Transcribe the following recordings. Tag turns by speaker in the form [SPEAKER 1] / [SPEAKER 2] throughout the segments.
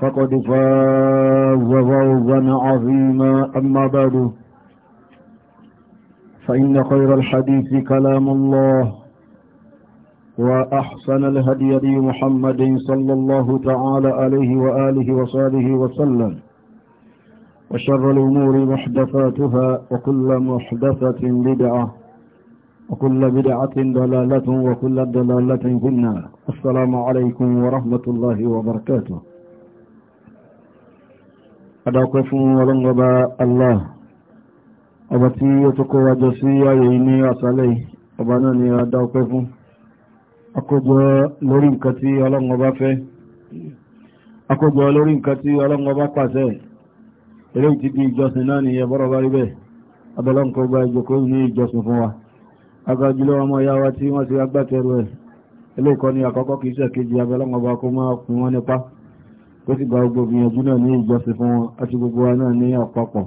[SPEAKER 1] فقد فاز فوزا عظيما أما بعد فإن خير الحديث كلام الله وأحسن الهدي هدي محمد صلى الله تعالى عليه وآله وصحبه وسلم وشر الأمور محدثاتها وكل محدثة بدعة وكل بدعة ضلالة وكل ضلالة في النار السلام عليكم ورحمة الله وبركاته adáwọ̀pẹ́ fún ọlọ́ngọba Allah ọba tí ó tó kó wájọ sí ayé ní àṣálẹ̀ ọba náà ni adáwọ̀pẹ́ fún akójọ lórí nǹkan tí ọlọ́ngọba fẹ́ lórí nǹkan tí ọlọ́ngọba pàṣẹ ti di ìjọsìn náà ni bá rí bẹ́ẹ̀ abẹ́lọ́nkọ gba ní ìjọsìn fún wa ọmọ ìyá wa tí wọ́n ti agbátẹrù ẹ̀ eléèkọ́ ni àkọ́kọ́ kìí sẹ̀kejì abẹ́lọ́ngọba kó ó sì gba gbogbo ìgbìyànjú náà ní ìjọsìn fún wọn àti gbogbo wa náà ní àpapọ̀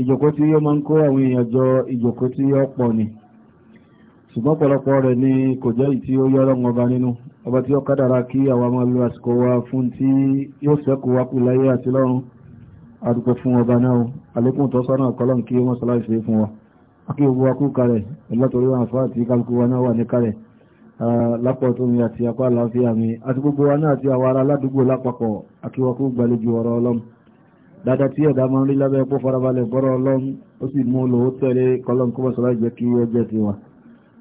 [SPEAKER 1] ìjòkó tí yóò máa ń kó àwọn èèyàn jọ ìjòkó tí yóò pọ̀ ni ṣùgbọ́n pọ̀lọpọ̀ rẹ̀ ni kò jẹ́ ìtí ó yọ́ lọ́wọ́ ọba nínú ọba tí ó kádàrá kí àwa máa lo àsìkò wa fún tí yóò ṣẹ́kù wá kú láyé àti lọ́run adúpẹ́ fún ọba náà àlékún tọ́sọ́nà kọ́lọ́n kí wọ́n sọláìṣe fún wa akí gbogbo wa kú kalẹ̀ ẹ̀lọ́tọ̀rí lápọ̀tún mi àti apá àlàáfíà mi àti gbogbo wa náà àti àwọn ará aládùúgbò lápapọ̀ akíwakú gbàlejò ọ̀rọ̀ ọlọ́m dada tí ẹ̀dá máa ń rí lábẹ́ pọ́ farabalẹ̀ bọ́rọ̀ ọlọ́m ó sì mú lò tẹ̀lé kọlọ́m kó mọ̀sálá jẹ́ kí ọjọ́ ti wà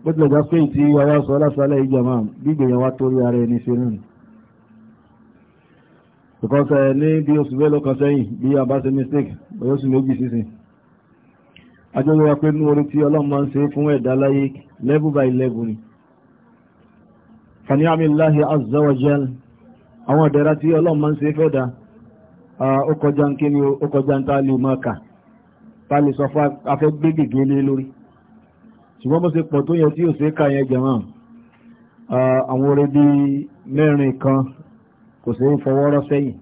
[SPEAKER 1] bó tilẹ̀ já pé ìtì wáyá sọ lásàlẹ̀ ìjàmá gbígbé yẹn wá torí ara ẹni ṣe náà ìkọsẹ̀ eh, ní bí oṣù mélòó kan sẹ́yìn bí a bá ṣe mistake bóyá oṣù méjì sísìn ajọ́ wíwá pé nú orí tí ọlọ́run máa ń ṣe fún ẹ̀dá láyé level by level ni فنعم الله عز وجل àwọn ìdẹ̀ra tí ọlọ́run máa ń ṣe fẹ́ da ó kọjá ń kíni ó kọjá ń tàà lè máa kà tàà lè sọ fún afẹ́ gbégbè gélé lórí ṣùgbọ́n bó ṣe pọ̀ tó yẹ tí ò ṣe é jẹ̀mọ́ àwọn oore bíi mẹ́rin kan kò ṣe fọwọ́rọ́ sẹ́yìn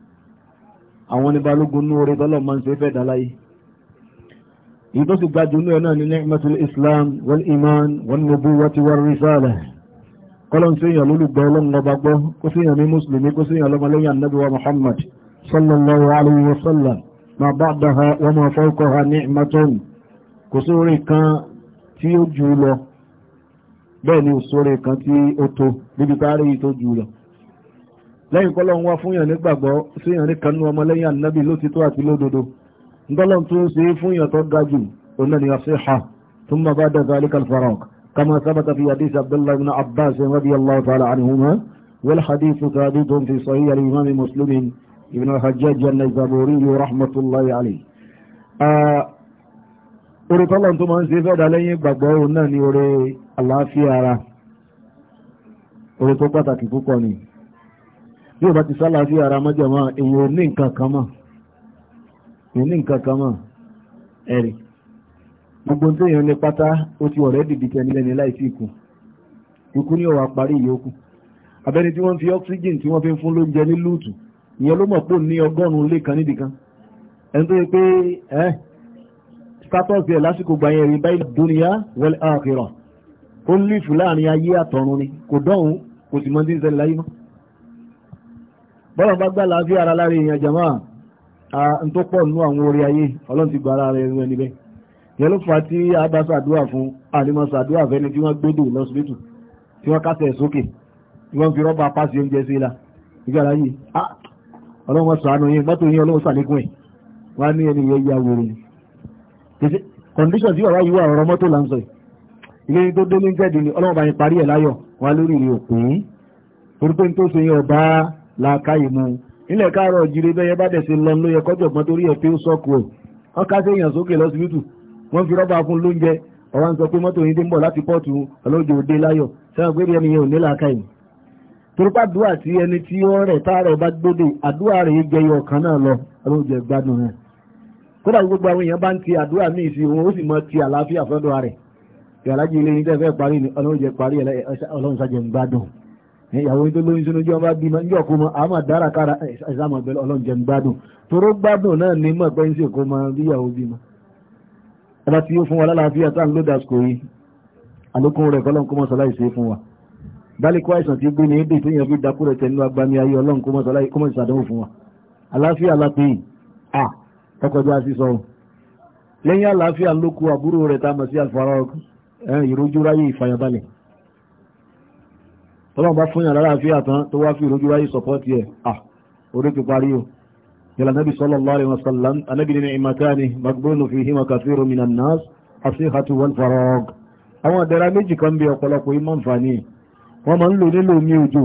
[SPEAKER 1] àwọn ní balógun ní oore tọ́lọ̀ ń ṣe fẹ́ da láyé èyí tó sì gbájú ní ẹ̀ náà ní ni'matul islam wal iman wan nubuwwati kọ́lọ́n tí èèyàn lólùgbọ́ ọlọ́run ọba gbọ́ kó sí èèyàn ní mùsùlùmí kó sí èèyàn lọ́mọlẹ́yìn anábíwá Muhammad sallallahu alayhi wa sallam ma ba'daha wa ma fawqaha ni'matun kò sí orí kan tí ó jù lọ bẹ́ẹ̀ ni òṣòro kan tí ó tó níbi táàrí tó jù lọ lẹ́yìn kọ́lọ́n wá fún èèyàn nígbàgbọ́ sí èèyàn ní kanú ọmọlẹ́yìn anábì lótìtọ́ àti lódodo ńdọ́lọ́n tó ń ṣe fún èèyàn tó ga jù òun náà ni àṣehà tó ń bá bá dàgbà alikal كما ثبت في حديث عبد الله بن عباس رضي الله تعالى عنهما والحديث ثابت في صحيح الإمام مسلم ابن الحجاج النيزابوري رحمة الله عليه orí tọ́lọ̀ tó máa ń ṣe fẹ́ẹ̀dá lẹ́yìn gbàgbọ́ òun náà ni orí àlàáfíà ara orí tó pàtàkì púpọ̀ ni bí o bá ti sálàáfíà ara mọ́jọ̀mọ́ èyí ò ní nǹkan kan mọ̀ èyí ní nǹkan kan mọ̀ ẹ̀rì gbogbo tó èèyàn ní pátá ó ti ọ̀rẹ́ dìdì tẹni lẹ́ni láìsí ikú ikú ní ọ̀wà parí ìyókù abẹ́ni tí wọ́n fi oxygen tí wọ́n fi ń fún lóúnjẹ ní lúùtù ìyẹn ló mọ̀ pò ní ọgọ́rùn-ún lé kan nídìí kan ẹni tó yẹ pé ẹ́ status yẹ lásìkò gbà yẹn rí báyìí dúnìyá wal akhirah ó ń lífù láàrin ayé àtọ̀run ni kò dọ̀hún kò sì mọ tí ń ṣẹlẹ̀ láyé mọ́ bọ́lá bá gbà láàfin ara lára èèyàn jàmáà à ń tó pọ̀ nínú àwọn orí ayé ọlọ́run ti gba ara rẹ̀ rẹ̀ níbẹ̀ yẹn ló fà tí a bá sàdúrà fún ànímọ̀ sàdúrà fẹ́ni tí wọ́n gbódò lọ́sibítù tí wọ́n kásẹ̀ sókè tí wọ́n fi rọ́bà pàṣẹ oúnjẹ sí la ìgbàlá yìí a ah, ọlọ́wọ́n sàánú yín mọ́tò yín ọlọ́wọ́ sàlékún ẹ̀ wọ́n á ní ẹni yẹn ya wòrò ni kọ̀ǹdíṣọ̀n tí ọ̀rọ̀ yìí wà ọ̀rọ̀ mọ́tò là ń sọ ilé tó dé ní jẹ́dì ni ọlọ́wọ́n bá yín parí ẹ̀ láyọ̀ wá lórí rẹ̀ òpin torí pé n tó so yẹn ọba làákàyè mu nílẹ̀ káàárọ̀ jire bẹ́ẹ̀ yẹn bá dẹ̀ sí lọ́n ló yẹ kọ́jọ̀gbọ́n torí ẹ̀ pé ó sọ́kù wọ́n fi rọ́bà fún lóúnjẹ ọ̀rọ̀ ń sọ pé mọ́tò yìí ti ń bọ̀ láti pọ́ọ̀tù ọlọ́jọ́ òde láyọ̀ sẹ́wọ̀n pé ẹni yẹn ò ní làákà yìí torípa àdúrà tí ẹni tí ó rẹ̀ tá rẹ̀ bá gbódè àdúrà rẹ̀ jẹyọ ọ̀kan náà lọ ọlọ́jọ́ ìgbádùn rẹ̀ kódà gbogbo àwọn èèyàn bá ń ti àdúrà míì sí òun ó sì mọ ti àlàáfíà fọ́dọ̀ rẹ̀ ìyàlájì ilé yìí tẹ́ fẹ́ parí ni ọlọ́jọ́ parí ọlọ́run sájẹ̀ ń gbádùn ìyàwó yìí tó lóyún sínú jẹ́ ọba bímọ ní ọkọ mọ àmọ́ dára kára ẹ̀sàmọ̀ ọlọ́run jẹ́ ń gbádùn toró gbádùn náà ní mọ̀ pé ń ṣèkó mọ bíyàwó bímọ ọba tí yóò fún wa lálàáfíà tá à ń lò dàsìkò yìí àlékún rẹ̀ kọ́lọ́n kó mọ́ sọláì ṣe fún wa dálékọ́ àìsàn tí gbé ní èdè tó yẹn fi dákú rẹ̀ tẹ̀lú agbami ayé ọlọ́run kó mọ́ sọláì kó mọ́ ìsàdánwò fún wa àlàáfíà lápé yìí à ọkọjá sí sọ lẹ́yìn àlàáfíà ló kú àbúrò rẹ̀ tá a mọ̀ sí àfàrà ìrójú ráyè ìfàyàbalẹ̀ tọ́lọ́n bá fún yàn lálàáfíà tán tó wá fi ìrójú ráyè sọ̀pọ́tì ẹ̀ à orí ti parí o يلا النبي صلى الله عليه وسلم النبي نعمتان مقبول فيهما كثير من الناس الصحة والفراغ àwọn àdẹ̀rà méjì kan bí ọ̀pọ̀lọpọ̀ imọ́ nfàní wọ́n máa ń lò nílò omi òjò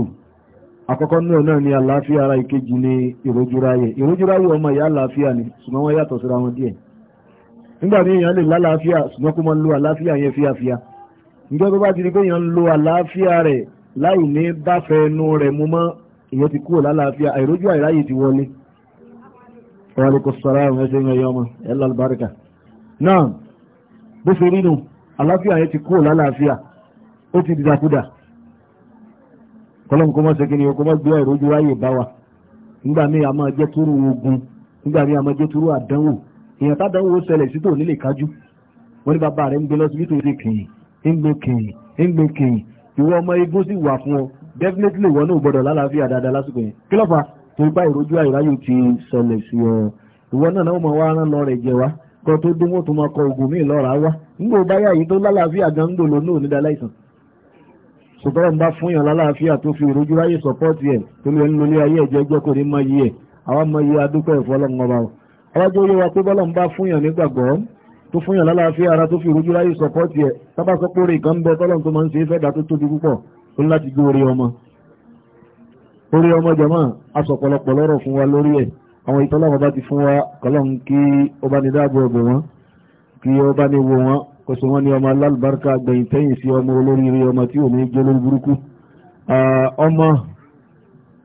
[SPEAKER 1] àkọ́kọ́ náà náà ni àlàáfíà ara ìkejì ni ìrójúráyè ìrójúráyè ọmọ ìyá àlàáfíà ni ṣùgbọ́n wọ́n yàtọ̀ síra wọn díẹ̀ nígbà ní èèyàn lè lálàáfíà ṣùgbọ́n kó máa ń lo àlàáfíà yẹn fíafíà ǹjẹ́ tó bá ti di pé èèyàn ń lo àlàáfíà rẹ̀ láì ní báfẹ́ ẹnu rẹ̀ mú mọ́ èèyàn ti kúrò lálàáfíà àìrójú àìráyè ti wọlé wàlúkọ̀ sọ́rọ̀ àwọn ẹ̀ṣẹ́ ìyẹn ọmọ ẹ̀lá albarka náà bó ṣe nínú àláfíà yẹn ti kúrò lálàáfíà ó ti dìdàkúdà kọlọ́n kó mọ́ ṣe kí ni o kó mọ́ gbé ẹ̀rọ ojú wáyé bá wa nígbà míì a máa jẹ́ túrú ogun nígbà míì a máa jẹ́ túrú àdánwò èèyàn tádánwò ó ṣẹlẹ̀ sí tòun nílé kájú wọ́n ní bàbá rẹ̀ ń gbé lọ́sibí definitely wọn náà gbọdọ̀ lálàáfíà dáadáa lásìkò yẹn kí torí bá ìrójú àìráyò ti ṣẹlẹ̀ sí ọ ìwọ náà náà mọ̀ wá rán lọ rẹ̀ jẹ wá kan tó dún wọ́n tó máa kọ ògùn míì lọ́ra wá nígbà ó báyà yìí tó lálàáfíà gan ń dòlò náà nídàá láìsàn ṣùgbọ́n ń bá fún yàn lálàáfíà tó fi ìrójú ráyè sọ́pọ́ọ̀tì ẹ̀ tó lè ń lólé ayé ẹ̀jẹ̀ ẹgbẹ́ kò ní máa yí ẹ̀ àwọn máa yí adúpẹ́ ìfọlọ́ngàn ọba ọlọ́jọ́ yé wa orí ọmọ jama asọ̀pọ̀lọpọ̀ lọ́rọ̀ fún wa lórí ẹ̀ àwọn ìtọ́lọ́wọ́ bá ti fún wa kọlọ́n kí ó bá ní dáàbò ọ̀bọ̀ wọn kí ó bá ní wo wọn kò sí wọn ní ọmọ alálùbáríkà gbẹ̀yìn tẹ́yìn sí ọmọ olóríire ọmọ tí ò jẹ́ lórí burúkú ọmọ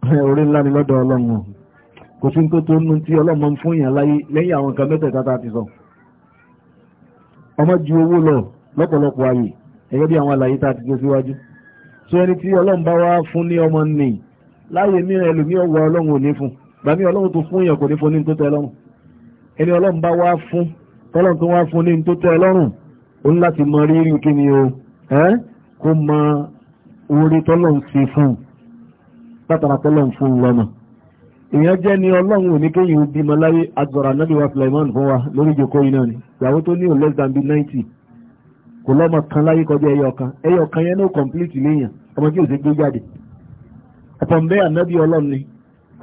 [SPEAKER 1] orí ńlá ni lọ́dọ̀ ọlọ́run kò sí tó tó nu tí ọlọ́mọ ń fún yàn láyé lẹ́yìn àwọn nǹkan mẹ́tẹ̀ẹ̀ta tá a ti sọ ọmọ ju owó lọ lọ́pọ̀lọpọ̀ ayé gẹ́gẹ́ bí àwọn àlàyé tá a ti gbé síwájú so ẹni tí ọlọ́run bá wá fún ní ọmọ nìyí Láyé mìíràn ẹlòmí ọwọ́ ọlọ́run ò ní fún gbàmí ọlọ́run tó fún èèyàn kò ní fún ní tó tẹ́ lọ́rùn ẹni ọlọ́run bá wá fún tọ́lọ́run tó wá fún ní tó tẹ́ lọ́rùn ó ní láti mọ rírì kí ni o kó mọ orí tọ́lọ́run sí fún tọ́lọ́run fún lọ́nà èèyàn jẹ́ ni ni ìyàwó tó ní ò less ọ̀pọ̀n bẹ́ẹ̀ ànábì ọlọ́run ni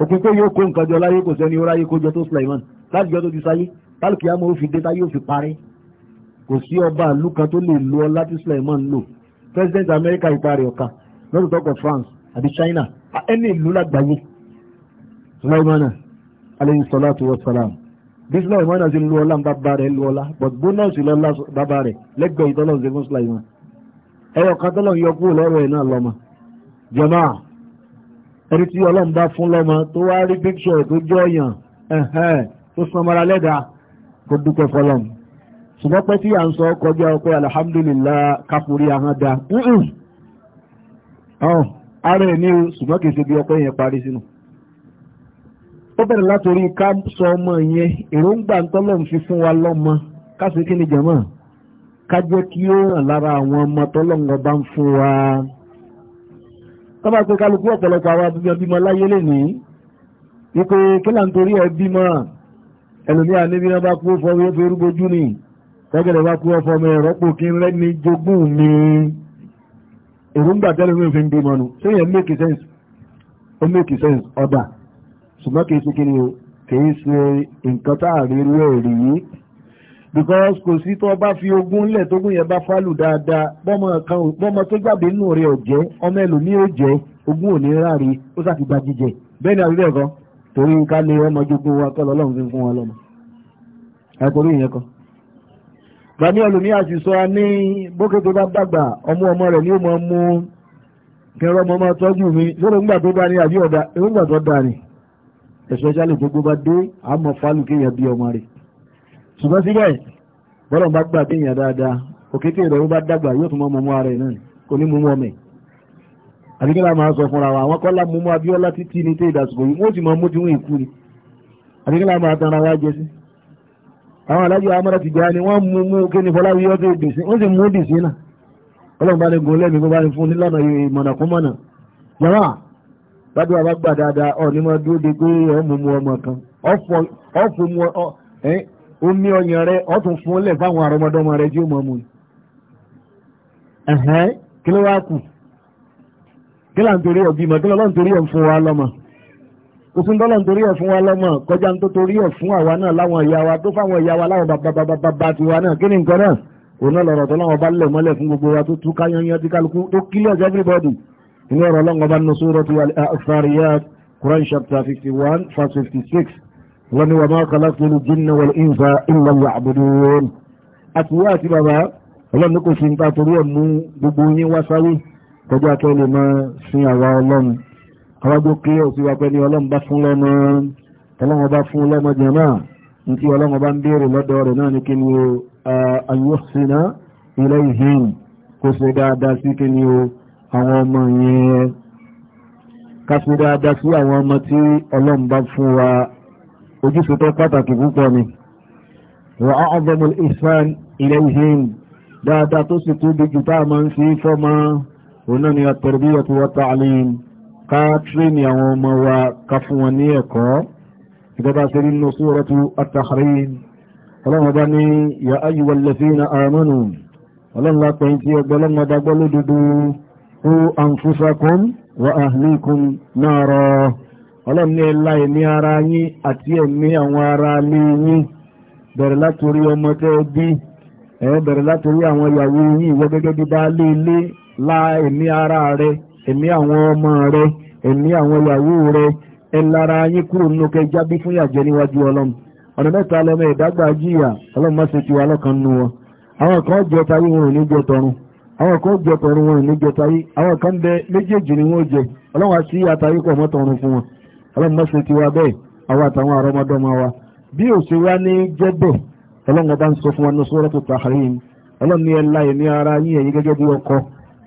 [SPEAKER 1] òkú pé yóò kó nǹkan jọ láyé kò sẹ́ni ráyé kó jọ tó Sulaiman láti jọ tó ti sáyé tálùkì àmọ́ ó dé táyé ó parí kò sí ọba ìlú kan tó lè lo ọ láti Sulaiman lò president America ìparí ọ̀ka lọ́dún tọ́kọ̀ France àbí China ẹni ìlú lágbàáyé Sulaimana aleyhi salatu wa salam bí Sulaimana ti lu ọlá bàbá rẹ̀ lu ọlá but bónọ́ọ̀sì lọ́lá bàbá rẹ̀ lẹ́gbẹ̀ẹ́ ìtọ́lọ́ọ̀sì fún Sulaimana ẹ̀yọ̀ kan tọ́lọ́ọ̀ yọ kúrò lọ́rọ̀ ẹni tí ọlọ́run bá fún lọ́mọ tó wá rí píkṣọ̀ tó jọ yàn ẹ̀hẹ́n tó sanmọ́ra lẹ́dàá kó dúpẹ́ fọlọ́m ṣùgbọ́n pé tí à ń sọ kọjá ọpẹ́ alhamdulillah kápúrí ahọ́n da ara ẹ̀ ní o ṣùgbọ́n kì í ṣe bí ọpẹ́ yẹn parí sínú ó bẹ̀rẹ̀ látòrí ká sọ ọmọ yẹn èròǹgbà tọ́lọ́m fi fún wa lọ́mọ ká sì kí ni jẹ̀mọ́ ká jẹ́ kí ó hàn lára àwọn ọmọ tọ́lọ́m ọba ń fún wa tọ́bá pé kálukú ọ̀pọ̀lọpọ̀ àwọn abúlé bímọ láyé lè ní wípé kí là ń torí ẹ bímọ ẹlòmíà níbi náà bá kú ọfọ wíwọ́ fi rúgbójú ni tẹ́gẹ̀rẹ̀ bá kú ọfọ mi rọ́pò kí rẹ́ni jogún mi èròǹgbà tẹ́lẹ̀ because kò sí tó bá fi ogún lẹ̀ tógún yẹn bá fálù dáadáa bọ́mọ tó jáde nínú rẹ̀ ọ̀jẹ́ ọmọ ẹlòmíì ọ̀jẹ́ ogún ò ní ráre ó sà gba jíjẹ bẹ́ẹ̀ ni àbí bẹ́ẹ̀ kọ́ torí ká lè ọmọ jogún wa kọ́ lọ́lọ́run fi fún wa lọ́mọ àìkórí ìyẹn kọ́. gbani ẹlòmíì àti sọ ní bókè tó bá dàgbà ọmọ ọmọ rẹ̀ ni ó máa mú kẹrọ ọmọ máa tọ́jú mi lórí ńgbà tó bá ní àbí ọ̀dà especially tó gbó bá dé àmọ́ fálù ṣùgbọ́n síbẹ̀ bọ́lọ̀ bá gbà bí èèyàn dáadáa òkété ìrọ̀rú bá dàgbà yóò tún mọ́ mọ́mọ́ ara ẹ̀ náà kò ní mọ́mọ́ ọmọ ẹ̀ àbíkẹ́lá máa sọ fúnra wa àwọn kọ́lá mọ́mọ́ abíọ́lá títí ní tẹ́ ìdásùkò yìí wọ́n ti mọ mú ti wọ́n ìkú ni àbíkẹ́lá máa tan ara wa jẹ sí àwọn alájọ amára ti gbà ni wọ́n mú mú kéne fọláwí ọdún ìgbèsè wọ́n sì mú dìsí náà ọlọ́run bá ní gun lẹ́mìí kó bá ní fún nílànà ìmọ̀nàkúnmọ̀nà yàrá gbádùn àbá gbà dáadáa ọ̀ ní máa dúró de pé ọ̀ ọmọ kan ọ̀fọ̀ mú ọ̀ omi ọyàn rẹ ọtún fún ọlẹ fáwọn àrọmọdọ́mọ rẹ tí ó mọ mu ẹhẹn kí ló wá kù kí là ń torí ẹ bímọ kí lọ́lọ́ ń torí ẹ fún wa lọ́mọ kò fún tọ́lọ́ ń torí ẹ fún wa lọ́mọ kọjá ń tó torí ẹ fún àwa náà láwọn ìyá wa tó fáwọn ìyá wa láwọn bàbàbàbà tiwa náà kí ni nǹkan náà òun náà lọ̀rọ̀ tó láwọn bá lẹ̀ mọ́lẹ̀ fún gbogbo wa tó tú káyanyan tí kálukú tó kílẹ̀ everybody inú ọ̀rọ̀ ọlọ́ngọba nínú sórọ́tù Al-Dhariyat Quran chapter fifty one verse fifty six wọ́n ni wọ́n máa kọlọ́pọ̀ ní jìnnà wọ́n ìfà ìlà ya'budun àti wá àti bàbá ọlọ́run ní kò sí nípa torí ẹ̀ mú gbogbo yín wá sáré kọjá tó lè máa sin àwa ọlọ́run awágbó kí òsì wa pẹ́ ni ọlọ́run bá fún lọ́mọ ọlọ́run bá fún lọ́mọ jẹ̀mọ́ nítí ọlọ́run bá ń béèrè lọ́dọ̀ rẹ̀ náà ní kí ni ayọ́sìnà ilẹ̀ ìhìn kò ṣe dáadáa sí kí ni àwọn ọmọ yẹn ká dáadáa sí àwọn ọmọ tí ọlọ́run bá fún wa ojúṣe tó pàtàkì púpọ̀ ni wà á ọgbọ̀mọ̀ ìsfàn ilẹ̀ ìhìn dáadáa tó sì tó bí jùtá máa ń fi fọ́mọ ọ̀nà ni at-tarbiyatu wa ta'lim ká tírínì àwọn ọmọ wa ká fún wọn ní ẹ̀kọ́ ìjọba sí nínú suratu at-tahrim ọlọ́run bá ní ya ayyuhal ladhina amanu ọlọ́run lápẹ́ tí ẹgbẹ́ ọlọ́run ọba gbọ́ lódodo qu anfusakum wa ahlikum nara ọlọ́run ní ẹ̀la ẹ̀mí ara yín àti ẹ̀mí àwọn ará ilé yín bẹ̀rẹ̀ látòrí ọmọ tẹ́ ẹ bí ẹ bẹ̀rẹ̀ látòrí àwọn ìyàwó yín ìwọ gẹ́gẹ́ bí baálé ilé la ẹ̀mí ara rẹ ẹ̀mí àwọn ọmọ rẹ ẹ̀mí àwọn ìyàwó rẹ ẹ lára yín kúrò nínú kẹ jábí fún ìyàjẹ níwájú ọlọ́run ọ̀nà mẹ́ta lọ́mọ ìdágbà jìyà ọlọ́run má ṣe tiwa lọ́kàn nù wọn àwọn kan jẹ tayé wọn ò ní jẹ tọrun àwọn kan jẹ tọrun wọn ò ní jẹ tayé àwọn kan bẹ méjèèjì ni wọn jẹ ọlọ́run á sí àtayé pọ̀ mọ́ tọrun fún wọn ọlọ́run mọ́sẹ̀ ti wá bẹ́ẹ̀ àwọn àtàwọn àrọ́mọdọ́mọ wa bí ò ṣe wá ní jẹ́bẹ̀ ọlọ́run ọba ń sọ fún wa ní Suratu Tahrim ọlọ́run ní ẹ la ẹ̀mí ara yín ẹ̀yin gẹ́gẹ́ bí ọkọ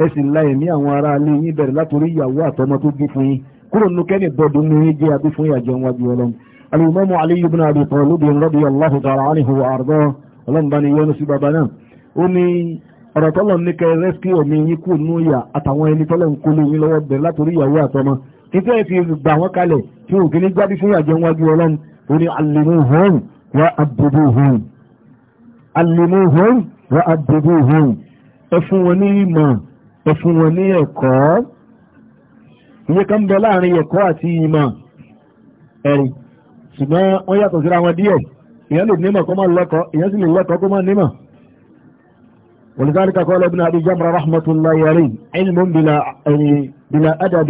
[SPEAKER 1] ẹ sì la ẹ̀mí àwọn ará ilé yín bẹ̀rẹ̀ látòrí ìyàwó àtọmọ tó bí fún yín kúrò nínú kẹ́ni bọ́ọ̀dù ní yín jẹ́ àbí fún ìyàjọ wọn ọlọ́run al títẹ́ fi gbà wọ́n kalẹ̀ tí òkè ní gbádí fún ìyàjẹ́ wájú ọlọ́run ó ní allimuhum wa addibuhum allimuhum wa addibuhum ẹ fún wọn ní ìmọ̀ ẹ fún wọn ní ẹ̀kọ́ iye kan bẹ láàrin ẹ̀kọ́ àti ìmọ̀ ẹ̀rì ṣùgbọ́n wọ́n yàtọ̀ síra wọn díẹ̀ èèyàn lè nímọ̀ kó má lọ́kọ̀ èèyàn sì lè lọ́kọ̀ kó má nímọ̀ ولذلك قال ابن أبي جمرة رحمة الله عليه علم بلا بلا أدب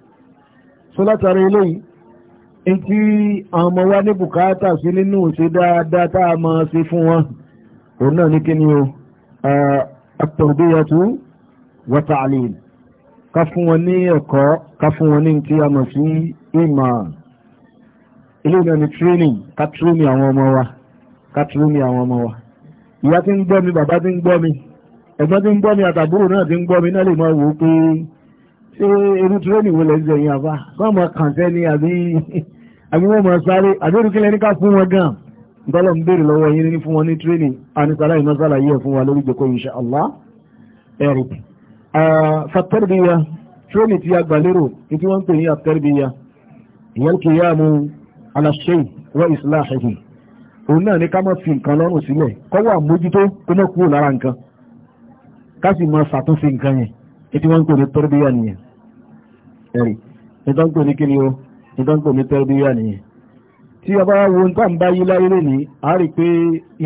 [SPEAKER 1] so látara eléyìí ní tí àwọn ọmọ wa ní bùkátà sí nínú òṣè dáadáa tá a máa ṣe fún wọn òun náà ní kí ni o at-tarbiyatu wa ta'lim ká fún wọn ní ẹ̀kọ́ ká fún wọn ní tí a mọ̀ sí ìmọ̀ ilé ìlànà ni training ká training àwọn ọmọ wa ká training àwọn ọmọ wa ìyá tí ń gbọ́ mi bàbá tí ń gbọ́ mi ẹ̀gbọ́n tí ń gbọ́ mi àtàbúrò náà tí ń gbọ́ mi náà lè máa wò ó pé ṣe irú tírénì wo lẹ́sẹ̀ yìí àbá wọ́n mọ̀ kàǹtẹ́ ni àbí wọ́n mọ̀ sáré àbí orúkẹ́lẹ́ ní ká fún wọn gan ntọ́lọ̀ ń béèrè lọ́wọ́ yín ní fún wọn ní tírénì anisala ìmọ̀sálà yìí ẹ̀ fún wa lórí ìjòkó insha Allah ẹ̀rù fàtẹ́rìbíyà tírénì tí a gbà lérò ní tí wọ́n ń pè ní àtẹ́rìbíyà ìyẹn kì í yá mu aláṣẹ́yì wọ́n islahihi òun náà ní ká má fi nǹkan lọ́rùn sílẹ̀ kọ́wọ́ àmójútó kó mọ́ kúrò lára nǹkan ká sì mọ ṣàtúnṣe nǹkan yẹn ìtí wọ́n ń pè ní tọ́rọ̀bíyà nìyẹn ẹ̀rì ìtọ́ ń pè ní kíni o ìtọ́ ń pè ní tọ́rọ̀bíyà nìyẹn tí a bá wo ní tàbí báyí láyé lèní a rí pé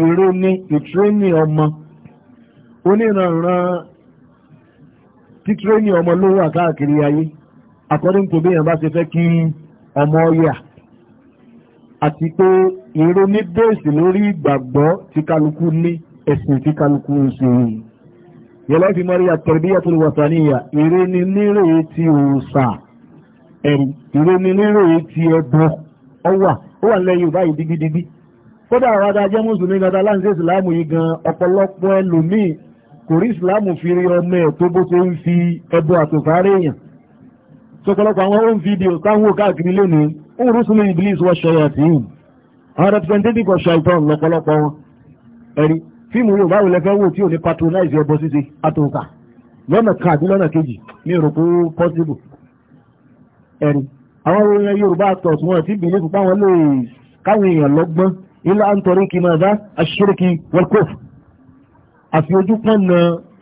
[SPEAKER 1] ìró ní ìtírẹ́nì ọmọ oníranran títírẹ́nì ọmọ ló wà káàkiri ayé according to bí èèyàn bá ṣe fẹ́ kí ọmọ yà àti pé ìró ní bẹ́ẹ̀sì lórí ìgbàgbọ́ tí kálukú ní ẹ̀sìn tí kálukú ń ṣe yìí yẹlẹ́ fi mọ́rí at-tarbiyatul wataniyya ìrẹ́ni nírò ti òòsà ẹ̀rù ìrẹ́ni nírò ti ẹbọ ọwà ó wà lẹ́yìn báyìí digidigbi kódà àwọn adájẹ́ mùsùlùmí gata láǹṣẹ́ ìsìláàmù yìí gan ọ̀pọ̀lọpọ̀ ẹlòmíì kò rí ìsìláàmù fi rí ọmọ ẹ̀ tó bó ṣe ń fi ẹbọ àtòfárẹ́ èèyàn sọpọlọpọ àwọn home video táwọn káàkiri lónìí ń rúsùn iblis wọ́ṣọ yàtì fíìmù yorùbá wo lẹ́fẹ́ wò tí ò ní patronize ẹbọ ṣíṣe àtòǹkà lọ́nà kan àbí lọ́nà kejì mi rò possible ẹ̀rí àwọn orin yorùbá àtọ̀tún wọn ti bìlẹ̀ fún báwọn lè káwọn èèyàn lọ́gbọ́n ilá ń tọrí kí máa bá aṣíríkì wọ́lkọ́f àfi ojú pọ́n na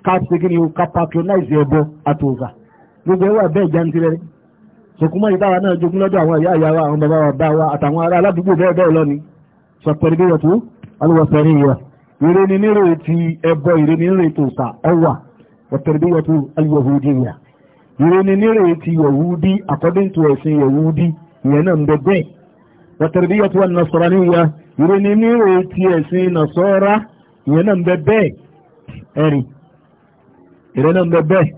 [SPEAKER 1] ká segiri o ká patronize ẹbọ àtòǹkà gbogbo ẹwà bẹ́ẹ̀ jantirẹ sọkúnmọ́ ìdáwà náà jogún lọ́dọ̀ àwọn ìyá ìyá wa àwọn bàbá wa bá wa àtàwọn ará aládùúgbò bẹ́ẹ̀ bẹ́ẹ̀ lọ ni sọpẹ́rẹ́ bí wọ́n tó alúwọ̀sẹ̀rin yìí wa ìrẹni nírè ti ẹbọ ìrẹni nírè tó sà ọwà ọ̀tẹ̀rẹ̀dẹ́yọ̀tò al-Yahudiyya ìrẹni nírè ti Yahudi according to ẹ̀sìn Yahudi ìyẹn náà ń bẹ bẹ́ẹ̀ ọ̀tẹ̀rẹ̀dẹ́yọ̀tò an-Nasraniyya ìrẹni nírè ti ẹ̀sìn Nasara ìyẹn náà ń bẹ bẹ́ẹ̀ ẹ̀rì ìrẹni náà ń bẹ bẹ́ẹ̀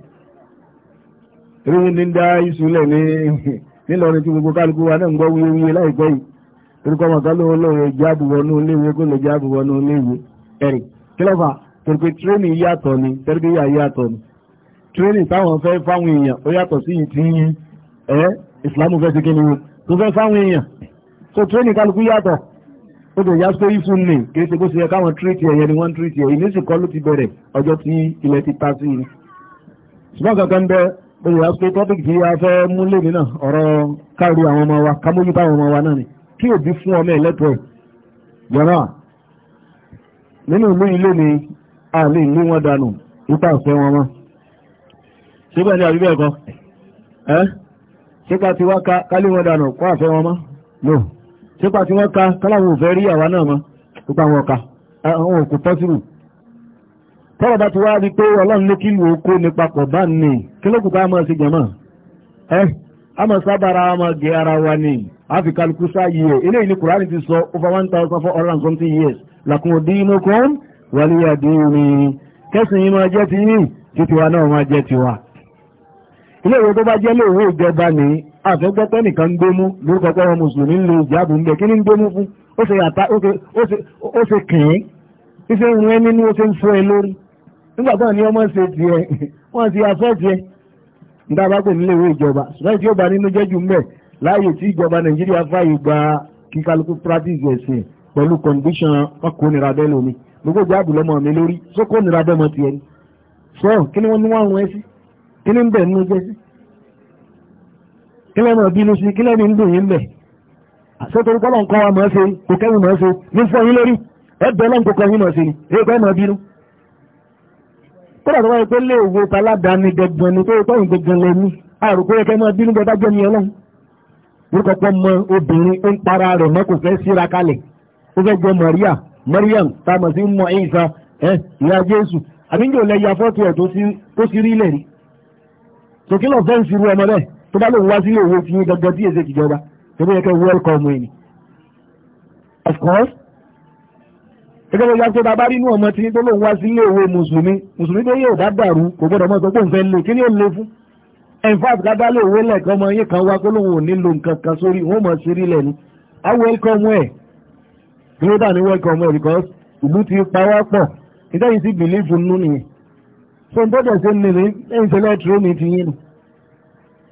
[SPEAKER 1] ìrẹni ní dá ìsúlẹ̀ ní nílọrin tí gbogbo kálukú wa náà ń gbọ́ wíwíwí láìpẹ́ yìí orúkọ màkà lóhùn lóhùn ìjáàbù wọnú iléèwé kó lè jáàbù wọnú iléèwé ẹ̀rì kílọ́fà torípé tírénì yàtọ̀ ni tẹ́rẹ́bíyà yàtọ̀ ni tírénì táwọn fẹ́ fáwọn èèyàn ó yàtọ̀ sí ti ẹ́ ìsìlámù fẹ́ sí kí ni o tó fẹ́ fáwọn èèyàn so tírénì kálukú yàtọ̀ ó dẹ̀ yá sórí fún mi kì í ṣe bó ṣe yẹ káwọn tírìtì ẹ̀yẹ ni wọ́n tírìtì ẹ̀yẹ ní ìsìnkọ́ ló ti bẹ̀rẹ̀ ọjọ́ tí ilẹ̀ ti ta sí i ṣùgbọ́n kankan bẹ́ẹ̀ olùyà pé topic tí a fẹ́ mú lèmi náà ọ̀rọ̀ káàrí àwọn ọmọ wa kámójú bá àwọn ọmọ wa náà ni kí òbí fún ọmọ ẹ̀lẹ́tọ̀ọ́ yọ̀rọ̀ nínú ìlú ilé ni a lè ní wọ́n dànù ipa ìfẹ́ wọn mọ́ ṣígbà ní àbíbẹ̀ ẹ̀kọ́ ẹ́ ṣígbà tí wọ́n ka kálí wọ́n dànù kọ́ àfẹ́ wọn mọ́ no ṣígbà tí wọ́n ka káláwọn ò rí àwa náà mọ́ ipa wọn àwọn òkú bá ti wá rí pé ọlọ́run kí ní papọ̀ bá ní kí ló kù ká jẹ̀mọ́ ẹ́ a sábàra a sọ over one thousand four hundred and something lakum dinukum waliya dini kẹ́sìn yìí máa jẹ́ ti yìí títiwa náà máa jẹ́ tiwa ilé ìwé tó bá jẹ́ léèwé ìjọba ní àfẹ́gbẹ́tẹ́ nìkan gbémú lórúkọ pé wọn mùsùlùmí ń lo ìjáàbù ń bẹ kí ní gbémú fún ó ṣe yàtá ó ṣe kìín fífẹ́ ń rẹ́ nínú ó ṣe ń fọ́ ẹ lórí nígbà tó ní ọmọ ṣe tiẹ̀ wọ́n ti afẹ́ tiẹ̀ nígbà bá pè nílé ìwé ìjọba ṣùgbọ́n tí ó bá nínú jẹ́jú mẹ́ láàyè tí ìjọba Nàìjíríà fàyè gba kíkálukú practice ẹ̀sìn pẹ̀lú condition ọkọ̀ nira bẹ́ẹ̀ lómi gbogbo jáàbù lọ́mọ mi lórí sókò nira bẹ́ẹ̀ mọ tiẹ̀ ni sọ kí ni wọ́n ní wọ́n rún ẹ sí kí ni ń bẹ̀ nínú jẹ́ sí kí lẹ́nu bínú sí kí lẹ́nu ń dùn yín bẹ̀ sótórí kọ́lọ̀ ń kọ́ wa mọ̀ ẹ́ ṣe kò kẹ́yìn mọ̀ ẹ́ ṣe ní fọ́ yín lórí ẹ bẹ̀ lọ́n kò kẹ́yìn mọ̀ ṣe ni èyí kọ́ ẹ̀ bínú kódà tó wáyé pé lé ó fẹ́ jẹ Maria Mariam táàmù sí mọ Ìsá ẹ ìyá Jésù àbíjọ lẹ ya fọ́tò ẹ̀ tó sí rí ilẹ̀ rí tòkí lọ fẹ́ǹsì ru ọmọ bẹ́ẹ̀ tó bá lòun wá sílé òwò fi gangan tí èsè ìjọba tó bẹ́ẹ̀ kẹ́ wẹ́lkọ̀mù ẹni. of course gẹ́gẹ́ bó ya pé bàbá rí inú ọmọ tí tó lòun wá sílé òwò mùsùlùmí mùsùlùmí tó yóò bá dàrú kò gbọ́dọ̀ mọ́ sọ pé òǹfẹ́ lè kí ni ó lè fún in fact dáadáa lè wé lẹ́ẹ̀kan ọmọ yín kan wá kó lóun ò ní lo nǹkan kan sórí òun mọ̀ sí rí lẹ́nu á wẹ́lkọ̀mù ẹ̀ Yorùbá ní wọ́ọ̀kì ọmọ ẹ̀ because ìlú ti pa wá pọ̀ ìtẹ́yìn sí bìlífù nínú nìyẹn. so n tọ́jà ṣe ń nìyẹn lẹ́yìn tẹ́lẹ̀ tìró ní ti yín nù.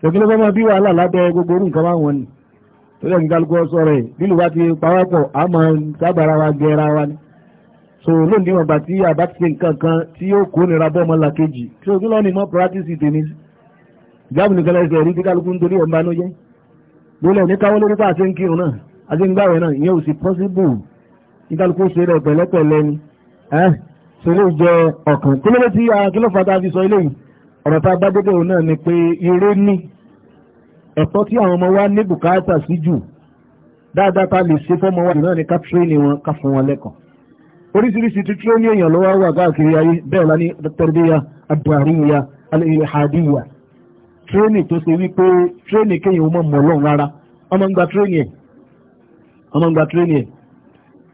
[SPEAKER 1] ìpínlẹ̀ fẹ́ máa bí wàhálà lábẹ́ gbogbo orú nǹkan báwọn ni. tọ́jà ní kálukú ọ̀sọ́ rẹ̀ bílù bá ti pa wá pọ̀ a máa sábàra wa gẹra wa ni. so lónìí wọn gbà tí àbá ti ṣe nǹkan kan tí yóò kó nira bọ́ ọmọ làkejì tí o tún lọ́ ni mọ́ practice tèmi. ìjáàbù nìkan lẹ́sẹ̀ rí bí kálukú ń torí ọ̀ ìdálùkù ṣe rẹ̀ pẹ̀lẹ́pẹ̀lẹ́ ni ẹ́ ṣe lè jẹ ọ̀kan kí ló dé tí akílọ́fà tá a fi sọ eléyìí ọ̀rọ̀ tá a bá dédé òun náà ni pé eré ní ẹ̀tọ́ tí àwọn ọmọ wa ní bùkátà sí jù dáadáa ta lè ṣe fọ́mọ wa jù náà ni ká tírénì wọn ká fún wọn lẹ́kọ̀ọ́ oríṣiríṣi ti tírénì èèyàn ló wá wà káàkiri ayé bẹ́ẹ̀ la ní tẹ́rẹ́dẹ́yà àdùáríyà alẹ́hàdíyà tírénì tó ṣe wípé tírénì kéèyàn mọ̀ mọ̀ lọ́run rárá ọmọ ń gba tírénì ẹ̀ ọmọ ń gba tírénì ẹ̀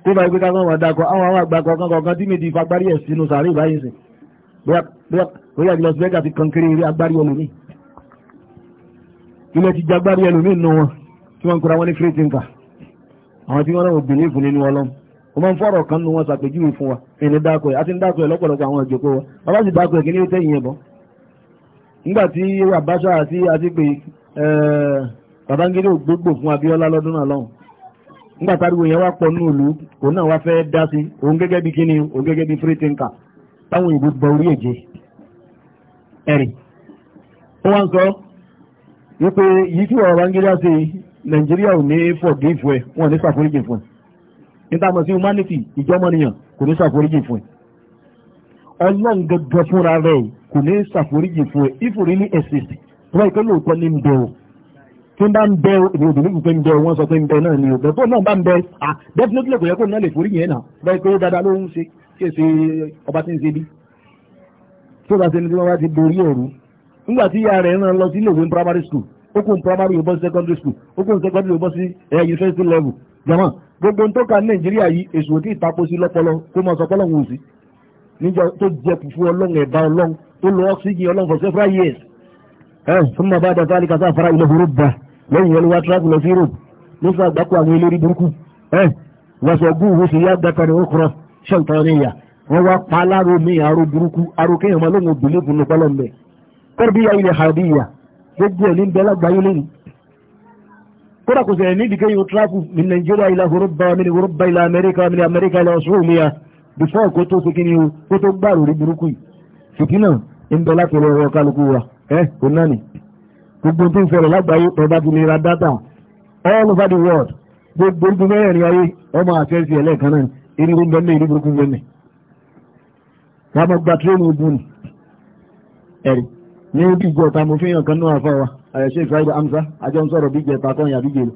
[SPEAKER 1] tó bá gbé kákan wọn dakọ àwọn àwọn àgbà kọ̀ọ̀kan kọ̀ọ̀kan tí méjì fagbárí ẹ̀ sínú sàárè báyìí sìn bóyá ìlọ sí ẹ̀ka ti kankiri eré agbárí ẹlòmí ilẹ̀ ti jagbárí ẹlòmí nù wọn tí wọ́n ń kura wọn ní àwọn tí wọ́n náà nínú ọlọ́m wọ́n máa ń kan nù wọn ṣàpèjúwe fún wa ẹni dákọ̀ ẹ̀ àti ń dákọ̀ lọ́pọ̀lọpọ̀ àwọn ìjòkó wa bàbá sì dákọ̀ kí nígbà táriwo yẹn wá pọ̀ ní òlu òun náà wá fẹ́ dá sí òun gẹ́gẹ́ bí kíni òun gẹ́gẹ́ bí free thinker táwọn ìbò bọ orí èje ẹ̀rì ó wá ń sọ wípé yìí tí wọ́n Babangida ṣe Nàìjíríà ò ní forgive ẹ̀ wọ́n ní ṣàforíjì fún ẹ̀ níta mọ̀ sí humanity ìjọmọ̀nìyàn kò ní ṣàforíjì fún ẹ̀ ọlọ́run gẹ́gẹ́ fúnra rẹ̀ kò ní ṣàforíjì fún ẹ̀ if really exist wọ́n ìpínlẹ̀ òótọ́ tí ń bá ń bẹ èmi ò bìlí nǹkan bẹ wọn sọ pé ń bẹ náà ni ò bẹ fóònù náà bá ń bẹ à definitely kò yẹ kó náà lè forí yẹn náà bẹ́ẹ̀ pé dáadáa ló ń ṣe kí èsì ọba tí ń ṣe bí tí ó bá ṣe ní tí bá ti borí ẹ̀rú nígbà tí ìyá rẹ̀ ń lọ sí ilé ìwé primary school ó kún primary ó bọ́ sí secondary school ó kún secondary ó bọ́ sí university level jama gbogbo tó ka nàìjíríà yìí èsù òtí ìtako sí lọ́pọlọ kó máa sọ pọ́lọ́ wò sí níjọ tó jẹ fùfú ọlọ́run ẹ̀dá ọlọ́run tó lọ ọ́ sí for several years ẹ̀ fún mi bá dàtà àlìkàtà àfárá ilẹ̀ burú bá lẹ́yìn yẹn ló wá tíráàkì lọ sí europe ló fún àgbákò àwọn eléré burúkú ẹ wọ́sọ̀gù òwò sì yá gbàtà ní okùnrọ̀ ṣèǹtọ́ ní ìyà wọ́n wá pa aláró mi àrò burúkú àrò kéèyàn máa lóun òbílẹ̀ bùnú pọ́lọ́ mbẹ́ kọ́ọ̀bí ya ilẹ̀ hàbí ìyà gbogbo ẹ̀ ní bẹ́ẹ̀ lágbàáyé lẹ́yìn kódà kò sẹ̀yìn níbi kéyìn tíráàkì ní nàìjíríà ilẹ̀ horúbà mi ní horúbà ilẹ̀ amẹ́ríkà mi ní amẹ́ríkà ilẹ̀ ọ̀ṣun mi ya bífọ́ kó tó gbogbo tó ń ṣẹlẹ̀ lágbàáyé ẹ̀bá ti lè all over the world gbogbo ibi mẹ́rin ayé ọmọ àtẹ́sí ẹlẹ́ẹ̀kan náà irú gbẹ́nẹ̀ irú burúkú gbẹ́nẹ̀ ká mọ́ gba tírénì ogun ni ẹ̀rí ní ó dìgbò ọ̀tá mo fihàn kan náà fáwa ìfáìdà amsa àjọ ń sọ̀rọ̀ bí jẹta kan yàbí jèrè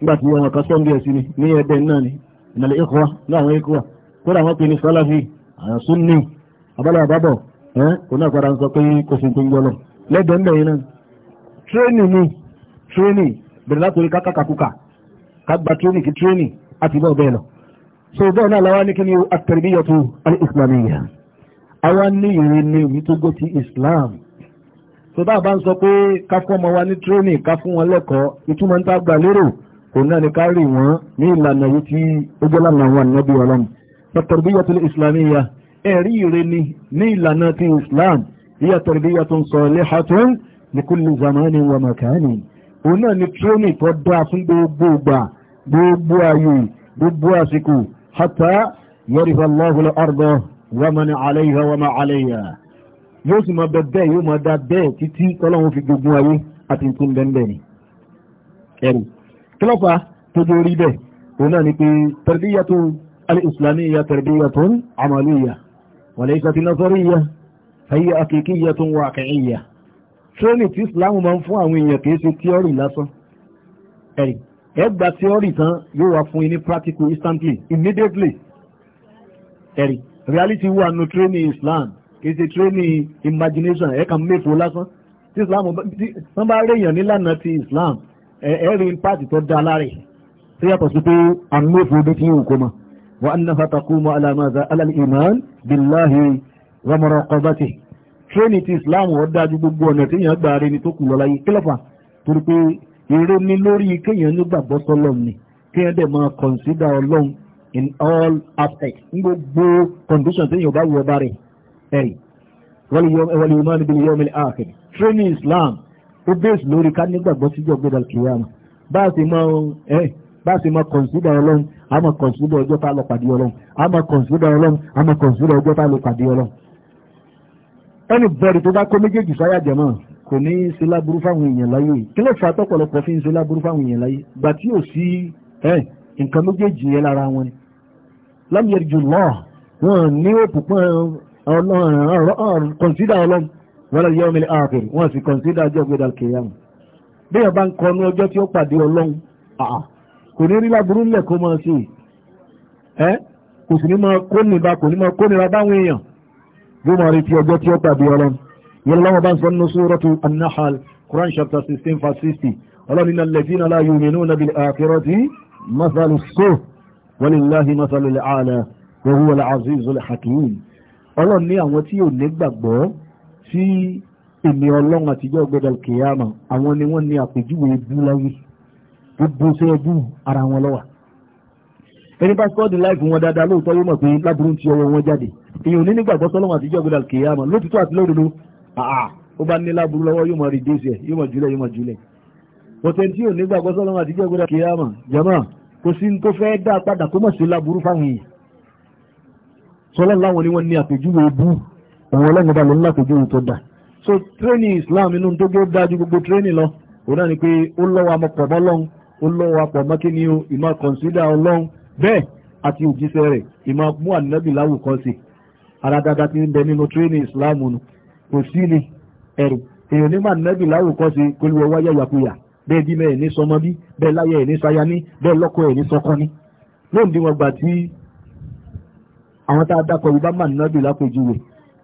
[SPEAKER 1] nígbà tí ọmọ ní ni lẹ́dọ̀ ńlẹ̀ yìí náà tírénì ni tírénì bẹ̀rẹ̀ látòrí kákàkàkùkà kágbà tírénì kí tírénì àti bẹ́ẹ̀ bẹ́ẹ̀ lọ. so bẹ́ẹ̀ náà làwọn ní kí ni at-tarbiyatu al-islamiyya àwa ní ìrìn ní èyí tó gbó ti islam So bá bá ń sọ pé ká fún ọmọ wa ní tírénì ká fún wọn lẹ́kọ̀ọ́ ìtumọ̀ níta gbà lérò òun náà ni ká rí wọn ní ìlànà yìí tí ó jẹ́ lànà àwọn ànábì ọlọ́run at-tarbiyatu al-islamiyya ẹ̀rí ìrìn ní ìlànà ti islam هي تربية صالحة لكل زمان ومكان هنا نتروني تودع صندوق بوبا بوبا يوي بوبا سكو حتى يرث الله الأرض ومن عليها وما عليها yóò sì máa bẹ̀bẹ̀ yóò máa dá bẹ́ẹ̀ títí ọlọ́run fi gbogbo ayé àti nǹkan bẹ́ẹ̀ ni ẹ̀rù kí ló fà tó jẹ́ orí bẹ́ẹ̀ òun náà ni pé tarbiyatu al-islamiyya tarbiyatun amaliyya wa laysat nasariyya ayé akíkíyẹ tó ń wọ àkẹ́yìyà tírénì tí islam máa ń fún àwọn èèyàn kìí ṣe tíọ́rì lásán ẹ̀rì ẹgbà tíọ́rì tán yóò wá fún yín practical instantly immediately ẹ̀rì reality wà nù tírénì islam kìí ṣe tírénì imagination ẹ̀ka mẹ́fò lásán tí islam wọ́n bá réèyàn nílànà ti islam ẹ̀rí pàtì tó dá láre tó yàtọ̀ sí pé àwọn mẹ́fò bí kí n kò mọ̀ wọ́n á ná fatakú mọ́ alàmọ́ àlàlì rọmọrọ kọbátì tírénì ti islam wọ́n dájú gbogbo ọ̀nà tí èèyàn gbà rí ni tó kù lọ́la yìí kílọ̀fà torí pé èrò ní lórí kéèyàn nígbàgbọ́ sọ́lọ́m ni kéèyàn dẹ̀ máa consider ọlọ́run in all aspects ní gbogbo condition tí èèyàn bá wù ọba rẹ̀ ẹ̀rì wal iman bil yawmil akhir tírénì islam ó bẹ́ẹ̀sì lórí ká nígbàgbọ́ síjọ́ gbọ́dọ̀ kìíyàmù bá a sì máa ẹ̀ bá ṣe máa kọ̀nsídà ọlọ́run a máa kọ̀nsídà ọjọ́ tá a lọ pàdé ọlọ́run a kọ̀nsídà ọlọ́run a kọ̀nsídà ọjọ́ tá a lọ pàdé ọlọ́run ẹni bọ́ọ̀dù tó bá kó méjèèjì sáyà jẹ̀mọ́ kò ní í ṣe láburú fáwọn èèyàn láyé kí ló fà tọ́pọ̀lọpọ̀ fi ń ṣe láburú fáwọn èèyàn láyé gbà tí ò sí ẹ nǹkan méjèèjì yẹn lára wọn ni lámìyẹn jù lọ wọn ní òpópọn ọlọ́run kọ̀ǹsídà ọlọ́run wọn lọ yẹ ọmọ ilé ààfin wọn sì kọ̀ǹsídà ọjọ́ gbẹdà kéyàmù bí wọn bá ń kọnu ọjọ́ tí ó pàdé ọlọ́run kò ní rí láburú ńlẹ̀ kó máa yóò máa retí ọjọ́ tí ó pàdé ọlọ́run yẹn lọ́wọ́ bá ń sọ nínú suratu an-Nahl Quran chapter sixteen verse sixty ọlọ́run innal ladhina la yu'minuna bil akhirati masalu so walillahi masalu al-a'la wa huwa al-azizu hakim ọlọ́run ní àwọn tí ò ní gbàgbọ́ tí èmi ọlọ́run àtijọ́ gbọ́dọ̀ kìyàmà àwọn ni wọ́n ní àpèjúwe ebú gbogbo sẹ́ẹ̀bù ara wọn lọ́wọ́ ẹni bá sọ́ọ̀dì láìpù wọn dáadáa lóòótọ́ yóò mọ̀ pé láburú ti ọwọ́ wọn jáde èyàn ní nígbàgbọ́ sọ́lọ́wọ́n àtijọ́ gbọdọ̀ kìíyà mọ̀ lótìtọ́ àti lódodo àà ó bá ní láburú lọ́wọ́ yóò mọ̀ rí déṣì ẹ̀ yóò mọ̀ jùlẹ̀ yóò mọ̀ jùlẹ̀ bọ̀tẹ̀ tí ò nígbàgbọ́ sọ́lọ́wọ́n àtijọ́ gbọdọ̀ kìíyà mọ̀ jàmá kò sí tó fẹ́ dá padà kó mọ̀ sí láburú fáwọn yìí sọlọ́ láwọn ni wọ́n ní àpèjúwe bú òun ọlọ́run bá lọ ní àpèjúwe tó dà so tírénì Islam inú tó gbé dájú gbogbo tírénì lọ òun náà ni pé ó lọ́wọ́ amọ̀pọ̀ mọ́ lọ́hún ó lọ́wọ́ apọ̀ mọ́kíní ìmọ̀ kọ̀ǹsídà ọlọ́hún bẹ́ẹ̀ àti òjíṣẹ́ rẹ̀ ìmọ̀ mú ànábì láwùkọ́ sí ara dáadáa ti ń bẹ nínú tírénì ìsìláàmù nù kò sí ni ẹ̀rù èèyàn nígbà ànábì láwùkọ́ sí kólúwọ́ wáyà yàkuyà bẹ́ẹ̀ bímẹ ẹ̀ ní sọmọ bí bẹ́ẹ̀ láyà ní sáyà ní bẹ́ẹ̀ lọ́kọ ẹ̀ ní sọkọ ní. lóun bí wọn gbà tí àwọn tá a dákọ̀ yìí bá mà ànábì lápèjúwe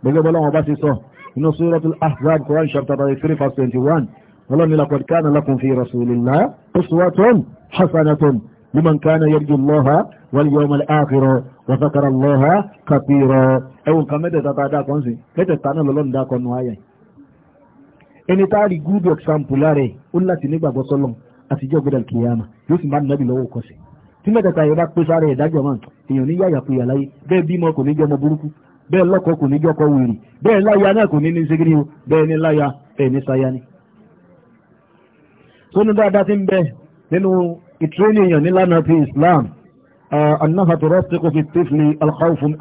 [SPEAKER 1] gbẹgbẹ́ bọ́lá wọn bá ti sọ inú suratul ahzab quran chapter thirty three verse twenty one ọlọ́ni laqad kana lakum fi rasulillah uswatun hasanatun لمن كان يرجو الله واليوم الآخر وذكر الله كثيرا ẹwọ̀n kan mẹ́tẹ̀ẹ̀ta tá a dákọ̀ ń sìn mẹ́tẹ̀ẹ̀ta náà lọ́lọ́run dákọ̀ nù ayẹ̀ ẹni tá a rí good example lára ẹ̀ ó láti nígbàgbọ́ sọ́lọ̀ àti jẹ́ ògbẹ́dà kìíyàmà yóò sì máa nàbì lọ́wọ́ kọsẹ̀ tí mẹ́tẹ̀ẹ̀ta yẹn bá pé sára ẹ̀ dájọ́ máa èèyàn ní yàyà kuyà láyé bẹ́ẹ̀ bímọ kò ní jọmọ burúkú bẹ́ẹ̀ lọ́kọ kò ní jọkọ wèrè bẹ́ẹ̀ láya náà kò ní ní sigiri o bẹ́ẹ̀ ní láya ẹ̀ ní sayani. sónú dáadáa ti ń bẹ nínú ìtúrẹ́lì èèyàn nílànà ti Islam eh, annaha turasiqu fi tifli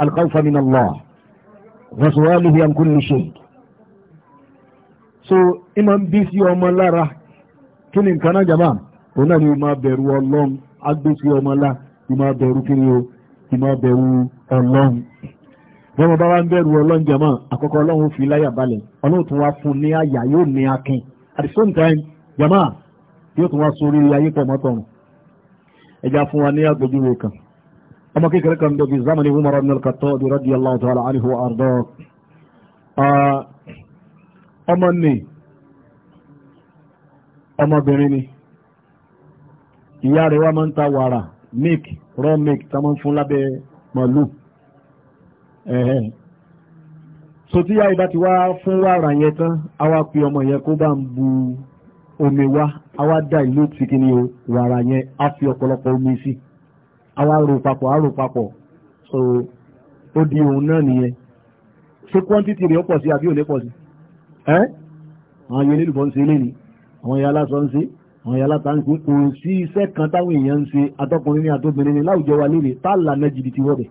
[SPEAKER 1] alkhawfa min Allah wa su'aluhu an kulli shay so ima ń bí sí ọmọ lára kí ni nǹkan náà jàmá òun náà ni ìmọ̀ bẹ̀rù ọlọ́run agbé sí ọmọ lá ìmọ̀ bẹ̀rù kí ni o ìmọ̀ bẹ̀rù ọlọ́run bọ́mọ bá wá ń bẹ̀rù ọlọ́run jàmá àkọ́kọ́ ọlọ́run fi láyà balẹ̀ ọlọ́run tún wá fún ní àyà yóò ní akin at the same time jàmá yóò tún wá sórí ayé pọ̀ mọ́tọ̀run ẹja fún wa ní àgbójúwò kan ọmọ kékeré kan tó fi zamani Umar ibn al-Khattab radiyallahu ta'ala anhu wa arda ọmọ ní ọmọbìnrin ni ìyá rẹ̀ wá máa ń ta wàrà milk raw milk tá máa ń fún lábẹ́ màlúù so tí yáyí bá ti wá fún wàrà yẹn tán a wá pe ọmọ yẹn kó bá ń bu omi wá àwa dá ìlú ti kí ni o wàrà yẹn á fi ọ̀pọ̀lọpọ̀ omi sí àwa rò papọ̀ á rò papọ̀ so ó di òun náà nìyẹn ṣé quantity rẹ̀ pọ̀ sí àbí ò lè pọ̀ sí ẹ́ àwọn ayé olólùfọ́ ń ṣe eléyìí àwọn ìyá aláṣọ ń ṣe àwọn ìyá aláta ń ṣe kò sí iṣẹ́ kan táwọn èèyàn ń ṣe atọ́kùnrin ní àtọ́bìnrin ní láwùjọ wa léèrè tá à lànà jìbìtì wọ́bẹ̀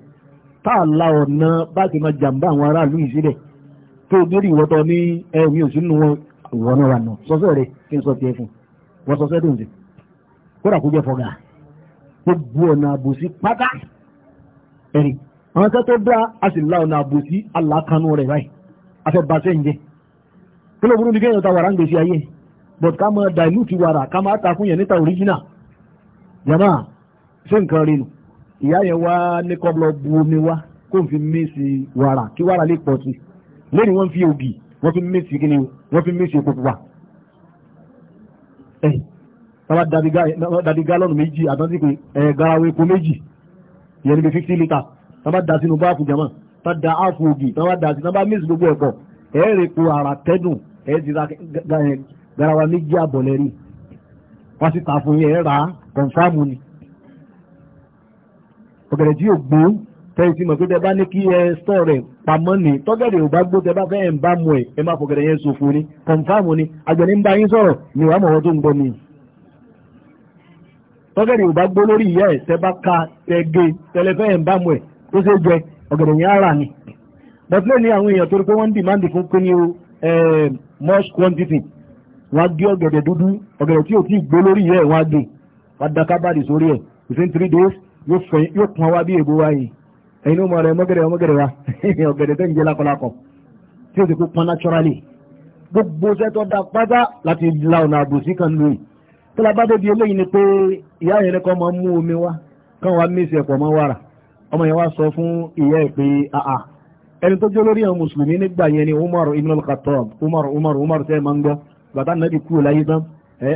[SPEAKER 1] tá à la ọ̀nà bá ti máa jàǹbá àwọn aráàlú yìí sílẹ̀ tó o dérí ìwọ́tọ̀ ní ẹ̀mí òsínú wọn ìwọ náà wà nù sọ́sọ́ rẹ kí n sọ tiẹ̀ fún wọ́n sọ́sọ́ dùn sí kódà kó jẹ́ fọ́gà gbogbo ọ̀nà àbòsí pátá ẹ̀rí àwọn akẹ́kọ̀ọ́ bá a sì la ọ̀nà àbòsí alákanú rẹ̀ báyìí afẹ́bàṣẹ́ ń jẹ́ kí ló burú ní kéèyàn ta wàrà ń gbèsè ayé but ká máa dilute wàrà ká máa ta fún yẹn níta original yàrá ṣé nǹkan rí nu ìyá yẹn wá ní kọ́bùlọ̀ bu omi wá kó n fi mí sí wàrà kí wàrà lè pọ̀ sí lẹ́yìn wọ́n fi ògì wọ́n fi mí sí kí ni wọ́n fi mí sí epo pupa ẹ̀ tọ́wọ́ dàbí gálọ́nù méjì àtọ́sí pé ẹ̀ garawo epo méjì ìyẹn níbi fifty litre tọ́wọ́ da sínú báàfù jama tọ́wọ́ da áàfù ògì tọ́wọ́ da sí tọ́wọ́ mí sí gbogbo ẹ̀kọ́ ẹ̀ rè po ara tẹ́dùn ẹ̀ ti ra garawa méjì àbọ̀lẹ́rì wọ́n sì ta fún yẹn rà á kọ̀ǹfàmù ni ọ̀gẹ̀dẹ̀ tí yóò gbó tẹ́yìn tí mo pé tẹ bá ní kí ẹ sọ rẹ̀ pamọ́ ni tọ́gẹ̀dẹ̀ ò bá gbó tẹ bá fẹ́ ẹ̀ ń bá mu ẹ̀ ẹ má fọkẹ̀dẹ̀ yẹn sòfò ni kọ̀ǹfàmù ni àgbẹ̀ni ń bá yín sọ̀rọ̀ ni wàá mọ̀ wọn tó ń gbọ́ ni. tọ́gẹ̀dẹ̀ ò bá gbó lórí ìyá ẹ̀ tẹ bá ka tẹ ge tẹlẹ fẹ́ ẹ̀ ń bá mu ẹ̀ tó ṣe jẹ ọ̀gẹ̀dẹ̀ yẹn ara ni. bọ́tílẹ̀ ni àwọn èèyàn torí pé wọ́n ń dìmáàndì fún pé ní much quantity wọ́n á gé ọ̀gẹ̀dẹ̀ dúdú ọ̀gẹ̀dẹ̀ tí ò tí ì yóò pọn wá bí ègbó wáyé ẹ̀yin ọmọ rẹ̀ mọ́gẹ̀rẹ̀ ọmọgẹ̀rẹ̀ wa ọ̀gẹ̀dẹ̀ tó ń jẹ́ lakọlakọ tí o ti kú pọn naturally gbogbo sẹ́tọ̀ dá pátá láti la ọ̀nà àbòsí kan lóyè tó bá débi eléyìí ni pé ìyá yẹn kọ́ máa mú omi wá wa mí ìsẹ̀pọ̀ mọ́ wàrà ọmọ yẹn wá sọ fún ìyá ẹ̀ pé àà ẹni tó jẹ́ lórí àwọn mùsùlùmí nígbà yẹn ni Umar ibn al-Khattab Umar Umar Umar tẹ́ máa ń gbọ́ bàtà nàbì kúrò láyé tán ẹ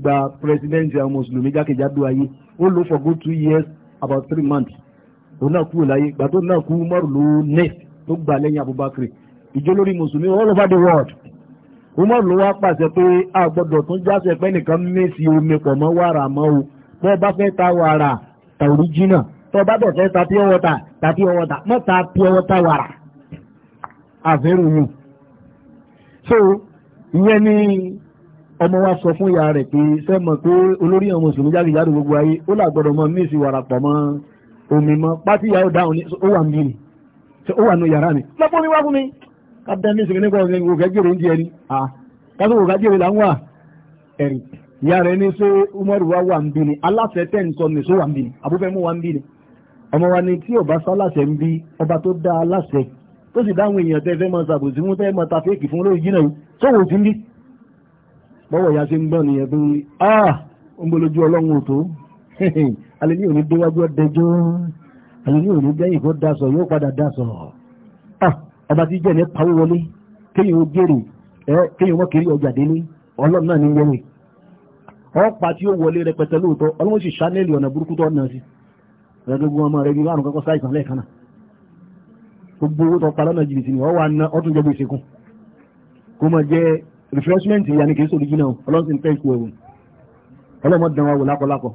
[SPEAKER 1] gba pírẹsidẹ́ǹtì àwọn mùsùlùmí jákèjádò òun náà kúrò láyé gbà tó náà kú Umaru ló ní tó gbà lẹ́yìn Abubakar ìjọ lórí mùsùlùmí all over the world Umaru ló wá pàṣẹ pé a gbọ́dọ̀ tún jáṣẹ pé nìkan mẹ́sì omi pọ̀ mọ́ wàrà mọ́ o tó bá fẹ́ ta wàrà ta original tó bá bẹ̀ fẹ́ ta pure water ta pure water mọ́ ta pure water wàrà àfẹ́rù yìí so ìyẹn ni ọmọ wa sọ fún ìyá rẹ̀ pé sẹ́mọ̀ pé olórí àwọn mùsùlùmí jáde jáde gbogbo ayé ó làgbọ́dọ̀ mọ́ mẹ́sì wàrà pọ̀ mọ́ omi mọ́ pátí ìyàwó dáhùn ní o wà mí ni ṣe ó wà nù yàrá mi lọ́pọ̀ mi wá fún mi kábíyá mi sèké nípa ọ̀sẹ̀ òkè jèrè oúnjẹ ẹni kátó òkè jèrè là ń wà ẹ̀rì ìyá rẹ̀ ní ṣé Umaru wa wà mí ni aláṣẹ tẹ̀ ń sọ ní ṣó wà mí ni àbúfẹ́ mú wà mí ni ọmọ wa ni tí ọba sá aláṣẹ ń bí ọba tó dá aláṣẹ tó sì dáhùn èèyàn tẹ́ fẹ́ máa ṣàbòsí fún tẹ́ máa ta fẹ́ẹ̀kì fún olóyè jìnnà yìí sọ́wọ́ ti ń bí bọ́wọ̀ ìyá ṣe ń gbọ́n nìyẹn pé ah ń bolójú ọlọ́run ò tó alẹ́lẹ́ òní déwájú ọdẹjọ́ alẹ́lẹ́ òní dẹ́yìn kó dasọ̀ yóò padà dasọ̀ ọba tí jẹ́ ní pawó wọlé kéyìn ó jèrè kéyìn wọ́n kiri ọjà délé ọlọ́run náà ní wẹ́wẹ́ ọ̀pá tí ó wọlé rẹpẹtẹ lóòótọ́ ọlọ́run sì ṣánẹ́lì ọ̀nà burúkú tó ọ̀nà sí ẹgbẹ́gbẹ́ ọmọ rẹ ní láàrùn kọ́kọ́ sáìsàn lẹ́ẹ̀kan náà gbogbo owó tó pa lọ́nà jìbìtì ni ọwọ́ àna ọtún jẹ́ gbèsè kún kó máa jẹ́ refreshment ìyá ni kì í sòrí jìnnà ọlọ́run sì ń tẹ́ ìkú ẹ̀wọ̀n ọlọ́run mọ́ dán wa wò lákọ̀lákọ̀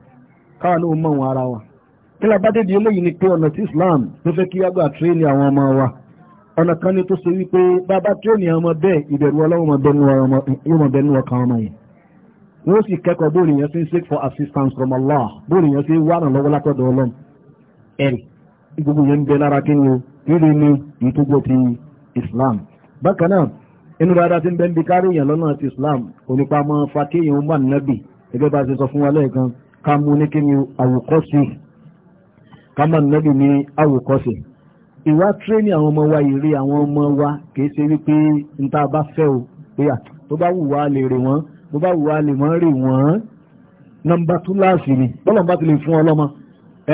[SPEAKER 1] káwọn náà mọ̀ wọn ara wa kí la bá dédi eléyìí ni pé ọ̀nà tí Islam tó fẹ́ kí yàgbà tírẹ́nì àwọn ọmọ wa ọ̀nà kan ni tó ṣe wípé bàbá tírẹ́nì ọmọ bẹ́ẹ̀ ìbẹ̀rù ọlọ́run ọmọ bẹ́ẹ̀ ní ọkàn ọmọ yẹn wọ́n sì seek for assistance from Allah bóòlù yẹn sí wà ràn lọ́wọ́ látọ̀dọ̀ ọlọ́run ẹ̀rì gbogbo yẹn ń bẹ Islam bákan náà inú dáadáa ti ń bẹ́ẹ̀ bí kárí èèyàn lọ́nà ti Islam onípa máa fa kéèyàn ó mà nábì gẹ́gẹ́ bá ṣe sọ fún wa lẹ́ẹ̀kan ká ni àwòkọ́sí ká má nàbì ní àwòkọ́sí ìwà tírénì àwọn ọmọ wa ìrí àwọn ọmọ wa kìí ṣe wípé n bá fẹ́ o pé à tó bá wù wá lè rè wọ́n tó bá wù wá lè mọ́ rè wọ́n nọmba túláàsì ni bọ́lá ń bá ti lè fún ọlọ́mọ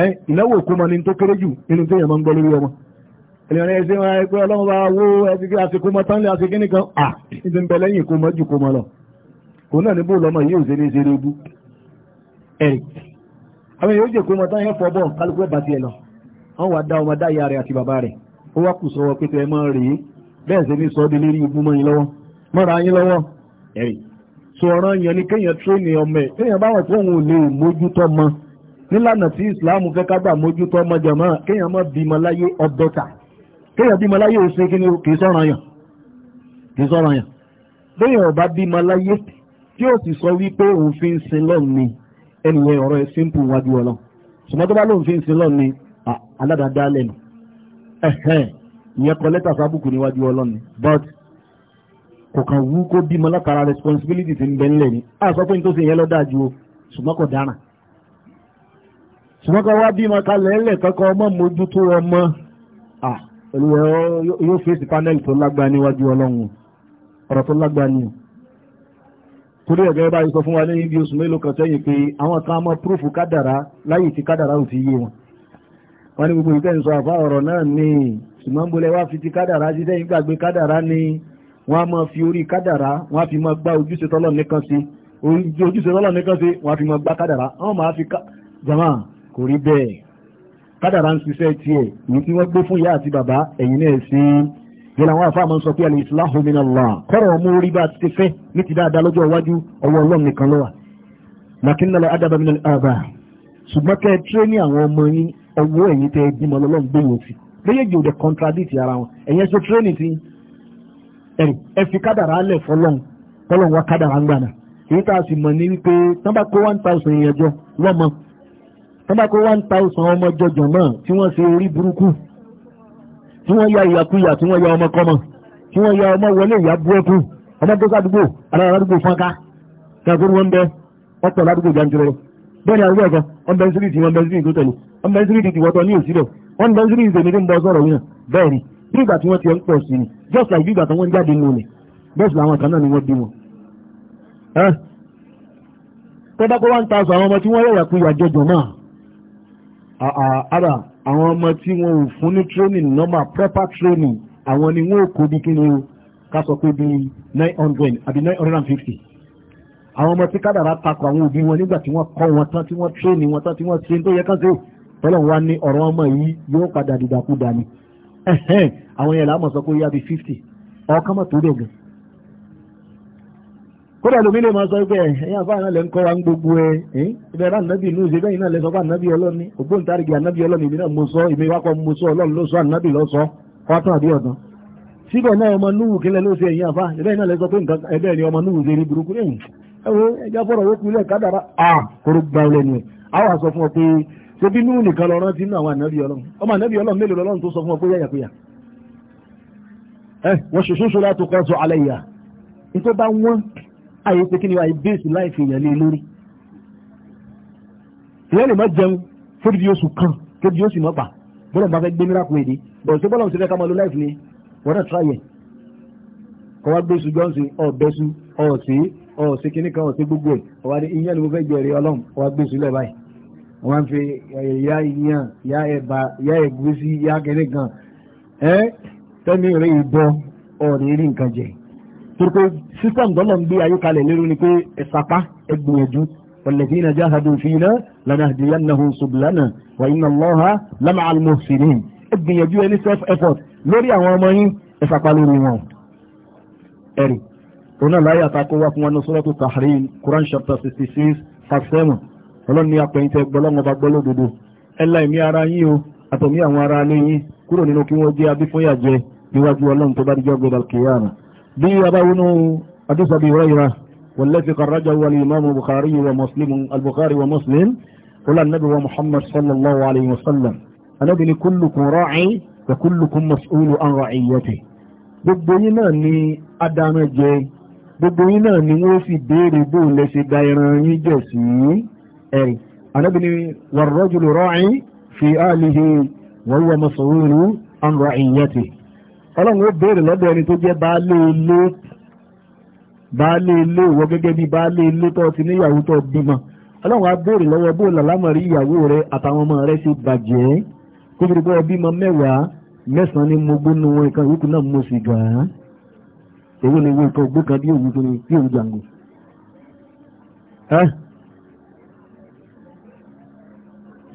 [SPEAKER 1] ẹ ìnáwó òkú mọ ni tó kéré jù nínú téèyàn máa ń gbọ́ lórí ọmọ ènìyàn ẹsẹ̀ wọn ẹ pé ọlọ́mọ bá wó ẹsẹ̀ kí àsìkò mọ tán lé àsìkò nìkan à ìdí ń bẹ lẹ́yìn ìkó mọ́ jù kó mọ lọ kò náà níbo lọ́mọ yìí ò ṣe ní ṣe ẹ̀rì àwọn èèyàn jẹ́ pé ọmọ táwọn ẹ̀fọ́ bọ̀ kálukú ẹ̀bà tiẹ̀ lọ wọ́n wá dá baba rẹ. ìyá rẹ̀ àti bàbá rẹ̀ ó wá kù sọ́wọ́ pé ẹ máa rèé bẹ́ẹ̀ sì ní sọ ọ́ lérí ibú mọ́ yín lọ́wọ́ mọ́ra yín lọ́wọ́ ẹ̀rì ọ̀ràn yẹn ni kéèyàn tó ní ọmọ ẹ̀ kéèyàn bá wọ̀ lè mójútó mọ́ nílànà tí ìsìláàmù fẹ́ ká gbà mójútó kéèyàn ọba láyé tí ó sì sọ wípé òun fi ń ẹnìyẹn ọ̀rọ̀ ẹ simple wájú ọlọ́ ṣùgbọ́n tó bá lóun fi ń sin lọ́ọ̀ ni aládàáda lẹ́nu ìyẹn kọ lẹ́tà sábùkù níwájú ọlọ́ ni but kò kàn wú kó bímọ látara responsibility ti ń bẹ nílẹ̀ ni a sọ pé nítorí ìyẹn lọ́dà ju ṣùgbọ́n kò dára ṣùgbọ́n kọ́ wá bímọ kalẹ̀ ẹlẹ̀ kọ́kọ́ ọmọ mójútó ọmọ olùwẹ̀ yóò fèsì panel tó lágbá níwájú ọlọ́run ọ̀rọ̀ tó lágbá ni torí ẹ̀gẹ́ bá yìí sọ fún wa lẹ́yìn bí oṣù mélòó kan sẹ́yìn pé àwọn kan mọ́ púrúfù kádàrá láyé tí kádàrá ò fi yé wọn wọ́n ní gbogbo ìtẹ́yìn sọ àfá ọ̀rọ̀ náà ni ṣùgbọ́n bolẹ̀ wá fi ti kádàrá sí sẹ́yìn gbàgbé kádàrá ni wọ́n á mọ́ fi orí kádàrá wọ́n á fi mọ́ gbá ojúṣe tọ́lọ̀ nìkan sí wọ́n á fi mọ́ gbá kádàrá wọ́n máa fi jama kò rí bẹ́ẹ̀ kádàrá ń ṣiṣẹ́ tiẹ̀ èyí tí wọ́n gbé fún ìyá àti bàbá ẹ̀yìn náà sí yẹn àwọn àfáà máa ń sọ pé al-islahu min Allah kọ́rọ̀ ọmọ orí bá ti fẹ́ ní ti dáadáa lọ́jọ́ iwájú ọwọ́ ọlọ́run nìkan ló wà lakinna al-adaba min al-aba ṣùgbọ́n kẹ́ ẹ tíré ní àwọn ọmọ yín ọwọ́ ẹ̀yìn tẹ́ ẹ bímọ lọ́lọ́run gbé wọn sí léyèjì ò dẹ̀ contradict ara wọn ẹ̀yẹn ṣe tírénì ti ẹ̀rì ẹ fi kádàrá alẹ̀ fọlọ́run fọlọ́run wá kádàrá ń gbàdà èyí tá a sì mọ̀ ní wípé tán kó one thousand yẹn jọ lọ́mọ tán kó one thousand ọmọ jọjọ náà tí wọ́n ṣe orí burúkú tí wọ́n ya ìyàkúyà tí wọ́n ya ọmọ kọ́mọ tí wọ́n ya ọmọ wọlé ìyá búrẹ́kù ọmọ tó sádùúgbò ara ládùúgbò fọ́nká kẹ́kọ̀ọ́ wọn bẹ ọ̀pọ̀ ládùúgbò jantirẹ bẹ́ẹ̀ni àrùbọ̀ ẹ̀kọ́ wọn bẹ síríìtì wọn bẹ síríìtì tó tẹ̀lé wọn bẹ síríìtì tìwọ́tọ̀ ní òsílẹ̀ wọn bẹ síríìtì tèmi tó ń bọ sọ̀rọ̀ yẹn bẹ́ẹ̀ ni bí ìgbà tí wọ́n ti ẹ̀ ń pọ̀ sí ni just like bí ìgbà tí wọ́n jáde nù ni bẹ́ẹ̀ sì làwọn kan náà ni wọ́n bímọ tọ́bákọ́ wá ń ta sọ àwọn ọmọ tí wọ́n yẹ̀yà kú ìyàjọ jọ náà àrà àwọn ọmọ tí wọn ò fún ní training normal proper training àwọn ni wọn ò kó bí kí ni o ká sọ pé bí nine hundred àbí nine hundred and fifty àwọn ọmọ tí kádàrá takọ àwọn òbí wọn nígbà tí wọ́n kọ́ wọn tán tí wọ́n tréni wọn tán tí wọ́n ṣe tó yẹ kán ṣe tọ́lọ̀ wá ní ọ̀rọ̀ ọmọ yìí yóò padà dìdàkudà ni àwọn yẹn làá sọ pé yá fifty ọkàn mọ̀ tó dẹ̀ gan kódà lómi lè máa sọ pé ẹ̀yìn àfáàná lè ń kọ́ra ń gbogbo ẹ̀ ìbẹ̀rẹ̀ ànábì inú ìṣe bẹ́yìn náà lè sọ fún ànábì ọlọ́ni ògbóǹtarìgì ànábì ọlọ́ni ìbí náà mo sọ ìmí wákọ̀ mo sọ ọlọ́run ló sọ ànábì lọ sọ ọtún àbí ọ̀dán síbẹ̀ náà ọmọ núwù kílẹ̀ ló ṣe ẹ̀yìn àfá ìbẹ̀rẹ̀ náà lè sọ pé nǹkan ẹ̀bẹ̀ ni ọmọ núwù ṣe rí burúkú ayé pé kí ni wáyé bẹ́ẹ̀sì láìfi èèyàn lé lórí ìyá lè má jẹun fún ibi oṣù kan kébi oṣù mọ́pà bọ́lá bá fẹ́ gbé mìíràn kú èdè bọ̀ ṣé bọ́lá òṣèlú ẹ̀ka máa lo láìfi ni wọ́n náà tíráyẹ̀ kọ́ wá gbé oṣù jọ́ǹsì ọ̀bẹ́sù ọ̀sẹ̀ ọ̀sẹ̀ kìíní kan ọ̀sẹ̀ gbogbo ẹ̀ ọ̀wá ní ìyá ni mo fẹ́ jẹ̀rẹ̀ ọlọ́run ọ̀wá gbé oṣù báyìí wọ́n fi ya ìyàn ya ẹ̀bà ya ẹ̀gúsí ya kẹ́lẹ́ gan ẹ́ tẹ́mi rẹ̀ ìbọn ọ̀rẹ́ rí torípé system dọ́là ń gbé ayé kalẹ̀ lérò ni pé ẹ̀sàpá ẹgbìyànjú والذين جاهدوا فينا لنهدينهم سبلنا وإن الله لمع المحسنين ẹgbìyànjú ẹni self effort lórí àwọn ọmọ yín ẹ̀sàpá lórí wọn ẹ̀rì òun náà láyé àtakó wá fún wa ní sọ́lọ́tù tahrim Quran chapter sixty six verse seven ọlọ́ni apẹ̀yìntẹ́ gbọ́lọ́wọ́n bá gbọ́lódodo ẹ̀la ẹ̀mí ara yín ara yín kúrò nínú bí a bá wọnú àdúsà bí rẹ́yìnrà wàlẹ́tì kọ̀rọ̀jà wà lèmọ́mù bukari wa muslim albukari wa muslim kula nabi wa muhammad sallallahu alayhi wa sallam anabi ni kullukum ra'i wa kullukum mas'ulu an ra'iyati gbogbo yín náà ni adana jẹ gbogbo yín náà ni wọ́n fi béèrè bó lè ṣe yín jẹ sí ẹ̀rì anabi ni wàrọ́jùlù ra'i fi alihi wa mas'ulu an ra'iyati ọlọ́run ó béèrè lọ́dọ̀ ẹni tó jẹ́ baálé ilé baálé ilé ìwọ gẹ́gẹ́ bí baálé ilé tó ti níyàwó tó bímọ ọlọ́run á béèrè lọ́wọ́ bó làlámọ̀rí ìyàwó rẹ àtàwọn ọmọ rẹ ṣe bàjẹ́ kó tó bọ́ bímọ mẹ́wàá mẹ́sàn-án ni mo gbónú wọn ìkan ìwúkú náà mo sì gà á èwo ni ìwé ìkan ògbó kan bí òwú tó ní bí òwú jàǹgò.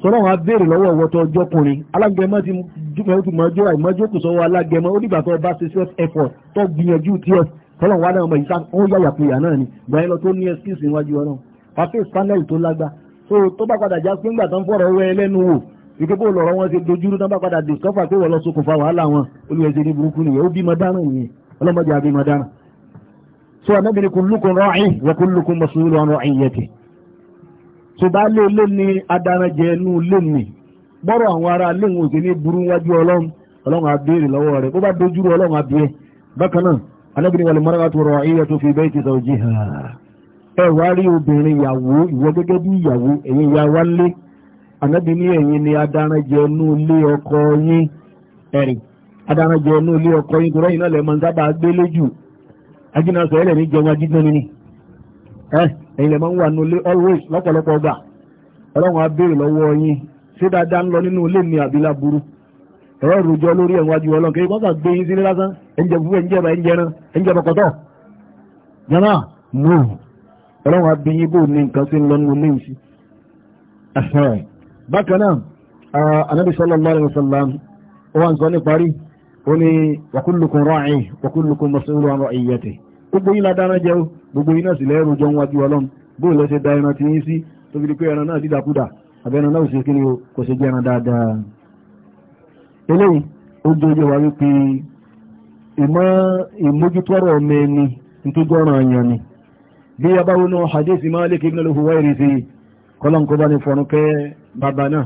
[SPEAKER 1] tọ́lọ́wọ́n abéèrè lọ́wọ́ ọ̀wọ́tọ̀ ọjọ́kùnrin alágẹmọ́ ti mọ́jọ́ àìmọ́jókù sọ́wọ́ alágẹmọ́ ó dìgbà tó bá ṣe self effort tó gbìyànjú tí ẹ tọ́lọ́wọ́n wá náà mọ̀ ìsá ó yàyà pé yà náà ni gbàyẹn lọ tó ní excuse níwájú ọlọ́run pàṣẹ panel tó lágbá so tó bá padà já pé ńgbà tó ń fọ̀rọ̀ wẹ ẹlẹ́nu wò ike bó lọ́rọ̀ wọn ṣe dojúrú náà bá padà discover pé wọ́n lọ ṣokùnfà wàhálà wọn olùyẹ̀ ṣe ní burúkú nìyẹn ó bímọ dáná nìyẹn ọlọ́mọdé àbímọ dáná so anábìnrin kullukum ra'in wa kullukum mas'ulun 'an ra'iyyatihi ṣùgbọ́n ilé ní adarajẹ inú ilé mi bọ́rọ̀ àwọn ara ilé ìwọ̀n òsè ní burú wájú ọlọ́run ọlọ́run àbẹ́rẹ̀ lọ́wọ́ rẹ̀ bó bá dojúrú ọlọ́run àbẹ́ bákan náà anábìrin wà mọ́ra tó rọ ayé tó fi bẹ́ẹ̀ ti sọ jí ha ẹ wá rí obìnrin ìyàwó ìwọ gẹ́gẹ́ bí ìyàwó ẹ̀yin ìyá wa lé anábì ní ni adarajẹ inú ilé ọkọ yín ẹ̀rì adarajẹ inú ilé ọkọ yín tó rẹ́yìn náà ẹ̀yin lè máa ń wà nínú ilé always lọ́pọ̀lọpọ̀ ọgbà ọlọ́run á béèrè lọ́wọ́ yín ṣé dáadáa ń lọ nínú ilé mi àbí láburú ẹ̀rọ ìròjọ́ lórí ẹ̀wọ̀n ajú ọlọ́run kí wọ́n kà gbé yín sílé lásán ẹ̀ǹjẹ̀ fúfú ẹ̀ǹjẹ̀ bá ẹ̀ǹjẹ̀ rán ẹ̀ǹjẹ̀ bọ̀kọ̀tọ̀ yàrá no ọlọ́run á bí yín bò ní nǹkan sí ń lọ nínú ilé yìí sí. bákan náà anabi sallallahu alayhi wa sallam sọ ní parí ó ní wa kullukum ra'in wa kullukum mas'ulun gbogbo yín la dáná jẹ o gbogbo yín náà sì lẹ́rù jọ bụ wájú ọlọ́run bó lọ ṣe da ẹran tí yín sí tó fi di pé ẹran náà dídàkúdà àbẹ́ran náà ṣe kiri o kò ṣe jẹ́ ẹran dáadáa eléyìí ó jẹ́ ojú wa ìmọ̀ ni bí kọ́lọ́n kó bá ní fọ́nù kẹ́ bàbá náà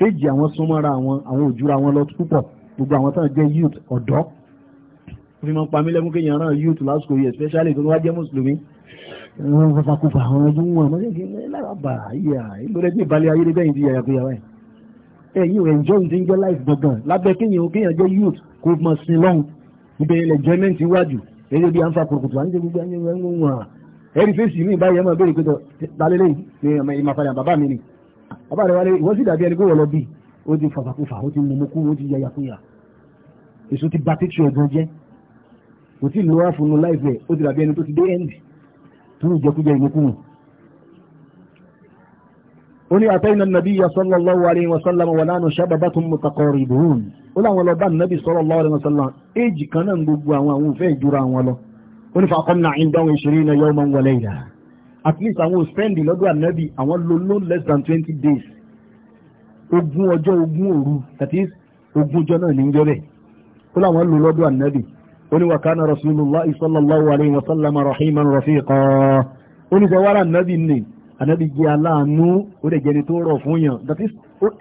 [SPEAKER 1] éjì àwọn súnmọ́ra àwọn àwọn òjúra wọn lọ púpọ̀ gbogbo àwọn tán jẹ́ youth ọ̀dọ́ fi mọ́ pa mí lẹ́mú kéèyàn ràn youth lásìkò yìí especially tó wá jẹ́ mùsùlùmí wọ́n fàfà kó àwọn ọdún wọn mọ́ jẹ́ lábà yà ìlú rẹ̀ ní ìbálẹ̀ ayé lẹ́yìn ti yàyà péyà báyìí ẹ̀yìn ò enjoy ti ń jẹ́ life gangan lábẹ́ kéèyàn kéèyàn jẹ́ youth kó mọ̀ sí lọ́hùn ibẹ̀ ilẹ̀ enjoyment wájú eré bí anfa kòròkòtò àníjẹ́ gbogbo ẹni wọn ẹ̀rí fèsì mi báyìí ẹ̀ máa béèrè pé tọ́ talẹ́lẹ́yìn ni ìmàfàlẹ̀ bàbá mi ni bàbá rẹ̀ wá lé ìwọ́n sì dàbí ẹni pé wọ́n lọ bí ó ti fàfàkùfà ó ti mumukú ó ti yayakuya èso ti ba píkṣọ ọ̀gbọ́n jẹ́ kò tí ì lọ́wọ́ fún un láìpẹ́ ó ti dàbí ẹni tó ti dé ẹ́ǹdì tó ń jẹkújẹ ìmúkúmù. ó ní àtẹ́yìn nàbí ya sallallahu alaihi wa sallam wà lánàá sábàbá tó ń mú takọrọ ìbòhùn ó láwọn sallallahu alaihi wa sallam kan náà gbogbo àwọn àwọn àwọn lọ ó at least àwọn ò spend lọ́dọ̀ ànábì àwọn lo no less than twenty days Ogun ọjọ́ Ogun òru that is Ogun ọjọ́ náà ní ń jẹ́rẹ̀ ó láwọn lo lọ́dọ̀ ànábì ó ní wàkánà rasulullah sallallahu alayhi wa sallam rahiman rafiqa ó ní sọ wàrà ànábì ni ànábì jẹ́ aláàánú ó dẹ̀ jẹni tó rọ̀ fún yàn that is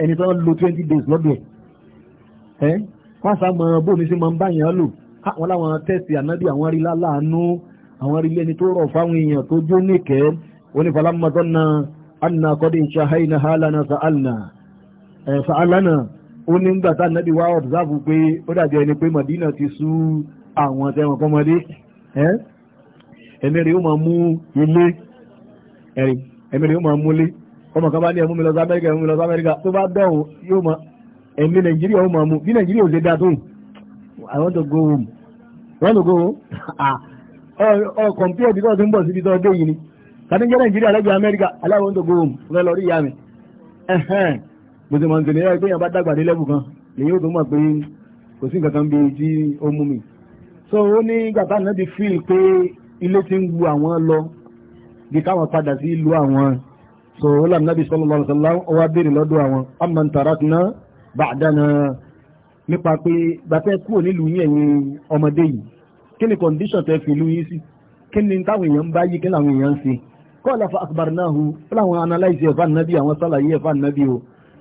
[SPEAKER 1] ẹni tó lo twenty days lọ́dọ̀ ẹ̀ wọ́n sá mọ bóun ní sí mọ ń bá yàn lò àwọn láwọn tẹ́sì ànábì àwọn rí láàánú àwọn rí lẹ́ni tó rọ̀ fáwọn èèyàn tó jó níkẹ́ onífàlámọ́tọ́nà anna kọ́dí ṣaháìnà hálànà sa'alna sa'alana ó ní gbà nàbí wá ọ̀dùsáàbù pé ó dàbí ẹni pé Madina ti sú àwọn tẹ́wọ̀n kọ́mọdé ẹ̀mẹ́rẹ̀ ó máa mú ilé ẹ̀rì ẹ̀mẹ́rẹ̀ ó máa mú ilé ọmọ kan bá ní ẹmú mi lọ sí Amẹ́ríkà ẹmú mi lọ sí Amẹ́ríkà tó bá dọ̀hùn yóò máa ẹ̀mí Nàìjíríà ó máa mú bí Nàìjíríà ò lè dáa tó I want to go home I ọ̀kọ̀mpíọ̀ bí tọ́ọ̀tún bọ̀ síbi tọ́ọ̀dé yìí ni kàtíjẹ́ nàìjíríà lẹ́gbẹ̀ amẹ́ríkà aláwọ̀ ń tògbò rẹ̀ lọ́rí ìyá mi ẹ̀hẹ́n mo sì mọ̀ ní tòlẹ́yà pé yàn bá dàgbà dé lẹ́bù kan lèyí ò tó mọ̀ pé kò sí nǹkan bí tí ó mú mi so ó ní gbàtà náà ti fíìl pé ilé ti ń wu àwọn lọ bí káwọn padà sí ìlú àwọn so ó làm nábì sallallahu alaihi wasallam ó wá béèrè lọ́dọ̀ àwọn amman taratna ba'dana nípa pé gbàtẹ́ kúrò nílùú yẹn ní ọmọdé yìí kí ni condition tẹ́ fi ìlú yín sí kí ni táwọn èèyàn ń bá yí kí làwọn èèyàn ń ṣe kọ́ọ̀lá fa akhbarnahu láwọn analyze ẹ̀fà nàbí àwọn sálàyé ẹ̀fà nàbí o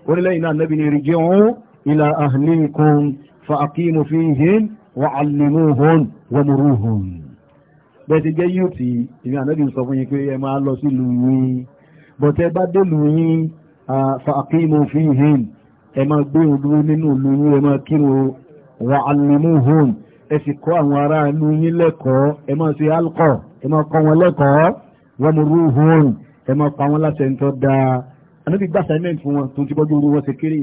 [SPEAKER 1] orílẹ̀-èdè náà nàbí ni irji'u ila ahlikum fa aqimu fihim wa 'allimuhum wa muruhum bẹ́ẹ̀ ti jẹ́ yóò tí ìrìn ànábì sọ fún yín pé ẹ máa lọ sí ìlú yín bọ̀tẹ́ bá délù yín fa aqimu fihim ẹ máa gbé òdúró nínú ìlú yín ẹ máa kírun wa 'allimuhum ẹ sì kọ́ àwọn ará inú yín lẹ́kọ̀ọ́ ẹ máa ṣe alkọ̀ ẹ máa kọ́ wọn lẹ́kọ̀ọ́ wọ́n mú rúhùn ẹ máa pa wọn láṣẹ ń tọ́ dáa anábì gbà assignment fún wọn tó ti bọ́jú orú wọn ṣe kéré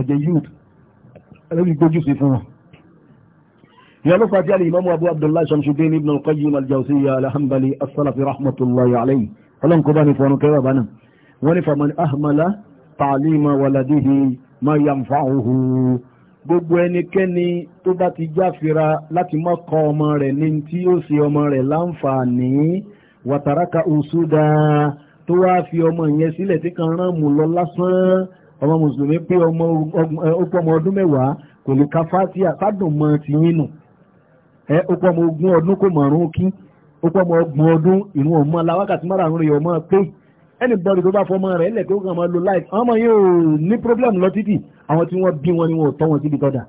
[SPEAKER 1] ọjọ́ youth anábì gbójú sí fún wọn. ìyá ló fàájì àlè abu abdullahi shamsuddin ibn al-qayyim al-jawziyya alhambali as-salafi rahmatulahi alayhi ọlọ́run kó bá ní fọnù kẹwàá bá náà wọ́n ní famani ahmala ta'lima waladihi ma yanfa'uhu gbogbo ẹnikẹ́ni tó bá ti jáfira láti mọ́ kọ ọmọ rẹ̀ ní tí ó se ọmọ rẹ̀ láǹfààní wàtàràkà òṣùdà tó wá fi ọmọ yẹn sílẹ̀ tí kan rán mú lọ lásán ọmọ mùsùlùmí pé ọmọ ọmọ ọdún mẹ́wàá kò lè ka fátíà kádùn mọ́ ti yín ẹ ọmọ anybody tó bá fọmọ rẹ̀ lẹ̀ tó kàn máa lo life ọmọ yóò ní problem lọ títì àwọn tí wọ́n bí wọn ni wọn ò tọ́ wọn síbi tọ́da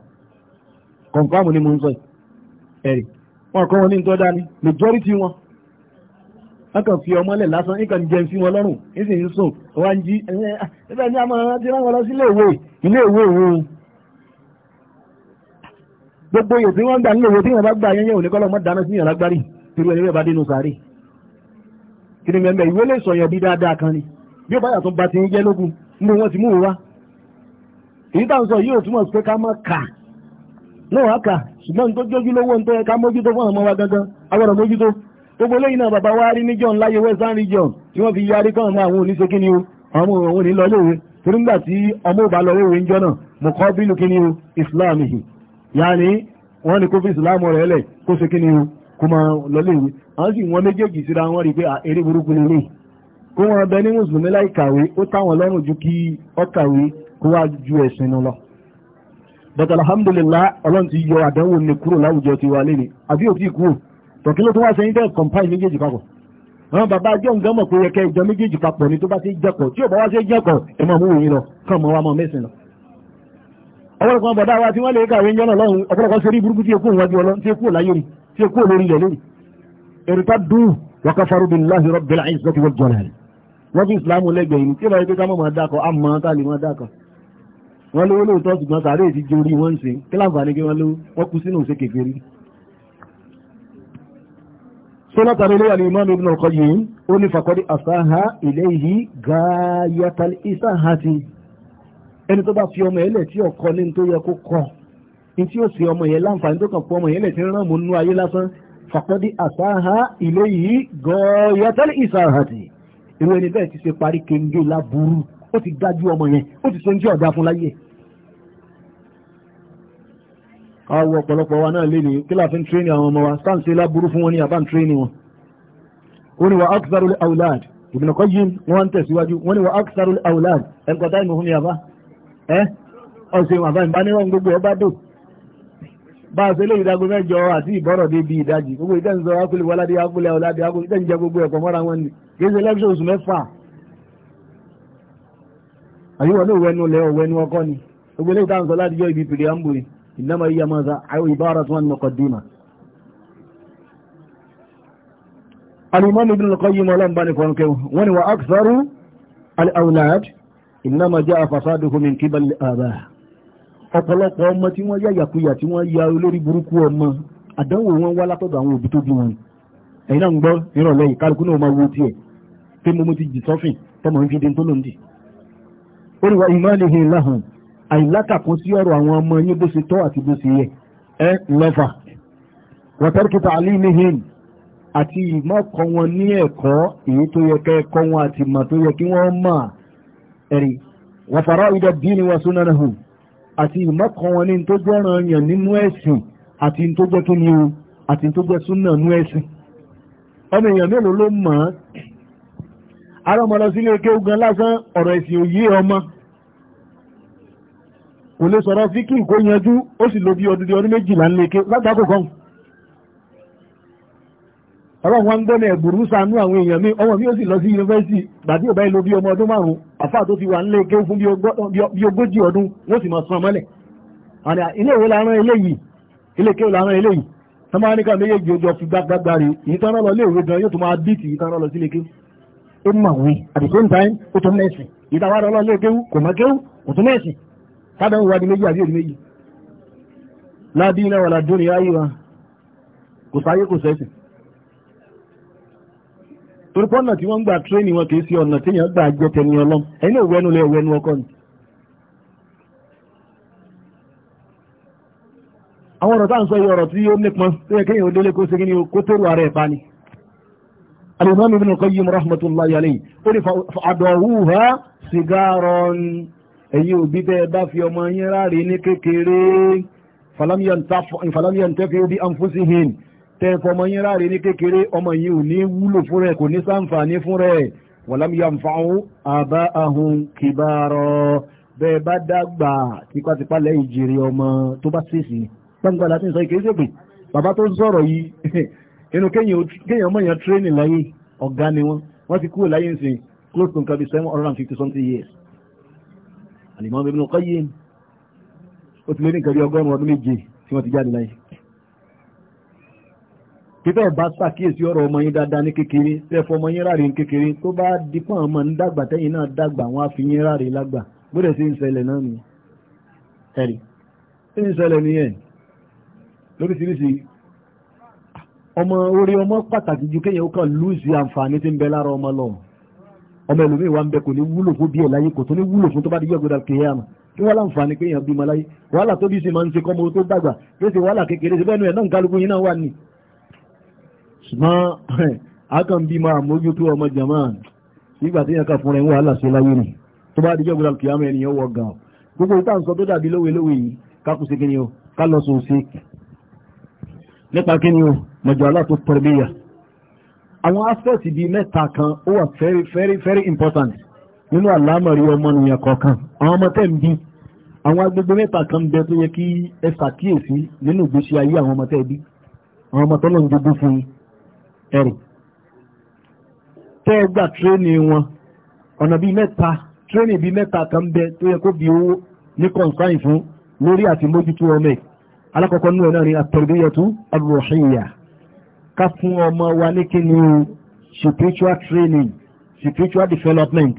[SPEAKER 1] kọ̀ǹfàmù ni mo ń sọ ẹ̀rì wọn kọ́ wọn ní tọ́da ni majority wọn wọn kàn fi ọmọ lẹ̀ lásán nǹkan jẹun sí wọn lọ́rùn ní sì ń sùn wọn ń jí ẹgbẹ́ ah, ní àmọ́ ti rán wọn lọ sí iléèwé iléèwé òun gbogbo yòó tí wọ́n gbà níléèwé tí wọ́n bá gbà yẹn yẹn ò ní kọ́ lọ́mọ dáná sí yàrá gbárí torí ẹni bẹ́ẹ̀ bá dénú sáré kìrì mẹ́mẹ́ ìwé lè sọ̀yàn bí dáadáa kan ni bí ó bá yàtọ̀ bá ti ń jẹ́ lógún ní wọ́n ti mú wa èyí tá à ń sọ yóò túmọ̀ sí pé ká má kà náà wá kà ṣùgbọ́n tó jójú lówó ń ká mójútó wa gangan agbọ́dọ̀ mójútó gbogbo lẹ́yìn náà bàbá wa rí ní john láyé western region tí wọ́n fi yarí kan ọmọ àwọn oníṣe kí ni o àwọn òun ní lọ léwe torí ńgbà tí ọmọ ò bá lọ islam yìí yáà ní wọ́n ní kó fi islam rẹ̀ lẹ̀ àwọn sì wọn méjèèjì síra wọn rí pé eré burúkú ni lè kó wọn bẹ ní mùsùlùmí láì kàwé ó táwọn lọ́rùn ju kí ọ kàwé kó wá ju ẹ̀sìn lọ. bàtà alhamdulillah ọlọ́run ti yọ àdánwò ní kúrò láwùjọ ti wà lẹ́nu àbí ò tíì kúrò tọ̀kí ló tún wá sẹ́yìn bẹ́ẹ̀ kọ̀m̀páì méjèèjì papọ̀. àwọn bàbá ajọ́ nǹkan mọ̀ pé ẹ̀kẹ́ ìjọ méjèèjì papọ̀ ni tó bá ṣe jẹ́kọ̀ tí ò bá wá ṣe jẹ́kọ̀ ẹ máa mú òyìn lọ kàn mọ́ wa mọ́ mẹ́sìn lọ. ọ̀pọ̀lọpọ̀ bọ̀dá wa tí wọ́n lè kàwé ń jọ́nà lọ́run ọ̀pọ̀lọpọ̀ sórí burúkú tí ekú òun wájú ọlọ́run tí ekú òláyé ni tí ekú olórí ilẹ̀ irtaddu wa kafaru billahi rabbil izzati wal jalal wọ́n fi ìsìláàmù lẹ́gbẹ̀ẹ́ ní tí ó bá yẹ pé ká mọ̀ máa dákọ̀ á mọ̀ tá lè máa dákọ̀ wọ́n lówó lóòótọ́ ṣùgbọ́n sàárè ti jẹ orí wọ́n ń ṣe kí láǹfààní kí wọ́n lówó wọ́n kú sínú òṣè kékeré sọ́lọ́tàrí ló wà ní Imam Ibn al-Qayyim ó ní fàkọ́dí àsáhà ilayhi gáyàtàl ìsáhàtì ẹni tó bá fi ọmọ ẹlẹ̀ tí ọkọ ní tó yẹ kó kọ ní tí ó sì ọmọ yẹn láǹfààní tó kàn fún ọmọ yẹn lẹ̀ tí ń rán mọ́ nú ayé lásán fàkọ́dí àsáhà ilé yìí gọ́ọ̀yẹ́tẹ́lẹ̀ ìsáhàtì irú ẹni bẹ́ẹ̀ ti ṣe parí kéńgé láburú ó ti dájú ọmọ yẹn ó ti sọ́njẹ́ ọ̀dá fún láyé àwọ ọ̀pọ̀lọpọ̀ wa náà lè ní kí láàfin tírénì àwọn ọmọ wa sáǹsì láburú fún wọn ní àbá tírénì wọn ó ní wa aksarul aulad Ibn Qayyim wọ́n ń tẹ̀síwájú wọ́n ní wa aksarul aulad ẹnkọ̀tá ìmọ̀ fún mi àbá ẹ ọ̀sẹ̀ bá a ṣe lè ìdágo mẹ́jọ àti ìbọ́rọ̀ débi ìdájì gbogbo ìtẹ́nsọ akúlé wọládé akúlé ọ̀ládé akúlé ìtẹ́njẹ gbogbo ẹ̀kọ́ mọ́ra wọn ni kì í ṣe lẹ́kṣọ̀ oṣù mẹ́fà àyíwọ̀ ní òwẹ́nu lẹ́ òwẹ́nu ọkọ́ ni gbogbo ilé ìtànsọ láti jọ ibi pìrì àmbùrì ìnáma iye mọ́ta àwọn ìbára tí wọ́n ń nọkọ̀ dìímà. alimami bin al-qayyim ọlọ́run bá ní fọ́n kẹ́ wọ́n ni wa aksaru al-awlad ìnáma jẹ́ afasaduhu min kíbalì àbáà ọ̀pọ̀lọpọ̀ ọmọ tí wọ́n yá yàkuyà tí wọ́n ya olórí burúkú ọmọ àdánwò wọn wá látọ̀dọ̀ àwọn òbí tó bí wọn ẹ̀yin náà ń gbọ́ nírọ̀lẹ́ yìí kálukú náà máa wo tiẹ̀ pé mo ti jì sọ́fìn tọmọ ń fi di tó ló ń dì ó rí wa ìmọ̀lẹ́hìn láhùn àìlákàkún sí ọ̀rọ̀ àwọn ọmọ yín bó ṣe tọ́ àti bó ṣe yẹ ẹ lọ́fà wọ́tẹ́rìkìtà àlímihìn àti ìmọ̀kọ́ wọn ní ẹ̀kọ́ èyí tó yẹ kẹ́ kọ́ wọn àti mọ̀ tó yẹ kí wọ́n mọ̀ ẹ̀rí wàfàrà ìdá dínì wa súnánahùn àti ìmọ̀kan wọn ní tó jọ́ràn yàn nínú ẹ̀sìn àti tó jẹ́ kí ni o àti tó jẹ́ súnà nínú ẹ̀sìn ọmọ èèyàn mélòó ló mọ̀ ọ́ ara ọmọ lọ sílé kéwú gan lásán ọ̀rọ̀ ẹ̀sìn òye ọmọ kò lè sọ̀rọ̀ fíkì kó yanjú ó sì lo bí ọdún ọdún méjìlá ńlẹ̀ ké látàkùn kan ọ̀rọ̀ wọn gbọ́ náà ẹ̀bùrú sànú àwọn èèyàn mi ọmọ mi ó sì lọ sí yunifásitì gbàdí ò báyìí lo bí ọmọ ọdún márùn-ún àfáà tó ti wà nílé kéwú fún bí ogójì ọdún wọ́n sì máa san mọ́lẹ̀ àná ilé at the same time ó tó mẹ́sìn ìdáwà lọ́lọ́ lé kéwú kò mọ́ kéwú kò tó di méjì àbí òdi méjì ládìí náà wà ládùn ayé wa kò sáyé kò sẹ́sìn torí pọ́nà tí wọ́n ń gbà tírénì wọn kìí sí ọ̀nà tí èèyàn gbà jẹ tẹni ọlọ́m ẹni òwẹ́nu lẹ òwẹ́nu ọkọ ni. àwọn ọ̀rọ̀ táà ń sọ yìí ọ̀rọ̀ tí ó nípọn tó yẹ kéèyàn délé kó segin ní kó tó ara ẹ̀ pani. alimami ibn qayyim rahmatulahi alayhi ó ní fàdọ̀wúhà sigaron ẹ̀yin òbí tẹ́ ẹ bá fi ọmọ yín ráre ní kékeré falamiyantẹ́fẹ́ bí anfusihin tẹ́ fọmọ yín ráre ní kékeré ọmọ yín ò ní wúlò fún rẹ̀ kò ní sáǹfààní fún rẹ̀ wọ̀lám yanfa'u aba'ahum kibaro bẹ́ẹ̀ bá dàgbà tipátipá lẹ́yìn jèrè ọmọ tó bá ṣèṣì gbangba láti sọ ìkéṣẹ́ pé bàbá tó ń sọ̀rọ̀ yìí inú kéèyàn ọmọ yẹn tírénì láyé ọ̀gá ni wọ́n wọ́n ti kúrò láyé nsìn close to nǹkan bíi seven hundred and fifty something years Al-Imam Ibn Qayyim ó ti lé ní nǹkan bíi ọgọ́rùn-ún ọdún méje tí wọ́n ti jáde láyé títẹ́ bá ṣàkíyèsí ọ̀rọ̀ ọmọ yín dáadáa ní kékeré tẹ́fọ́ ọmọ yín ráre ní kékeré tó bá dípọ̀ ọmọ ń dàgbà tẹ́yìn náà dàgbà wọn á fi yín ráre lágbà bóde sí ń ṣẹlẹ̀ náà ni ẹ̀rí sí ń ṣẹlẹ̀ nìyẹn lóríṣiríṣi ọmọ orí ọmọ pàtàkì ju kéèyàn ó kàn lùzì àǹfààní tí ń bẹ lára ọmọ lọ ọmọ ẹlòmíì wa ń bẹ kò ní wúlò fún bí ẹ láyé kò tó ní wúlò fún tó bá di yọ̀gbọ̀dà kéèyàn kí wọ́n láǹfààní kéèyàn bímọ láyé wàhálà tó bí sí máa ń ṣe kọ́mọ tó dàgbà kí ó sì wàhálà kékeré sí bẹ́ẹ̀ nu ẹ̀ náà ń kálukú yín náà wà ní ṣùgbọ́n akàn bí máa mójútó ọmọ jama nígbà tí yẹn kà fúnra ẹ̀wọ̀n aláṣẹ láyé ni tó bá dijọ́ gbọdọ̀ kìí àmọ́ ènìyàn wọ gan gbogbo ìta nǹkan tó dàbí lówe lówe yìí kákù sí kíni o ká lọ sùn sí nípa kíni o mọ̀jọ aláàtò pẹ̀lẹ́yà àwọn aspect bíi mẹ́ta kan ó wà very very very important nínú àlámọ̀rí ọmọnìyàn kọ̀ọ̀kan àwọn ọmọ tẹ̀ ń bí àwọn agbègbè mẹ́ta kan bẹ tó yẹ kí ẹ ṣàkíyèsí nínú ìgbésí ayé àwọn ọmọ tẹ̀ bí àwọn ọmọ tọ́lọ́ ń jogún fún yín ẹrù tẹ́ ẹ gbà tírénì wọn ọ̀nà bíi mẹ́ta tírénì bíi mẹ́ta kan bẹ tó yẹ kó bi owó ní kọ̀ǹsáìn fún lórí àti mójútó ọmọ ẹ̀ alákọ̀ọ́kọ́ nínú ẹ̀ náà ni àtẹ̀rẹ̀dẹ́yẹtú àrùwọ̀ṣẹ́yà ká fún ọmọ wa ní kí ni spiritual training spiritual development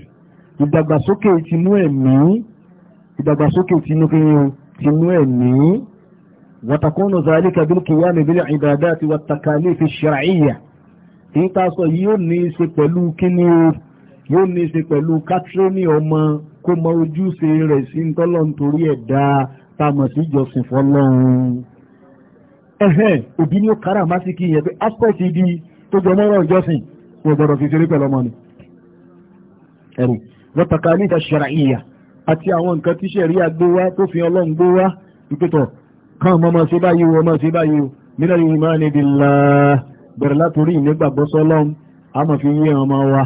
[SPEAKER 1] ìdàgbàsókè tinú ẹ̀mí ìdàgbàsókè tinú kí ni tinú ẹ̀mí wàtàkùnù zàlíkà bílkìyàmì bílẹ̀ ìbàdà àti wàtàkàlì fi ṣàríyà ń ta sọ yìí yóò ní í ṣe pẹ̀lú kíní o yóò ní í ṣe pẹ̀lú kátírínì ọmọ kó mọ ojúṣe rẹ̀ sí ń tọ́lọ́ nítorí ẹ̀dá tá a mọ̀ sí ìjọsìn fọlọ́run ẹ̀hẹ́n òbí ni ó kára másìkì yẹn pé aspect ibi tó jọ mọ́rọ̀ ìjọsìn wọn gbọ́dọ̀ fi ṣeré pẹ̀lú ọmọ ni ẹ̀rù lọ́tàkà ní ìtàṣẹ̀rà ìyà àti àwọn nǹkan tí ṣẹ̀rí àgbówá tó fi ọlọ́run gbówá ìpẹ́tọ̀ kan mọ́mọ́ sí báyìí wọ́n mọ́ báyìí nínú bẹ̀rẹ̀ látorí ìnígbàgbọ́ sọ́lọ́run a máa fi yé ọmọ wa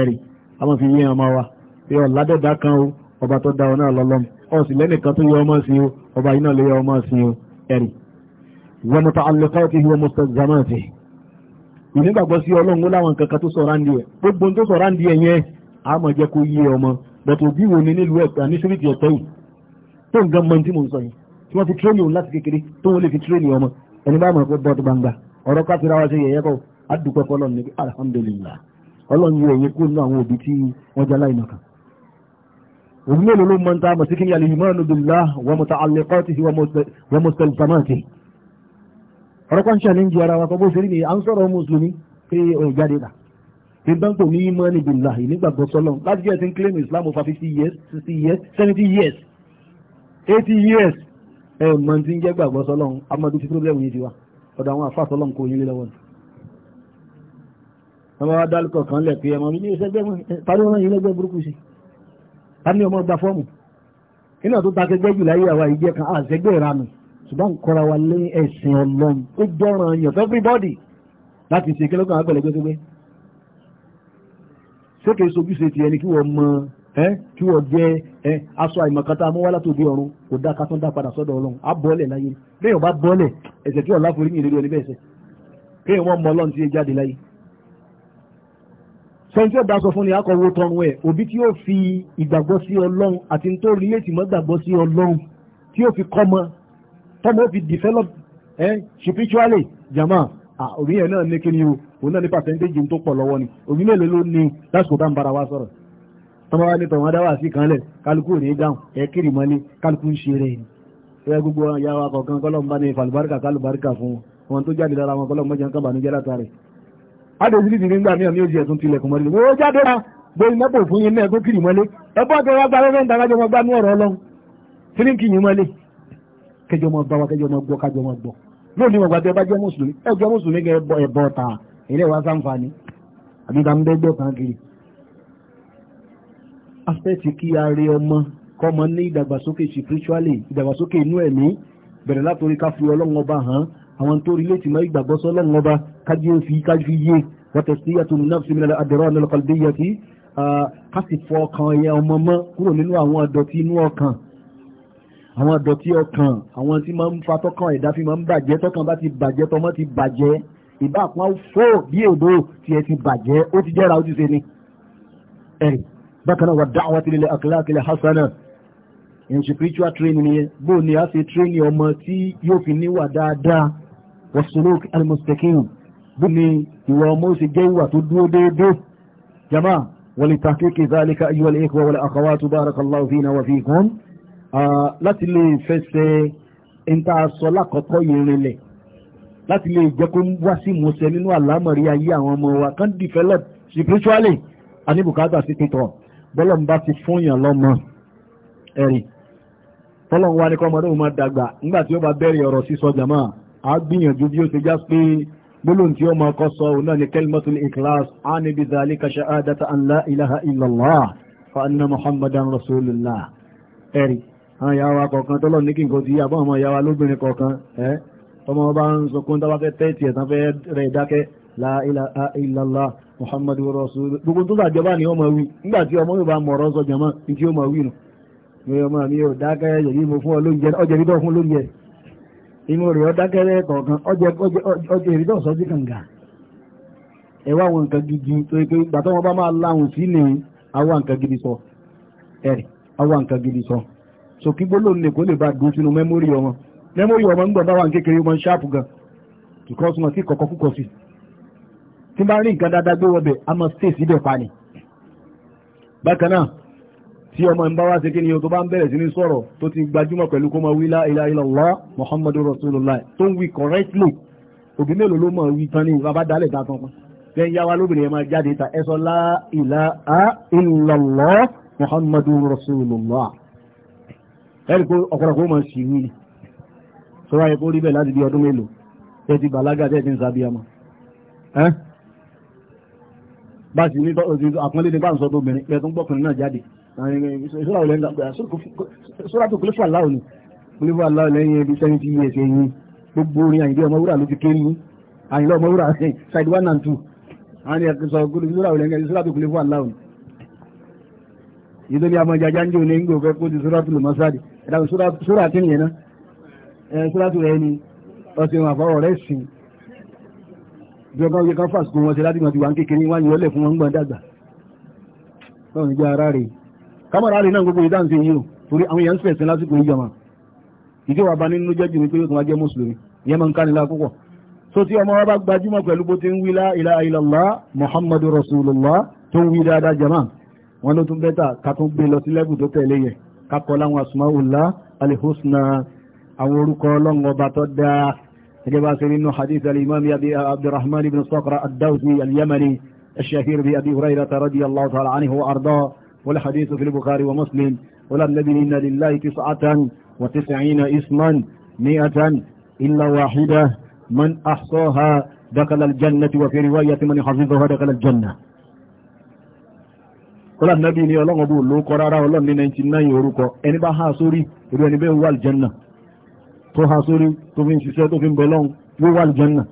[SPEAKER 1] ẹ̀rì a máa fi yé ọmọ wa pé ọ̀làdẹ́dá kan o ọba tó da ọ̀nà lọ́lọ́m ọ̀sìn lẹ́nìkan tó yẹ ọmọ sí o ọba iná lè yẹ ọmọ sí o ẹ̀rì wọn mọ̀ta alẹ́kọ́ ti hiwọ́ mọ̀tà zamati ìnígbàgbọ́ sí ọlọ́run ó láwọn kankan tó sọ̀rọ̀ àǹdí ẹ̀ gbogbo tó sọ̀rọ̀ àǹdí ẹ̀ yẹn a máa jẹ́ kó yé ọmọ bọ̀tò bí wo ni nílùú ẹ̀ka ní síríìtì ẹ̀tọ́ yìí tó nǹkan mọ́ tí mo ń sọ yìí tí wọ́n fi tírénì òun láti kékeré tó wọ́n lè fi tírénì ọmọ ẹni bá mọ̀ pé bọ́ọ̀dù gbangba ọ̀rọ̀ káfíra wa ṣe yẹ̀yẹ́ kọ́ adúpẹ́ fọ́ lọ́nà ní alhamdulillah ọlọ́run yóò yẹ kó nínú àwọn òbí tí wọ́n jẹ́ láì nàkà òun mélòó ló mọ́ ń ta mọ̀sí kíni al-imanu billah wa muta'alliqatihi wa mustalzamatihi ọ̀rọ̀ kan ṣàlẹ́ ń jẹ ara wa kọ́ bó ṣe rí ni à ń sọ̀rọ̀ mùsùlùmí pé òun jáde dà tí bá ń pè ní imanu billahi nígbàgbọ́ sọ́lọ́n láti jẹ́ ti ń claim islam for fifty years 60 years 70 years 80 years ẹ̀ mọ̀ ti ń jẹ́ gbàgbọ́ sọ́lọ́n amadu ti problem yìí ti wá ọ̀dọ̀ àwọn àfáà tọ́lọ́n kò yílé lọ́wọ́ ọmọ adálùkọ̀ kan lẹ̀ pé ẹmọ ní ìṣẹ́gbẹ́ parí ọmọ yìí lẹ́gbẹ́ burúkú sí a ní ọmọ gba fọ́ọ̀mù iná tó ta kẹgbẹ́ jù láyé àwa ìjẹ kan àṣẹgbẹ́ ìranù ṣùgbọ́n kọ́ra wa lé ẹ̀sìn ọlọ́run ó gbọ́ràn yàn everybody láti ṣe kílọ́kàn àgbẹ̀lẹ́gbẹ́gbẹ́ ṣé kìí sojúṣe tiẹ̀ ni kí wọ́n mọ kí wọ́n jẹ́ aṣọ àìmọ̀kátà amúwálá tó bí ọ̀run kò dá ká tó ń dá padà sọ́dọ̀ ọlọ́run á bọ́ọ̀lẹ̀ láyé bẹ́ẹ̀ ọba bọ́ọ̀lẹ̀ ẹ̀sẹ̀ tí ọ̀la forí ìrírí oníbẹ̀ ẹ̀sẹ̀ kéèyàn wọ́n mọ ọlọ́run tí ó jáde láyé. sọ tí ó bá sọ fún ni akọ̀wé tọrun ẹ̀ òbí tí ó fi ìgbàgbọ́ sí ọlọ́run àti tó rí ètì mọ́ gbàgbọ́ sí ọlọ́run tí ó fi kọ́mọ tọ́mọ ó fi develop spiritually jama òbí yẹn náà ní kí ni o òun náà ní pàṣẹ ń dé jìn tó pọ̀ lọ́wọ́ ni òbí mélòó ló tọ́mọ́ wá ní tọ̀wọ́n adáwà sí kan lẹ̀ kálukú ní dáhùn ẹ kiri mọ́lé kálukú ń ṣe ni ẹ gbogbo ya wa kọ̀ọ̀kan kọ́lọ̀ ń bá ní falùbáríkà kálùbáríkà fún wọn tó jáde lára wọn kọ́lọ̀ mọ́jà ń kàbà ní jẹ́ látàrí. adèjì ti nígbà míì àmì òjì ẹ̀tún tilẹ̀kùn mọ́lé wo jáde ra gbóyè mẹ́pò fún yín náà tó kiri mọ́lé ẹ bọ́ àti wọn gba lọ́wọ́ ìdáná jọmọ gbá ní ọ̀rọ̀ ọlọ́run fílí kì yín mọ́lé kẹjọ mọ gbá wa kẹjọ mọ gbọ́ kájọ mọ gbọ́ lóòní wọn gbàgbé bá jẹ́ mùsùlùmí ẹ jẹ́ ta ilé wa sáǹfààní àbí ta aspect kí a rí ọmọ kọ́mọ ní ìdàgbàsókè spiritually ìdàgbàsókè inú ẹ̀mí bẹ̀rẹ̀ látòrí ká fi ọlọ́run ọba hàn àwọn tó rí létí máa ìgbàgbọ́ sọ́lọ́run ọba kájí ó fi kájú yé wọ́tẹ̀ sí àtúnú náà sí mílẹ̀ àdẹ̀rọ̀ ọ̀nàlọ́kọ̀lẹ́yẹ tí ká sì fọ ọkàn ẹ̀yà ọmọ mọ́ kúrò nínú àwọn àdọ̀tí inú ọkàn àwọn àdọ̀tí ọkàn àwọn tí máa ń fa tọ́kàn ẹ̀dá fi máa ń bàjẹ́ tọ́kàn bá ti bàjẹ́ tọmọ ti bàjẹ́ ìbá àpá fò bí èdò tiẹ̀ ti bàjẹ́ ó ti jẹ́ra ó ni ẹ̀rì bákan náà wà dáwà tí lè àkíláàkílẹ̀ hasana in spiritual training yẹn bó ni a ṣe training ọmọ tí yóò fi níwà dáadáa wà sọ́lọ́ọ̀kì almustakim bó ni ìwà ọmọ ó sì jẹ́ ìwà tó dúró déédéé jama wàlì tàkíkì zálika ayyuhal ikhwa wal akhawatu barakallahu fina wa fikum láti lè fẹsẹ̀ ìta sọ lákọ̀ọ́kọ́ yìí rinlẹ̀ láti lè jẹ́ kó wá sí ìmúṣẹ nínú àlámọ̀rí ayé àwọn ọmọ wa kan develop spiritually a ní bùkátà sí títọ̀ bọ́lọ̀n bá ti fún yàn lọ́mọ ẹ̀rì tọ́lọ̀n wá ní kọ́ ọmọdé òun máa dàgbà nígbà tí ó bá bẹ̀rẹ̀ ọ̀rọ̀ sísọ jàmá a gbìyànjú bí ó ti já pé gbólóhùn tí ó máa kọ́ sọ ni kalimatul a ní an la ilaha illallah fa anna muhammadan rasulullah ẹ̀rì àwọn wa kọ̀ọ̀kan tọ́lọ̀n ní ti lóbìnrin kọ̀ọ̀kan ń la ilaha muhammadu rasulullah gbogbo tó sàjọba ni ma wí nígbà tí ọmọ yóò bá mọ̀rọ̀ sọ jẹ̀mọ́ ní tí ó mọ̀ wí nù mi ọmọ mi ò dákẹ́ yẹ̀yí mo ọ ọjẹ́ fún lóúnjẹ inú rẹ̀ ọ dákẹ́ kọ̀ọ̀kan ọjẹ́ sọ sí kànga àwọn gidi tó yẹ pé wọn bá máa gidi sọ ẹ̀rì àwọn nǹkan gidi sọ so kí gbólóhùn lè bá sínú mẹ́mórì ọmọ mẹ́mórì ọmọ kékeré ṣáàpù gan tí bá rí nǹkan dáadáa gbé wọbẹ̀ a máa stay síbẹ̀ pa ni bákan náà tí ọmọ ń bá wá ṣe kí ni o tó bá ń bẹ̀rẹ̀ sí ní sọ̀rọ̀ tó ti gbajúmọ̀ pẹ̀lú kó máa wí la ilaha illallah muhammadu rasulullah tó ń wí correctly òbí mélòó ló mọ̀ wí tán ní bàbá dálẹ̀ ta tán pọ́n tẹ́ ń yá lóbìnrin ẹ̀ máa jáde ta ẹ sọ a ilaha illallah muhammadu rasulullah ẹ̀rí pé ọ̀pọ̀lọpọ̀ máa ṣì wí ni sọ́ra ẹ̀ kó rí bẹ́ẹ̀ láti bí ọdún mélòó tẹ́ ti bàlágà tẹ́ ti ń sábíyá ẹ́ bá sì ní àpọ́nlé nígbà sọ tóbìnrin pẹ̀ tó ń gbọ́kùnrin náà jáde ìṣúra òlẹ́ ìṣúra tó kúlé fún aláwọ̀ ni kúlé fún aláwọ̀ lẹ́yìn ẹbí sẹ́yìn tí yẹ ṣe yín gbogbo orin àyìnlẹ́ ọmọ wúrà ló ti kéré yín àyìnlẹ́ ọmọ wúrà ṣáìdì one and two àwọn ẹ̀kọ́ sọ kúlé ìṣúra òlẹ́ ìṣúra tó kúlé fún aláwọ̀ ni. ìdóni àmọ́ jaja ń jẹ́ òní ńgbò fẹ́ kó ti ṣúra tó lè mọ́ sáàdì ẹ̀dá ìjọba oyè kan fàṣkó wọn ṣe láti wọn ti wà ń kékeré wá yọlẹ̀ fún wọn ń gbọ́n dàgbà náà ní jẹ́ ara rẹ̀ kámọ̀rà rẹ̀ náà gbogbo ìdáǹsẹ̀ yìí o torí àwọn èèyàn ń fẹ̀sẹ̀ lásìkò ìjọba ìjọba bá nínú jẹ́jì ní pé yóò tún wá jẹ́ mùsùlùmí ìyẹn máa ń kánilá púpọ̀ so tí ọmọ wa bá gbajúmọ̀ pẹ̀lú bó ti ń wí la ilaha illallah muhammadu rasulullah tó ń wí dáadáa jama wọn ló tún bẹ́tà ká tún gbé lọ sí lẹ́bù tó tẹ̀lé yẹ ká kọ́ láwọn asmaullah alihusna àwọn orúkọ ọlọ́run ọba tó dáa كما حديث الإمام أبي عبد الرحمن بن صقر الدوسي اليمني الشهير بأبي هريرة رضي الله تعالى عنه وأرضاه والحديث في البخاري ومسلم ولا الذي إن لله تسعة وتسعين اسما مئة إلا واحدة من أحصاها دخل الجنة وفي رواية من حفظها دخل الجنة kọ́lá nàbí ni ọlọ́run bó ló kọ́ rárá ọlọ́run ní 99 orúkọ ẹni bá há sórí irú ẹni bẹ́ẹ̀ wà aljanna tó ha sórí tó fi ń ṣiṣẹ́ tó fi ń bẹ̀lọ́n yóò wà lìjọ́nà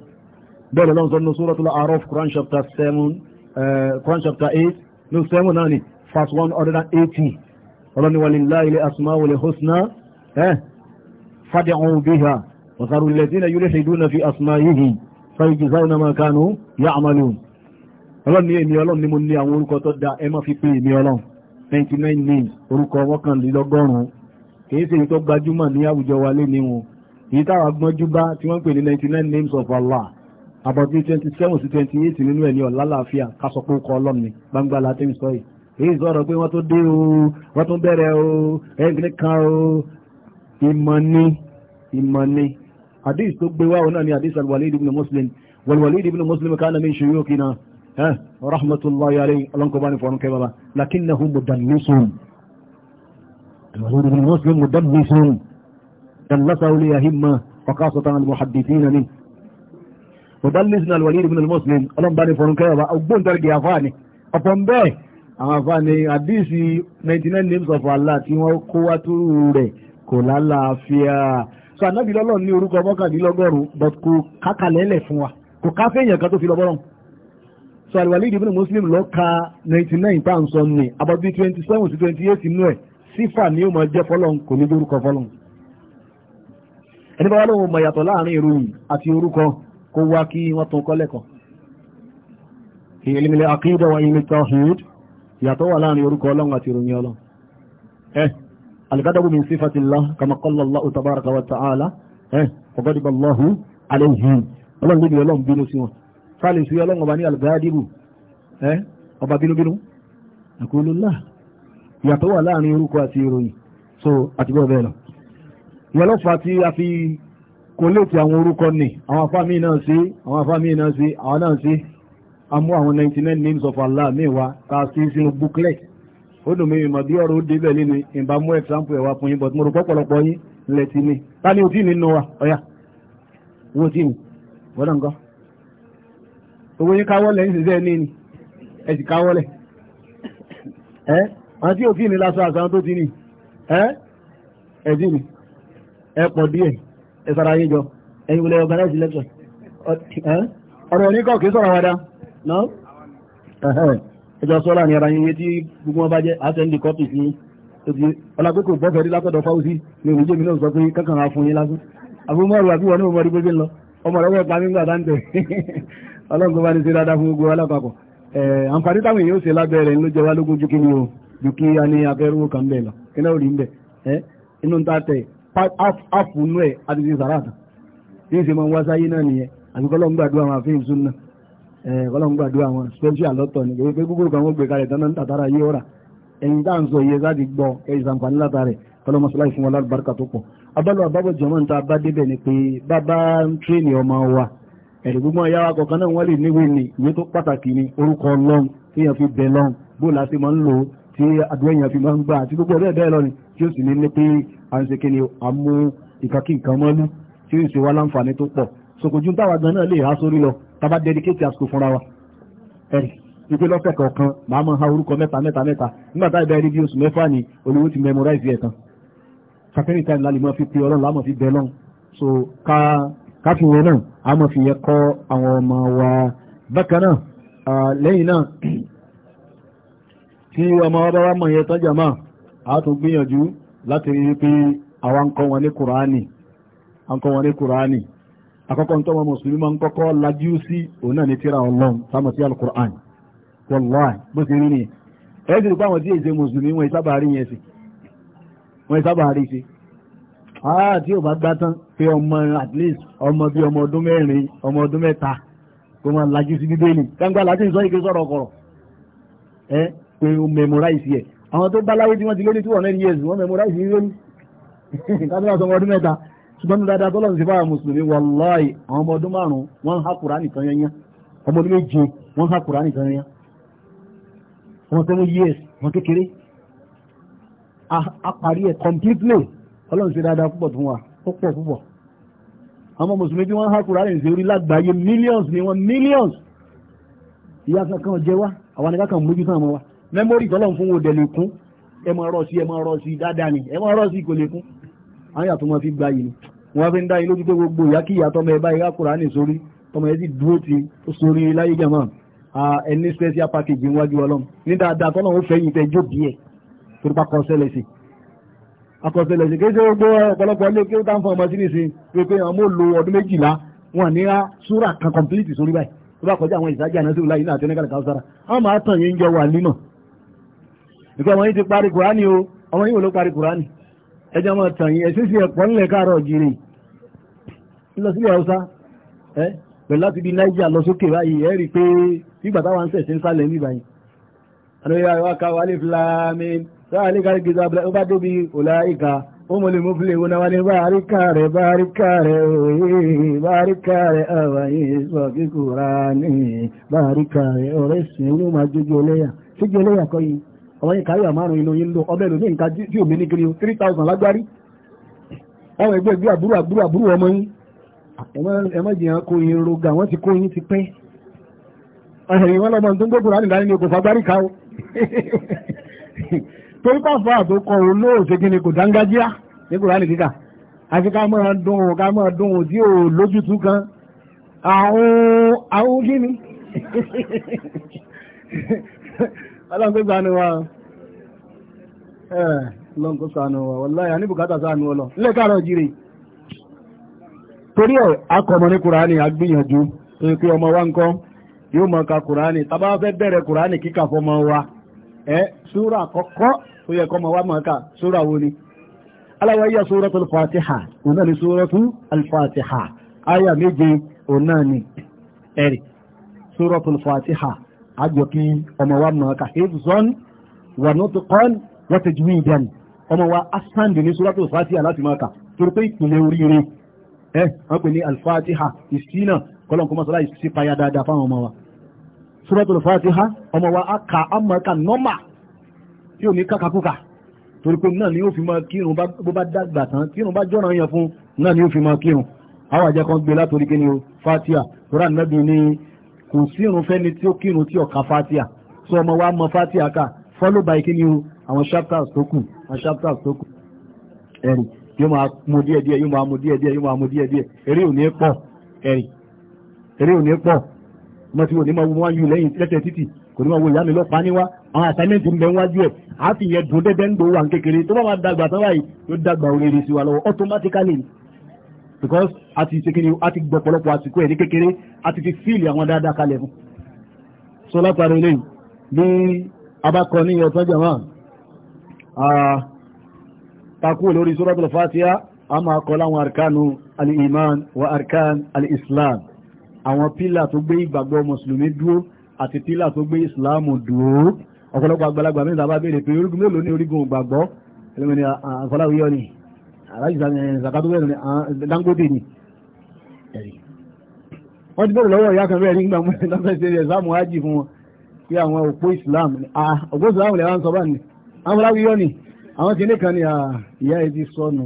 [SPEAKER 1] bẹ́ẹ̀ lọ́n sọ́nà suratul A'raf Quran chapter 7 eh, Quran chapter 8 ló 7 náà ni verse 180 ọlọ́ni walillahi al-asma'ul husna eh, fad'u biha wa dharu alladhina yulhiduna fi asma'ihi fayujzawna ma kanu ya'malun ọlọ́ni èmi ọlọ́ni mo ní àwọn orúkọ tó da ẹ má fi pé èmi ọlọ́n 99 orúkọ mọ́kànlélọ́gọ́rùn-ún kìí ṣe tó gbajúmọ̀ ní àwùjọ wa lé ní wọn èyí táwa gbọ́njú bá tí wọ́n pè ní 99 names of Allah about 27 sí 28 nínú ẹ̀ ní ọ̀la láàfíà kásọ̀ pé ó kọ ọlọ́run ni gbangba láti ń sọ yìí èyí sọ̀rọ̀ pé wọ́n tó dé o wọ́n tó bẹ̀rẹ̀ o ẹ̀ǹkìní kan o ìmọ̀ ni ìmọ̀ ni hadith tó gbé wá náà ni hadith al-Walid ibn Muslim wal-Walid ibn Muslim kana min shuyukina rahmatullahi alayhi ọlọ́nkọ̀ bá ní fọ́nù kẹ́ bàbá lakinnahu mudallisun الوجود بالمسلم مدلس دلسه ليهمة وخاصة المحدثين منه مدلسنا الوليد بن المسلم ọlọ́n bá ní fọ́nkẹ́wà ọgbọ́n tẹ́rẹ̀gì àfáàní ọ̀pọ̀n bẹ́ẹ̀ àwọn àfáàní àdísì 99 names of Allah tí wọ́n kó wá túrú rẹ̀ kò lálàáfíà so anábì lọ́lọ́n ní orúkọ mọ́kàndínlọ́gọ́rùn but kò kákalẹ́lẹ̀ fún wa kò káfẹ́ èèyàn kan tó fi lọ́bọ́rùn so al-Walid ibn Muslim ló ka 99 pounds on ni about bí 27 sí 28 nú ẹ̀ sífà ní ó máa jẹ́ fọ́lọ́n kò ní lórúkọ fọ́lọ́n ẹni bá wá lóhun mọ̀ yàtọ̀ láàrin ìròyìn àti orúkọ kó wá kí wọ́n tún kọ́ lẹ́kọ̀ọ́ ìlìmìlẹ̀ àkídà wa ilẹ̀ tawhid yàtọ̀ wà láàrin orúkọ ọlọ́run àti ìròyìn ọlọ́run ẹ alìkádàbù min sifatillah kama qala Allahu tabaraka wa ta'ala ẹ ọgọ́dìbà lọ́hù alayhim ọlọ́run níbi ọlọ́run bínú sí wọn ìyàtọ̀ wà láàrin orúkọ àti ìròyìn so àti bẹ́ẹ̀ bẹ́ẹ̀ lọ ìyàlọ́fà tí a fi kòléètì àwọn orúkọ ni àwọn afámi náà sí àwọn afámi náà sí àwọn náà sí amú àwọn 99 names of Allah mẹ́wàá ta sí sínú booklet ó dùn mí ìmọ̀ bí ọ̀rọ̀ ó débẹ̀ nínú ìbámú example ẹ̀wà fún yín but mo rò pọ̀pọ̀lọpọ̀ yín lẹ̀ ti ní ta ni òtí nínú wa ọ̀yà wo tí mi wọ́n nǹkan owó yín káwọ́lẹ̀ ń ṣiṣẹ́ ní ni ẹ sì káwọ́lẹ̀ ẹ́ àti òkè ní lásán àsán tó ti ní ẹ̀jì ni ẹ̀pọ̀ díẹ̀ ẹ̀sára yín jọ ẹ̀yin wọlé organize election ọ̀rọ̀ oníkọ̀ kìí sọ̀rọ̀ wádá náà ẹjọ́ sọ́lá ní ara yínyẹ tí gbogbo wọn bá jẹ́ àtẹ́ndì kọ́pì sí ojú ọlágbókò bọ́fẹ̀ rí látọ̀dọ̀ fáwùsí ní òwújẹ́ mi náà sọ pé kankan afun yín lásán àbúmọ̀rù àbí wọn ní òmọ̀rí gbogbo lọ ọmọ rẹ̀ pa mí gbà dáńtẹ̀ ọlọ́run tó bá ní sí dáadáa fún gbogbo alápapọ̀ àǹfààní táwọn èèyàn ó ṣe lábẹ́ rẹ̀ ló jẹ wá lógún ju kí ni o ju kí a ní abẹ́rú kan bẹ́ẹ̀ lọ kí náà rí ń bẹ̀ ẹ́ inú ń ta tẹ̀ áfùnú ẹ̀ àti ti sàrà àtà bí ìṣe máa ń náà nìyẹn àti kọ́lọ́ ń gbàdúrà àwọn àfihàn sún náà ẹ̀ kọ́lọ́ ń gbàdúrà àwọn special lọ́tọ̀ ni pé gbogbo kan wọ́n gbé kalẹ̀ tán náà ń tàtàrà yé ọ̀rà ẹ̀yìn tá à ń sọ iye sáà ti gbọ́ ẹ̀yìn sàǹfààní látàrẹ̀ kọ́lọ́ mọ́sálásí fún wa lálùbáríkà tó pọ̀ abálò àbábọ̀ jọmọ́ níta bá débẹ̀ ni pé bàbá ń tírèèni bó la ń lò ó tí àdúrẹ́yìn fi máa ń gbà àti gbogbo ọ̀rẹ́ ẹ̀dẹ́ lọ ni tí ó sì ní ní pé à ń ṣe kí ni a mú ìkàkí nǹkan mọ́nú tí ó ń wá láǹfààní tó pọ̀ sokojú táwa gan náà lè há sórí lọ tábà dedicate àsìkò fúnra wa ẹ̀rì wípé lọ́sẹ̀ kọ̀ọ̀kan màá máa ha orúkọ mẹ́ta mẹ́ta mẹ́ta nígbà táyà bẹ́ẹ̀ rí bí oṣù mẹ́fà ni olówó ti memorize ẹ̀ tán time táyà lálẹ́ máa fi pe ọlọ́run láàmọ̀ fi bẹ́ẹ̀ lọ́run so ká ká fi wọn náà àmọ̀ fi yẹ kọ́ àwọn ọmọ wa bákan náà lẹ́yìn náà tí ọmọ ọba mọ̀ yẹn a tún gbìyànjú láti rí pé ń kọ́ wọn ní kùránì wọn ní kùránì mùsùlùmí ń kọ́kọ́ lajú sí òun náà ní tíra ọlọ́run sí alukur'an wọláì bó ti rí ni rúpa rí yẹn sí wọn ìsábà rí sí tí ò bá gbá tán pé ọmọ at least ọmọ bíi ọmọ ọdún mẹ́rin ọmọ ọdún mẹ́ta kó máa lajú sí bíbélì lajú ẹ pé ó memorize yẹ àwọn tó bá láyé tí wọ́n ti lórí two hundred years wọ́n memorize yẹ lórí kábíyà sọmọ ọdún mẹ́ta ṣùgbọ́n dáadáa tọ́lọ̀ sí fáwọn mùsùlùmí wàláì àwọn ọmọ ọdún márùn-ún wọ́n ń hákùrá nìkan yẹnyẹn ọmọ ọdún méje wọ́n ń hákùrá nìkan yẹnyẹn wọ́n tẹ́mú years wọ́n kékeré a parí ẹ̀ completely ọlọ́run ṣe dáadáa púpọ̀ fún wa púpọ̀ púpọ̀ àwọn mùsùlùmí tí wọ́n hákùrá rẹ̀ ṣe orí lágbàáyé millions ni wọ́n millions ìyá kankan jẹ wá àwọn anìkan kan mójútó àwọn wa Memory tọ́lọ̀ fún wọn dẹ̀lẹ̀ kún ẹ máa rọ̀ sí ẹ máa rọ̀ sí dáadáa ni ẹ máa rọ̀ sí kò lè kún àwọn yàtọ̀ wọn fi gba yìí wọn fi ń dá yín lójú pé gbogbo ìyá kí ìyá tọmọ ẹ bá ìyá kúránì sórí tọmọ ẹ sì dúró ti sórí láyé jàmá ẹni special package níwájú ọlọ́run ní dáadáa tọ́lọ̀ ó fẹ́yìn tẹ jó bí ẹ̀ torí pa kọ́sẹ́lẹ̀ sí akọ̀sẹ̀lẹ̀ sí kéṣe gbogbo ọ̀pọ̀lọpọ̀ ilé kí ó tá ń fọ ọmọ sí nìsín pé pé àwọn mò lo ọdún méjìlá wọn ní súrà kan complete sórí báyìí tó bá kọjá àwọn ìsájà náà nígbà ọmọ yìí ti parí kùránì o ọmọ yìí wò ló parí kùránì ẹjọ́ ọmọ tàn yìí ẹ̀sìn sí ẹ̀pọ̀ ńlẹ̀ káàrọ̀ gírì lọ sílẹ̀ Haúsá ẹ pẹ̀lú láti bí Nàìjíríà lọ sókè báyìí ẹ rí i pé nígbà táwọn ń sẹ̀sìn sálẹ̀ ní ìbàyìn àdóyà ìwà ká wà lè filami sáà lè kárí gíga kọ́ yìí ọmọ yìí káyọ̀ márùn-ún inú yìí ń lò ọbẹ̀ lómi nǹkan tí omi ní kiri three thousand lágbárí ọmọ ẹgbẹ́ ìgbé àbúrò àbúrò àbúrò ọmọ yín ẹmọ jìyàn kó yín roga wọ́n ti kó yín ti pẹ́ ẹ̀yìn wọn lọ́mọ tó ń gbókùnrin àdìdá nínú okòfà gbárí ká o torí pàfọ́ àtòkọ olóòṣè kí ni kò dángájíá ní kòránì kíkà àti ká máa dùn ká máa dùn tí ò lójútú kan àwọn àwọn kí ọlọ́nkó sànú wa ọlọ́nkó sànú wa wọláyà ní bùkátà sànú ọlọ ilé káàrọ̀ jíire torí ẹ̀ akọmọ ní kùránì agbìyànjú tó pé ọmọ wa ń kọ́ yóò mọ̀ ka kùránì tá bá fẹ́ bẹ̀rẹ̀ kùránì kíkà fọmọ wa ẹ súra àkọ́kọ́ tó yẹ kọ́mọ wa mọ̀ ká súra wo ni aláwọ̀ yẹ súratul fatiha òun náà ni súratul fatiha aya méje òun náà ni ẹ̀rì súratul fatiha àjọ kí ọmọ wa mọ̀ ká hifzan wà nutqan wa tajwidan ọmọ wa asandi ní suratul fatiha láti máa kà torí pé ìpìlẹ̀ oríire ẹ wọ́n pè ní alfatiha ìsínà kọ́lọ́n kó mọ́ sọ́lá ìsí payá dáadáa fáwọn ọmọ wa suratul fatiha ọmọ wa aka amọ̀ọ́ka nọ́mà tí ò ní kákakúkà torí pé náà ni ó fi máa kírun bó bá dàgbà tán kírun bá jọ́ràn yẹn fún náà ni ó fi máa kírun àwọn àjẹkọ́ gbé látòrí kí ni o fatiha Quran nabi kò sí irun fẹ́ni tí ó kírun tí ọ̀ka fatia tí ọmọ wa mọ fatia ká follow by kí ni o àwọn chapters tó kù àwọn chapters tó kù ẹ̀rì yóò máa mú díẹ̀ díẹ̀ yóò máa mú díẹ̀ díẹ̀ yóò máa mú díẹ̀ díẹ̀ eré ò ní pọ̀ ẹ̀rì eré ò ní pọ̀ mo ti wò ní máa wo wọn yù lẹ́yìn lẹ́tẹ̀ títì kò ní máa wo ìyá lọ́pàá níwá àwọn assignment ń bẹ wájú ẹ̀ á fi yẹn dùn dẹ́dẹ́ ń gbowó à ń kékeré tó bá máa dàgbà tó báyìí yóò dàgbà òrèrè sí wa lọ́wọ́ automatically because a ti ṣe kíni a ti gbọ̀pọ̀lọpọ̀ àsìkò ẹ̀ ní kékeré a ti fi fíìlì àwọn dáadáa kalẹ̀ fún so látàrí eléyìí bí abakọ ní ọ̀tọ́ jama takú lórí suratul fatiha a máa kọ láwọn arkanu al-iman wa arkan al-islam àwọn pílà tó gbé ìgbàgbọ́ mùsùlùmí dúró àti pílà tó gbé ìsìláàmù dúró ọ̀pọ̀lọpọ̀ àgbàlagbà mẹ́ta bá béèrè pé orígun mélòó ní orígun ìgbàgbọ́ ẹlẹ́mìnira àfọláwíyọ́ ni alájùlá eh, zakato bẹ́ẹ̀ ni dangote ni wọ́n ti bẹ̀rẹ̀ lọ́wọ́ ìyá kan bẹ́ẹ̀ nígbà mú lọ́fẹ́ ṣe ẹ̀sáàmù ájì fún wọn pé àwọn òpó islam ni òpó islam lè wọ́n sọ bá ní àwọn láwí yọ́ ni àwọn kìíní kan ni ìyá ẹ̀ ti sọnù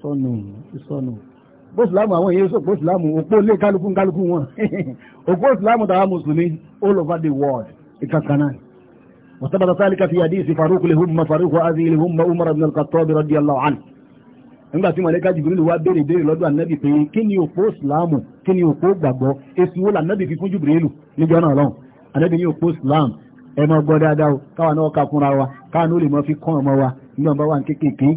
[SPEAKER 1] sọnù sọnù òpó islam àwọn èyí sọ òpó islam òpó lé kálukú kálukú wọn òpó islam tàwa mùsùlùmí all over the world ìkankan náà وثبت ذلك في حديث فاروق لهم فاروق هذه لهم عمر بن الخطاب رضي الله عنه nígbà tí mọ̀lẹ́ká jìbìrìlù wá béèrè béèrè lọ́dọ̀ ànábì pé kí ni òpó ìsìláàmù kí ni òpó gbàgbọ́ èsì wo lànábì fi fún jìbìrìlù níjọ́ náà lọ́hùn ànábì ní òpó ìsìláàmù ẹ máa gbọ́ dáadáa o káwa náà ká fúnra wa káwa náà lè máa fi kọ́ ọmọ wa nígbà bá wà ní kékèké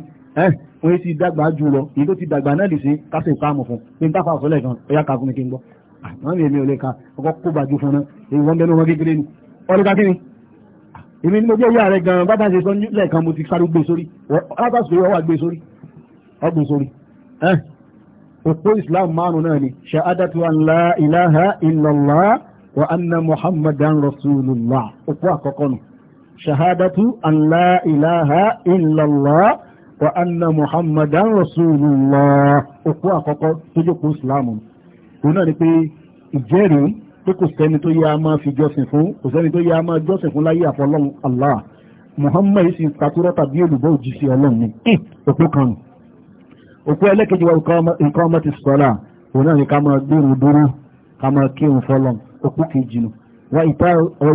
[SPEAKER 1] ẹ wọ́n ti dàgbà jù lọ èyí tó ti dàgbà náà lè ṣe kásẹ̀ ìpamọ̀ fún pé n táfà sọ́lẹ̀ kan ó yá ká fún mi kí n gbọ́ àwọn èmi ò lè ka ọkọ̀ kó bàjú fún náà èyí wọ́n bẹ́ẹ̀ ní wọn kékeré ni ọdún ká kí ni èmi ni mo jẹ́ ìyá rẹ̀ gan-an bá dáṣe sọ lẹ́ẹ̀kan mo ti sáré gbé sórí alábàṣe wọ́n wà gbé sórí ọgbọ̀n sórí òpó islam márùn náà ni ṣàádàtú an la ilaha illallah wa anna muhammadan rasulullah òpó àkọ́kọ́ nù ṣàádàtú an ilaha illallah wa anna muhammadan rasulullah òpó àkọ́kọ́ tó jókòó islam òun náà ni pé ìjẹ́rìí pé kò sẹ́ni tó yẹ a máa fi jọ́sìn fún kò sẹ́ni tó yẹ a máa jọ́sìn fún láyé àfọlọ́run Allah Muhammad sì ń takúrọ́ tàbí olùbọ́ òjíṣẹ́ ọlọ́run ni hmm, òpó kan òpó ẹlẹ́kejì wa nǹkan ọmọ ti sọ́lá òun náà ni ká máa gbèrò dúró ká máa kírun fọlọ́n òpó kejì nù wà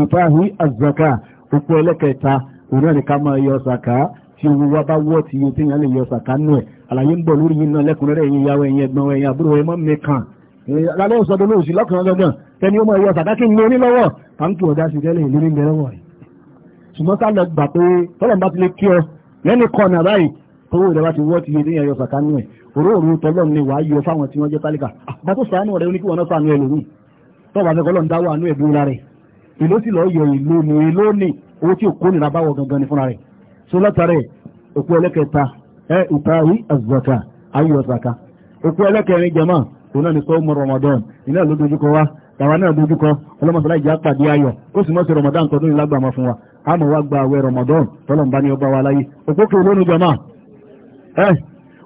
[SPEAKER 1] ìtàhí àzàkà òpó ẹlẹ́kẹta òun náà ni ká máa yọ sàkà tí owó wa bá wọ́ ti yẹ tí yẹn lè yọ sàkà nù ẹ̀ àlàyé ń bọ̀ lórí yìí náà lẹ́kùnrẹ́rẹ́ yẹn yàwó ẹ̀yẹn ẹ̀gbọ́n ẹ̀yẹn àbúrò ẹ̀ mọ́ mẹ́kàn lálẹ́ ẹni ó máa yọ sàkákì ní onílọ́wọ́ tàǹkì ọ̀dà sí tẹ́lẹ̀ ìlú nígbẹ̀ lọ́wọ́ rẹ̀ ṣùgbọ́n ká lọ gbà pé tọ́lọ̀ bá ti lè kí ọ lẹ́nu kọ̀nà báyìí tówó ìrẹ́wà ti wọ́ ti yé níyàn yọ sàkákì ẹ̀ òróòrò tọ́lọ̀ ni wàá yọ fáwọn tí wọ́n jẹ́ tálíkà àbátó sàánú rẹ̀ oníkíwọ̀n náà sàánú ẹlòmíì tọ́wọ́ àfẹ́kọ́ lọ́n dáwọ́ àánú ẹ̀dúró rẹ̀ èló sì lọ́ọ́ yọ èló ni èló ni owó tí òkú nira báwọ̀ gangan ni fúnra rẹ̀ so látàrẹ̀ òkú ẹlẹ́kẹta ẹ ìparí àzàkà ayọ̀ sàkà òkú ẹlẹ́kẹrin jẹ̀mọ́ òun náà ni sọ́ọ́mù Ramadan ìnáà ló dojú làwọn náà dojú kọ ọlọ́mọsọ̀lá ìjà pàdé ayọ̀ ó sì mọ́sí ramadan tọdún yìí lágbàmọ́ fún wa a mọ̀ wá gba àwẹ̀ ramadan tọ́lọ̀ ń bá ní ọba wa láyé òpókè olónú jama ẹ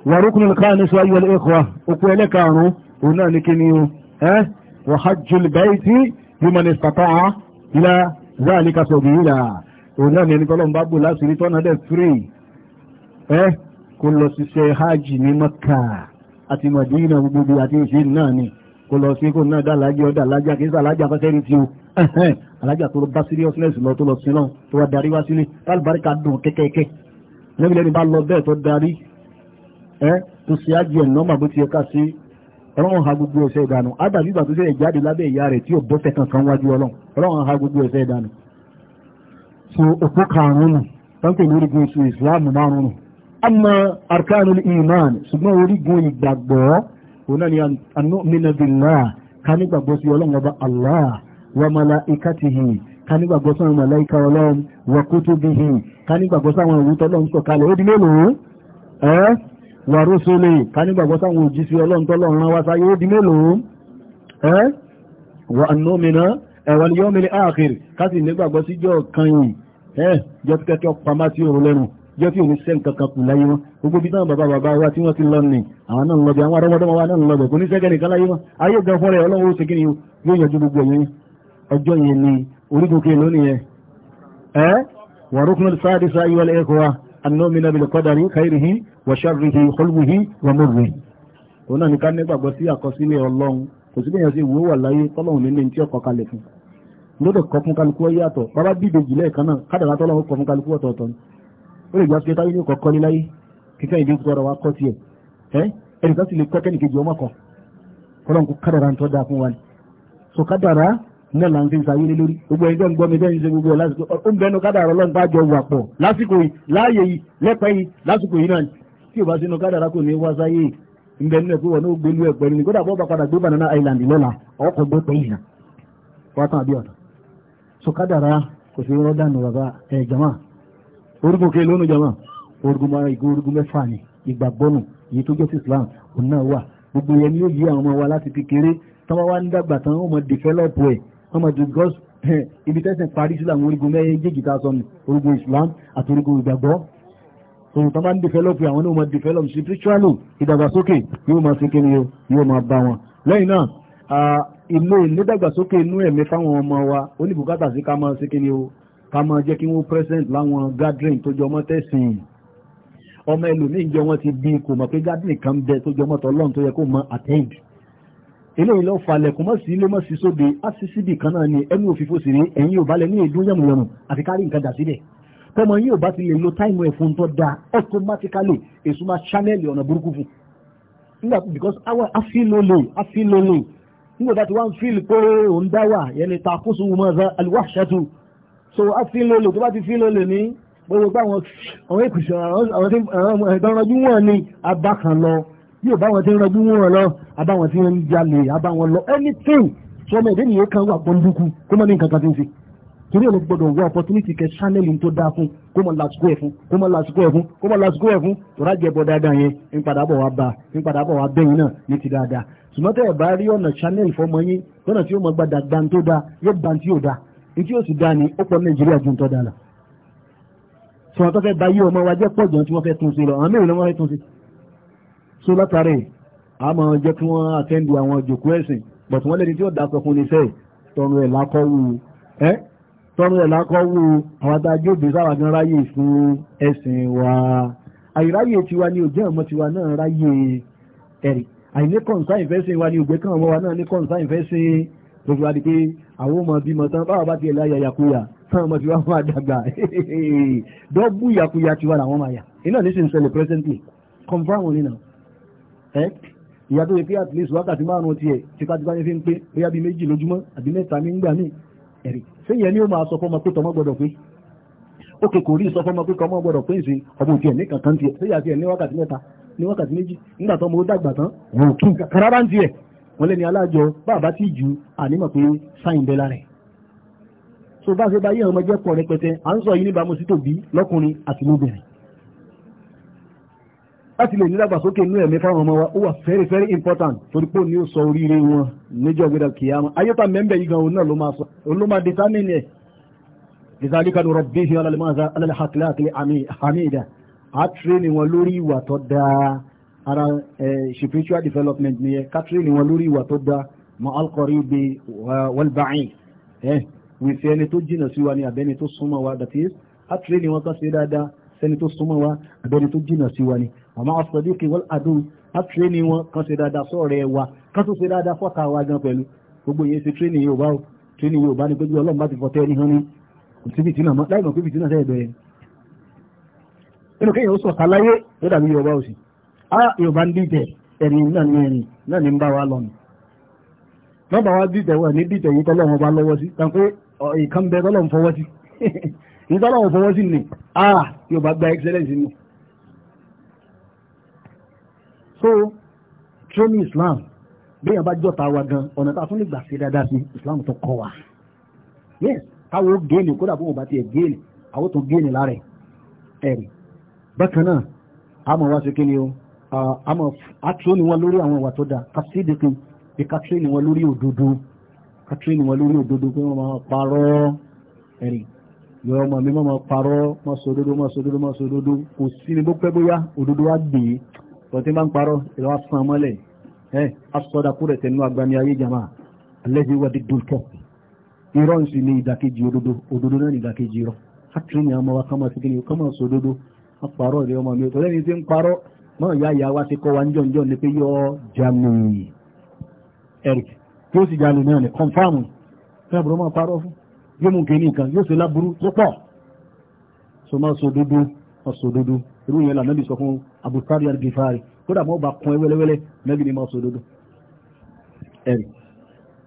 [SPEAKER 1] wàrúkú nìkan kan ní sọ ayọ̀ ẹ̀kọ́ òpó ẹlẹ́karùn-ún òun náà ní kíni o ẹ wàhájul bayti liman istata'a ila zalika sabila òun náà ní ẹni tọ́lọ̀ ń bá bò láti rí tọ́nà kó lọ sí kó náà dàlájà ọ̀dà alájà kì í sàlájà fẹ́sẹ̀ rí ti o alájà tó bá seriousness lọ tó lọ sí náà tó wá darí wá sílé tálùbáríkà dùn kẹ́kẹ́kẹ́ níbi lẹ́ni bá lọ bẹ́ẹ̀ tó darí ẹ́ tó ṣe ájì ẹ̀ nọ́mà bó ti yẹ ká sí ọlọ́run ha gbogbo ẹ̀ṣẹ̀ ìdànù ádàbí ìgbà tó ṣe ìjáde lábẹ́ ìyá rẹ̀ tí ò bọ́sẹ̀ kankan wájú ọlọ́run ọlọ́run ha gbogbo ẹ̀ṣẹ̀ ìdànù so òpó karùn-ún nù òun náà ni anú nínú bìnnà ká nígbàgbọ́ sí ọlọ́run ọba allah wa malaikatihi ká nígbàgbọ́ sí àwọn màláìka ọlọ́run wa kutubihi ká nígbàgbọ́ sí àwọn ìwútọ́ ọlọ́run sọ̀kalẹ̀ ó di mélòó ẹ́ wa rusuli ká nígbàgbọ́ sí àwọn òjíṣẹ́ ọlọ́run tọ́lọ́run rán wá sáyé ó di mélòó ẹ́ wa anúmìnà ẹ̀wọ̀n yọ́mìnà áàkiri kasi sì nígbàgbọ́ síjọ́ kan yìí ẹ́ jọ́ kẹ́kẹ́ pamá sí òun lẹ́nu jẹ́ kí òun sẹ́ǹ kankan kù láyé wọn gbogbo bí táwọn bàbá bàbá wa tí wọ́n ti lọ nì àwọn náà lọ bí àwọn arọ́mọdọ́mọ wa náà lọ bẹ̀ kò ní sẹ́gẹ̀ nìkan láyé wọn ayé gan fún ọlọ́run ó ṣe kí yóò yanjú gbogbo ẹ̀yìn ọjọ́ yẹn ni orígun lónìí yẹn ẹ wàrúkún sáàdì sáà yíwọlé ẹ̀kọ́ wa anọ́mìnà bìlẹ̀ kọ́dàrí káyìrìhì wàṣàrìhì kọlùwìhì wàmúrì lódò kọ fún ọ yàtọ̀ bàbá bídè jùlẹ̀ kan kádàrá tọ́lọ́run kọ fún kálukú ó lè gbà pé táyé ní kọ̀ọ̀kan ní láyé kíkẹ́ ìdí ìfọ̀rọ̀ wa kọ́ tiẹ̀ ẹ́ ẹnì kan sì lè kọ́ kẹ́nìkejì ọmọ kan kọ́lọ́n kó kádàrà ń tọ́ da fún wa ni so kádàrà náà là ń fi ṣàyé lórí gbogbo ẹni tó ń gbọ́ mi bẹ́ẹ̀ ń ṣe gbogbo lásìkò ó ń bẹnu kádàrà ọlọ́run bá jọ wà pọ̀ lásìkò yìí láàyè yìí lẹ́pẹ́ yìí lásìkò yìí náà tí ò bá sínú kádàrà kò ní wá sáyé ń nínú ẹ̀kọ́ wọn ó gbé lú ẹ̀pẹ́ ni kódà bọ́ bá padà gbé banana island lọ́la ọkọ̀ gbé pẹ́ yìí náà wọ́n tán àbí ọ̀tọ̀ so kádàrà kò sí rọ́dà nù bàbá ẹ̀ jama orúkọ kí lónìí jama orúkọ mara ìgò orúkọ mẹ́fà ni ìgbàgbọ́nù èyí tó jẹ́ sí Islam òun náà wà gbogbo yẹn ni ó yí àwọn ọmọ wa láti kékeré táwọn wá ń dàgbà tán wọn mọ dìfẹ́lọ́pù ẹ̀ wọn mọ dùgọ́s ibi tẹ́sán parí sí àwọn orúkọ méjèèjì tá a sọ ni orúkọ Islam àti orúkọ ìgbàgbọ́ òun tó bá ń dìfẹ́lọ́pù àwọn ni wọn mọ dìfẹ́lọ́pù spiritually ìdàgbàsókè yóò máa ṣe kéde yóò máa bá wọn lẹ́yìn náà ìlú ah, ìdàgbàsókè inú ẹ̀mí fáwọn ọmọ wa oníbùkátà sí ká máa ṣe kéde ká máa jẹ́ kí wọ́n present láwọn gathering tó jọmọ́ tẹ̀sìn ọmọ ẹlòmíì jọ wọ́n ti bí kò mọ̀ pé gathering kan bẹ tó jọmọ́ tọ́lọ́run tó yẹ kó mọ attend eléyìí lọ falẹ̀ kò mọ̀ sí ilé mọ̀ sí sóde á sí kan náà ni ẹnu òfìfo sì rí ẹ̀yin ò balẹ̀ ní èdú yẹ̀mùyẹ̀mù àti kárí nǹkan dà sílẹ̀ tọmọ yìí ò bá ti lè lo táìmù ẹ̀ fún tó da automatically èso máa channel ọ̀nà burúkú fún nígbà because awa afilole afilole nígbà tí wọ́n feel pé òun dá wà yẹn ni takoso wọn máa za aliwáṣẹ́tù so a ti ń lọlẹ̀ tó bá ti fi ń lọlẹ̀ ní gbogbo pé àwọn èkùsọ̀ àwọn ìdánrọ̀jú wọn ni abákan lọ yóò bá wọn ti ń rọjú wọn lọ abáwọn ti ń jalè abáwọn lọ anything tí ọmọ ìdí nìyẹn kan wà pọ́ńdúkú kó mọ́ ní nǹkan kan ti ń ṣe torí ẹ̀ ló gbọ́dọ̀ wá opportunity kẹ channeling tó dáa fún kó mọ lásìkò ẹ̀ fún kó mọ lásìkò ẹ̀ fún kó mọ lásìkò ẹ̀ fún tọ́ra jẹ̀bọ̀ dáadáa yẹn ń padà bọ̀ wá bá ń padà bọ̀ wá bẹ́yìn náà ní ti dáadáa sùmọ́tẹ́ ẹ̀ bá rí ọ̀nà channel fọmọ yín lọ́nà tí ó mọ gbàdàgbà tó dáa yóò gbà tí yóò dáa ìtí yóò sì dá ni ó pọ̀ nàìjíríà ju nǹkan dára tí wọ́n tó fẹ́ ba yí ọmọ wa jẹ́ pọ̀ jọ tí wọ́n fẹ́ tún sí lọ àwọn mẹ́rin ni wọ́n fẹ́ tún sí. so látàrí àmọ́ jẹ́ kí wọ́n àtẹ́ndì àwọn jòkó ẹ̀sìn bọ̀t wọ́n lẹ́ni tí ó dàpọ̀ fún iṣẹ́ tọrọ ẹ̀ lákọ́wù ẹ́ tọrọ ẹ̀ lákọ́wù àwọn adájọ́ òbí sáwà gan ráyè fún ẹ̀sìn wa àyíráyè tiwa ni òjẹ́ ọmọ tiwa náà ráyè ẹ̀rì àyíní kọ̀ǹsáìn fẹ́ sìn wa ni ògbé kan ọmọ wa náà ní kọ̀ǹsáìn fẹ́ sìn gbogbo adìpé àwọn ọmọ bímọ tán báwọn bá tiẹ̀ láyà yakuya táwọn ọmọ tí wọ́n máa dàgbà dọ́gbù yakuya tiwa làwọn máa yà iná ní sì ń ṣẹlẹ̀ presently confam wọn nínà ẹ ìyá tó yẹ pé at least wákàtí márùn tiẹ̀ tipátipá yẹn fi ń pé bóyá bíi méjì lójúmọ́ àbí mẹ́ta ní gbà míì ẹ̀rí sẹ́yìn ẹni ó máa sọ fọ́mọ pé tọmọ gbọdọ̀ pé ókè kò rí sọ fọ́mọ pé tọmọ gbọdọ̀ pé ìsìn ọmọ òtí ẹ̀ ní kankan tiẹ̀ sẹ́yìn àti ẹ̀ ní wákàtí mẹ́ta ní wákàtí méjì nígbà tọmọ ó dàgbà tán òkú kàrárá ń tiẹ̀ wọ́n lẹ́ni alájọ bàbá tí jù ànímọ̀ pé sáyìn bẹ́ẹ̀ lára ẹ̀ tó bá ṣe báyé ọmọ jẹ́ pọ̀ rẹpẹtẹ à ń sọ yìí níbàámu sí tòbí lọ́kùnrin àti lóbìnrin láti lè nídàgbàsókè inú ẹ̀mí fáwọn ọmọ wa ó wà very very important torí pé òní ó sọ oríire wọn níjọ́ gbéra kìyàmá ayéta mẹ́mbẹ́ yìí gan òun náà ló máa sọ òun ló máa determine ẹ̀ ìsàlíkà ní rọ̀bí fi alàlẹ́ àkìlẹ́ àmì àmì ìdá àtúrẹ́ ni wọn lórí ìwà tó dáa ara eh, spiritual development nìyẹn kátírì ni wọn lórí ìwà tó dáa mọ alkọrí bi wọlbàáyìn ẹ wìfẹ́ ẹni tó jìnà sí wa ni àbẹ́ni tó súnmọ́ wa that is kátírì ni wọn kàn ṣe dáadáa sẹ́ni tó súnmọ́ wa àbẹ́ni tó jìnà sí wa ni àmọ́ asọ̀díkì wọ́n àdó kátírì ni wọn kàn ṣe dáadáa sọ̀rọ̀ ẹ wa kàn tó ṣe dáadáa fọ́ta wa gan pẹ̀lú gbogbo yẹn ṣe tírínì yóò bá o tírínì yóò bá ní gbogbo ọlọ́run bá ti fọ́tẹ́ ẹni hàn ní kò síbi tí náà láì mọ̀ pé ibi náà sẹ́yìn bẹ̀rẹ̀ nínú kéèyàn ó sọ̀tà á ah, yorùbá ń dìtẹ̀ ẹ̀rìn náà ní ẹ̀rìn náà ní ń bá wa lọ́nà lọ́bàá wa dìtẹ̀ wà ní dìtẹ̀ yìí tọ́lọ́wọ́ bá lọ́wọ́ sí tàn pé ìkan bẹ tọ́lọ́wọ́ fọwọ́ sí yìí tọ́lọ́wọ́ fọwọ́ sí ni á ah, yorùbá gba excellence nù. so training Islam bẹ́ẹ̀ bá jọ́ta wa gan ọ̀nà tá a tún lè gbà ṣe dáadáa sí Islam tó kọ́ wa yes táwọn ó géènì kódà fún òbá tiẹ̀ géènì àwọn tó géènì lára ẹ̀ ẹ̀rì bákan náà a mọ̀ wá sí kí ni o àmọ́ àtúrò ni wọ́n lórí àwọn ìwà tó dáa kàtídìkì bí kàtírí ni wọ́n lórí òdodo kàtírí ni wọ́n lórí òdodo pé wọ́n máa parọ́ ẹ̀rì yọ ọmọ mi máa parọ́ máa sọ òdodo máa sọ òdodo máa sọ kò sí ni bó pẹ́ bóyá òdodo wá gbé e tọ́ máa ń parọ́ ìlọ́ asán mọ́lẹ̀ ẹ̀ asọ́dà kúrẹ̀ tẹnu agbani ayé jama alẹ́bí wà di dùnkọ́ irọ́ ń sì ní ìdàkejì òdodo òdodo náà ní ìdàkejì irọ́ kàtírí ni àmọ́ wa kọ́ máa sí kí ni kọ́ máa sọ òdodo wọ́n parọ́ ìlẹ́ ọmọ mi òtọ́lẹ́ni mọ́ ìyá ìyá wa ti kọ́ wa níjọ́ níjọ́ ni pé yọ jamu eric yóò sì jamu náà ni kọ́nfàmù fẹ́ àbúrò máa parọ́ fún yóò mú kìíní kan yóò sì láburú tó pọ̀ so máa sọ dúdú máa sọ dúdú irú yẹn lànà bí sọ fún abukari alifari kódà mọ́ bá kún ẹwẹ́lẹ́wẹ́lẹ́ lẹ́bi ni máa sọ dúdú eric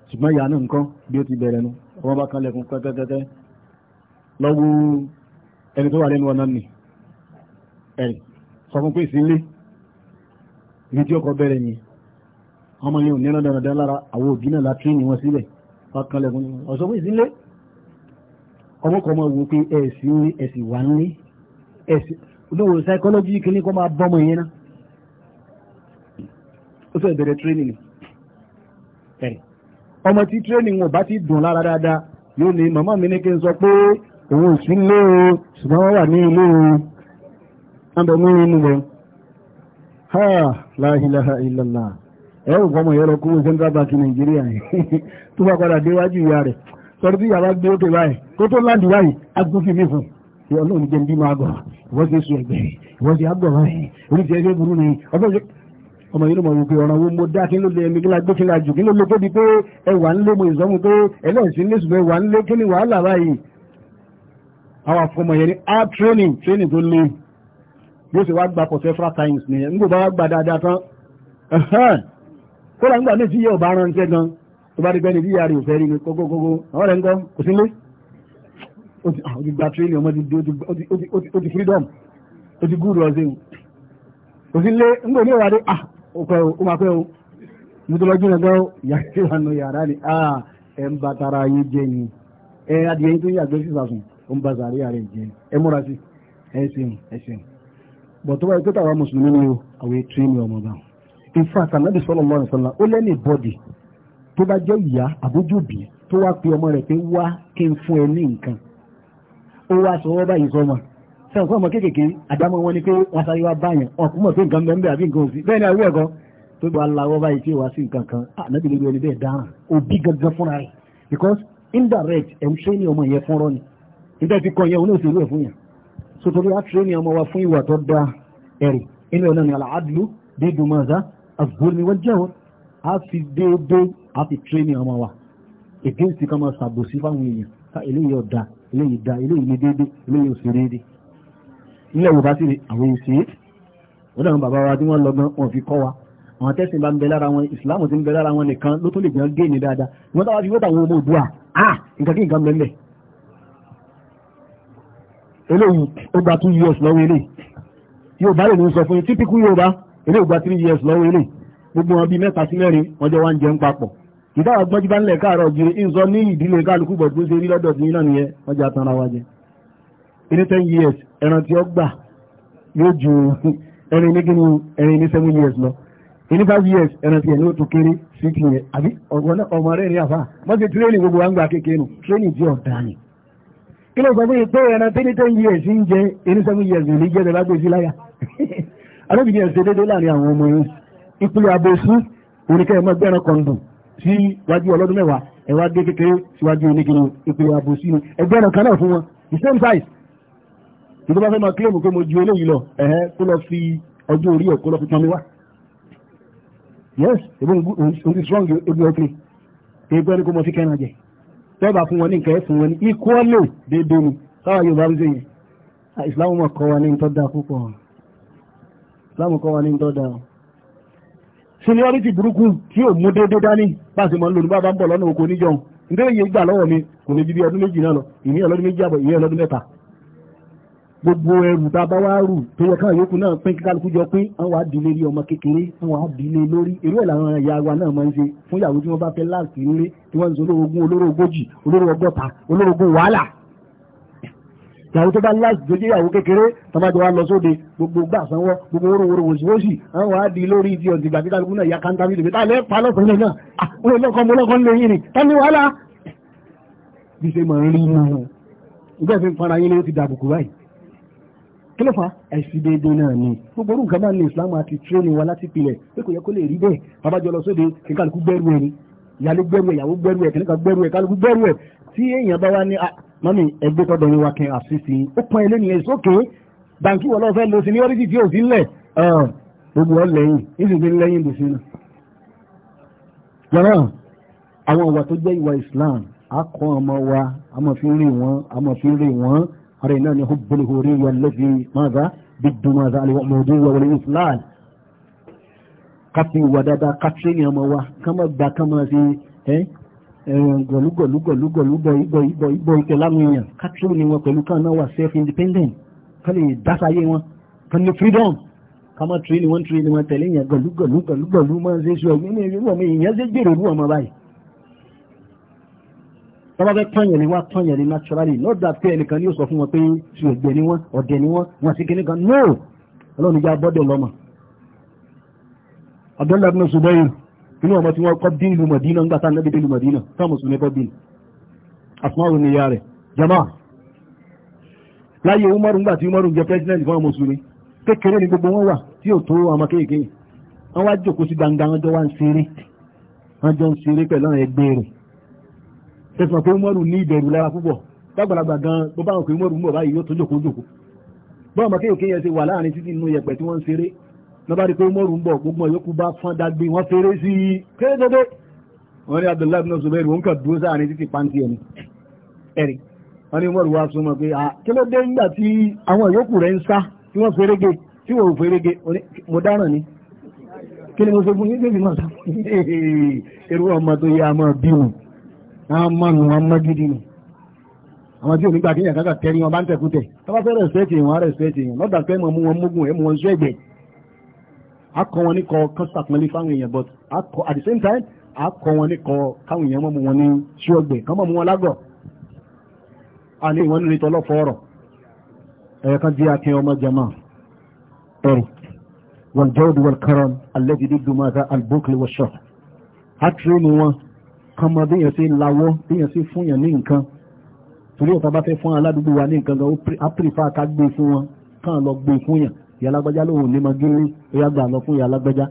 [SPEAKER 1] ṣùgbọ́n ìyá náà nǹkan bí ó ti bẹ̀rẹ̀ nu wọ́n bá kan lẹ́kùn kẹ́kẹ́kẹ́kẹ́ lọ́wọ́ ẹni tó wà lẹ́nu ọ̀nà nì ẹ̀rì sọ fún pé ìsínlé ibi tí ọkọ̀ bẹ̀rẹ̀ ni ọmọ yẹn ò ní ọ̀nà dandan lára àwọn òbí náà láti ní wọn sílẹ̀ fakanlẹ̀kùn ọ̀sọ́ fún ìsínlẹ̀ ọmọkọ̀ ọmọ wo pé ẹ̀sìn orí ẹ̀sìn wà nílé ẹ̀sìn olówó psychology kìíní kọ́ máa bọ́mọ yẹn ná ó fẹ́ bẹ̀rẹ̀ training ẹ̀rì ọmọ tí training wọn bá ti dùn lára dáadáa yóò ní màmá mi ní kí n sọ pé òun ò sí ilé o ṣùgbọ́n wà ní ilé o wọ́n bẹ̀ mú inú rẹ̀ ha láhìláha ìlàlá ẹ ò gbọmọ yẹrọ kúrò central bank nàìjíríà yìí tó bá padà déwájú ìyá rẹ̀ sọ̀rọ̀ bí yàrá gbé òkè báyìí tó tó láǹdì báyìí agbófin mi fún ìwọ náà jẹ bí máa gbọ ìwọ ti sùn ẹgbẹ ìwọ báyìí orí ti burú ni ọgbẹ ọmọ yìí ló mọ̀ wípé ọ̀ràn wo mo dá kí ló lé ẹ̀mí kí la gbé kí la jù kí ló lé tóbi pé ni wàhálà báyìí àwọn afọmọ ni a training training tó lé bí ó sì wá gba for several times nìyẹn nígbò bá wá gba dáadáa tán kódà nígbà méjì yẹ ọba ara ń tẹ́ gan tó bá rí bẹ́ni bí ìyá rẹ̀ ò fẹ́ rí ni kókókókó àwọn rẹ̀ ń gọ́ kò sí lé ah, ó ti gba tírénì ọmọ ti ó ti freedom ó ti gúrù ọ̀sẹ̀ kò sí lé nígbò ní ìwádìí ah ó pẹ́ o ó máa pẹ́ o mo tó lọ jìnnà gan o yàtí ìlànà yàrá ni ah ẹ̀ ń ba tara yín jẹ ni ẹ̀ adìyẹ yín tó yàgbé sísàsùn ó ń ba sàárè yàrá yín jẹ ẹ múra sí ẹ ṣeun ẹ ṣeun bọ̀ tó báyìí tó tàwa mùsùlùmí ni o àwọn ètò ìní ọmọ bá in fact anabi sọlọ lọrọ sọlá ó lẹ́ni bọ́dì tó bá jẹ́ ìyá àbójúbì tó wá pe ọmọ rẹ̀ pé wá kí n fún ẹ ní nǹkan ó wá sọ wọ́n báyìí sọmọ sẹ́wọ̀n fún ọmọ kéékèèké àdámọ́ wọn ni pé wọ́n sáré wá báyàn ọkùnrin mọ̀ pé nǹkan bẹ́ẹ̀ àbí nǹkan òsì bẹ́ẹ̀ ni àwọn ẹ̀kọ́ tó gba aláwọ̀ báyìí tí ò wá sí nǹkan kan ah, ànábì lórí ẹni bẹ́ẹ̀ dáràn òbí gangan fúnra rẹ̀ because indirect ẹ̀ ń ṣe ní ọmọ yẹn fúnrọ́ ni nígbà tí kọ́ yẹn òun náà ṣe ẹ̀ fún yẹn sotori atire ni ọmọ wa fún ìwà tó da ẹ̀rì inú ẹ̀ náà ni aláàdúlú déédéé máa dá àgbóni wọ́n jẹ́ wọn a fi déédéé a fi tire ni ọmọ wa against kan máa ṣàbòsí fáwọn èèyàn ká eléyìí ọ̀dà eléyìí da eléyìí ní déédéé eléyìí òsì déédéé nílẹ̀ Yorùbá sì ni àwọn èsì wọ́n dàwọn bàbá wa tí wọ́n lọ́gbọ́n wọn fi kọ́ wa àwọn tẹ́sìn bá ń bẹ lára wọn ìsìláàmù ti ń bẹ lára wọn nìkan ló tún lè jẹun géènì eléyìí ó gba two years lọ́wọ́ eléyìí yorùbá lè ní sọ fún yín typical yorùbá eléyìí ó gba three years lọ́wọ́ eléyìí gbogbo wọn bíi mẹ́ta sí mẹ́rin wọ́n jọ wá ń jẹun papọ̀ ìdáwà gbọ́njú bá nílẹ̀ káàárọ̀ ògiri ìzọ ní ìdílé kálukú bọ̀ tó ṣe rí lọ́dọ̀ sí náà nìyẹn wọ́n jẹ́ atanra wa jẹ ní ten years ẹran tí ó gbà yóò ju ẹrin ní gíní ẹrin ní seven years lọ ní five years ẹran tí ẹ̀ ní ó tún kéré sí ti yẹn àbí ọmọ rẹ̀ ní àfà mọ́sí tírénì gbogbo wa ń gbà kékeré nù tírénì tí ọ̀dà ni kí ló sọ fún yìí pé ẹran tí ní ten years ń jẹ ẹni seven years ò ní jẹ́ ẹ̀ lágbèsí láyà alábìbí ẹ̀ ṣe déédéé láàrin àwọn ọmọ yìí ìpele abosú oníkẹ́ ẹ̀ mọ́ gbẹ́ran kọ̀ǹdù sí wájú ọlọ́dún mẹ́wàá ẹ̀ gé kékeré síwájú oníkiri ìpele abosú ni ẹgbẹ́ran kan náà fún wọn the same size ìjọba fẹ́ máa kílèmù pé mo ju eléyìí lọ ẹ̀hẹ́ kó lọ fi ọjọ́ orí ẹ̀ kó lọ fi pọn mi wá yes ìbọn òun ti strong ojú ọkùnrin ẹgbẹ́ ni kó mọ sí kẹ́ran tẹ́ẹ̀bà fún wọn ní nǹkan ẹ̀ fún wọn ní equally déédéé ni sáwọn Yorùbá ń sèyìn ìsìláàmù ah, mọ̀ kọ́ wa ní tó púpọ̀ ìsìláàmù kọ́ wa ní tó dáa seniority burúkú tí ò mú déédéé dání bá a sì mọ̀ ń lò ní bá a bá ń bọ̀ lọ́nà oko níjọ́ nítorí iye gbà lọ́wọ́ mi kò lè ju ọdún méjì náà lọ ìmí ọlọ́dún méjì àbọ̀ ìmí ọlọ́dún mẹ́ta gbogbo ẹrù tá a bá wá rù tó yẹ káà yókù náà pín kíkálukú jọ pín àwọn àdílé rí ọmọ kékeré àwọn àdílé lórí èrú ẹ̀ làwọn ẹ̀yà wa náà máa ń ṣe fún ìyàwó tí wọ́n bá fẹ́ láàkì nílé tí wọ́n ń sọ olóró ogún olóró ogójì olóró ọgọ́ta olóró ogún wàhálà ìyàwó tó bá láti dojú ìyàwó kékeré tọ́bájọ wa lọ sóde gbogbo gbà sanwó gbogbo orowóró wòsíwòsì ya káńtà mi lèbi táàlẹ́ pa ah wọ́n lè lọ́kọ́ mọ́ lọ́kọ́ tani wàhálà bí ṣe máa ń rí kí ló fà àìsí déédéé náà ni gbogbo orúkọ máa ń ní Islam àti tírónì wa láti pilẹ̀ pé kò yẹ kó lè rí bẹ́ẹ̀ babájọ lọ sóde kí kálukú gbẹ́rù ẹ̀ ni ìyálé gbẹ́rù ẹ̀ ìyàwó gbẹ́rù ẹ̀ kìnìkan gbẹ́rù ẹ̀ kálukú gbẹ́rù ẹ̀ tí èèyàn bá wá ní ah, mami ẹgbẹ́ tọ́dọ̀ yín wa kẹ́ àṣìṣe ó pọn ilé nìyẹn sókè bàǹkì wọ́n lọ́ọ́ fẹ́ lo sí ní ọ́rísì Islam a kọ́ ọmọ wa a máa fi ń rí wọn a máa fi ń rí wọn أريناني حب الهورية الذي ماذا ضد ماذا الموضوع والإسلال قتل ودادا قتل يا موا كما دا كما زي eh gọ̀lúgọ̀lúgọ̀lúgọ̀lúgọ̀ ìgbọ̀ ìgbọ̀ ìgbọ̀ ìkẹ̀ láwọn èèyàn kátírò ni wọn pẹ̀lú kan náà wà self-independent kan lè dásáyé wọn kan ní freedom ká má tiri ni wọ́n tiri ni wọ́n tẹ̀lé yẹn gọ̀lúgọ̀lúgọ̀lúgọ̀lú máa ń ṣe sọ ìyẹn ní ìwọ̀n mi ìyẹn ṣe gbèrò ní ọmọ báyìí tọ́ba fẹ́ tọ́yàn ni wá tọ́yàn ni naturally not that pé ẹnìkan ni ó sọ fún wọn pé tí ògbẹ́ ni wọ́n ọ̀dẹ̀ ni wọ́n wọ́n sì kíní kan no ọlọ́run já bọ́dẹ̀ lọ́mọ. abdullahi abdul subayi inú ọmọ tí wọ́n kọ́ bí ìlú Madina ńgbà táwọn ẹbí ìlú Madina táwọn mùsùlùmí kọ́ bí asmaru ni ìyá rẹ̀ jama láyé umaru ńgbà tí umaru jẹ president fún àwọn mùsùlùmí kékeré ni gbogbo wọn wà tí ò tó àwọn kéèké wọn wá jókòó sí gbangba wọn jọ wá ń ṣeré wọn jọ ń ṣeré pẹ̀lú àwọn ẹgbẹ́ rẹ̀ tẹ̀sán pé Umaru ní ìbẹ̀rù lára púpọ̀ lágbàlagbà gan bó bá wọn pé Umaru ń bọ̀ báyìí yóò tó jòkó jòkó bọ́n ọmọ kéèké yẹn ti wà láàrin títí inú yẹpẹ̀ tí wọ́n ń ṣeré lọ́ba rí pé Umaru ń bọ̀ gbogbo yòókù bá fọ́n dágbé wọ́n ṣeré sí i kérédédé wọ́n ní Abdullahi bin Zubair òun kà dúró sáàrin títí pàǹtí ẹni ẹ̀rí wọ́n ní Umaru wá súnmọ́ pé kí ló dé nígbà tí àwọn yòókù rẹ̀ ń sá tí wọ́n fẹ́rẹ́gẹ tí wọ́n fẹ́rẹ́gẹ mo dáràn ni kí ni mo ṣe fún yín àwọn márùn wọn mọ́ gidi ni àwọn tí onígbà kí ìyàgá tẹ́rí wọn bá ń tẹ̀kútẹ̀ tó bá fẹ́ rẹ̀sẹ̀tì wọn rẹ̀sẹ̀tì wọn lọ́dà fẹ́ mọ̀ mú wọn mógún ẹ̀mú wọn ṣẹ́gbẹ̀ akọ wọn ní kọ kọ́sàpínlẹ̀ fáwọn èèyàn but akọ at the same time akọ wọn ní kọ káwọn èèyàn mọ̀ mú wọn ní ṣọ́gbẹ̀ kán mọ̀ mú wọn lágọ̀ àní ìwọ̀n nílé tọlọ́fọ̀ ọ̀rọ̀ ẹ̀ẹ̀kan di akin ọmọ jama ẹ̀rù wal jawd wal karam alẹ́gidí dùmáta albókèlè wọ́ṣọ́ kan mọ bí èèyàn ṣe ń lawọ́ bí èèyàn ṣe fún èèyàn ní nǹkan torí ọ̀tá bá fẹ́ fún aládùúgbò wa ní nǹkan gan á pèfà ká gbé fún wọn kàn lọ gbé fún yàn ìyá alágbájá lòun ní máa gírí ìyá gbà lọ fún ìyá alágbájá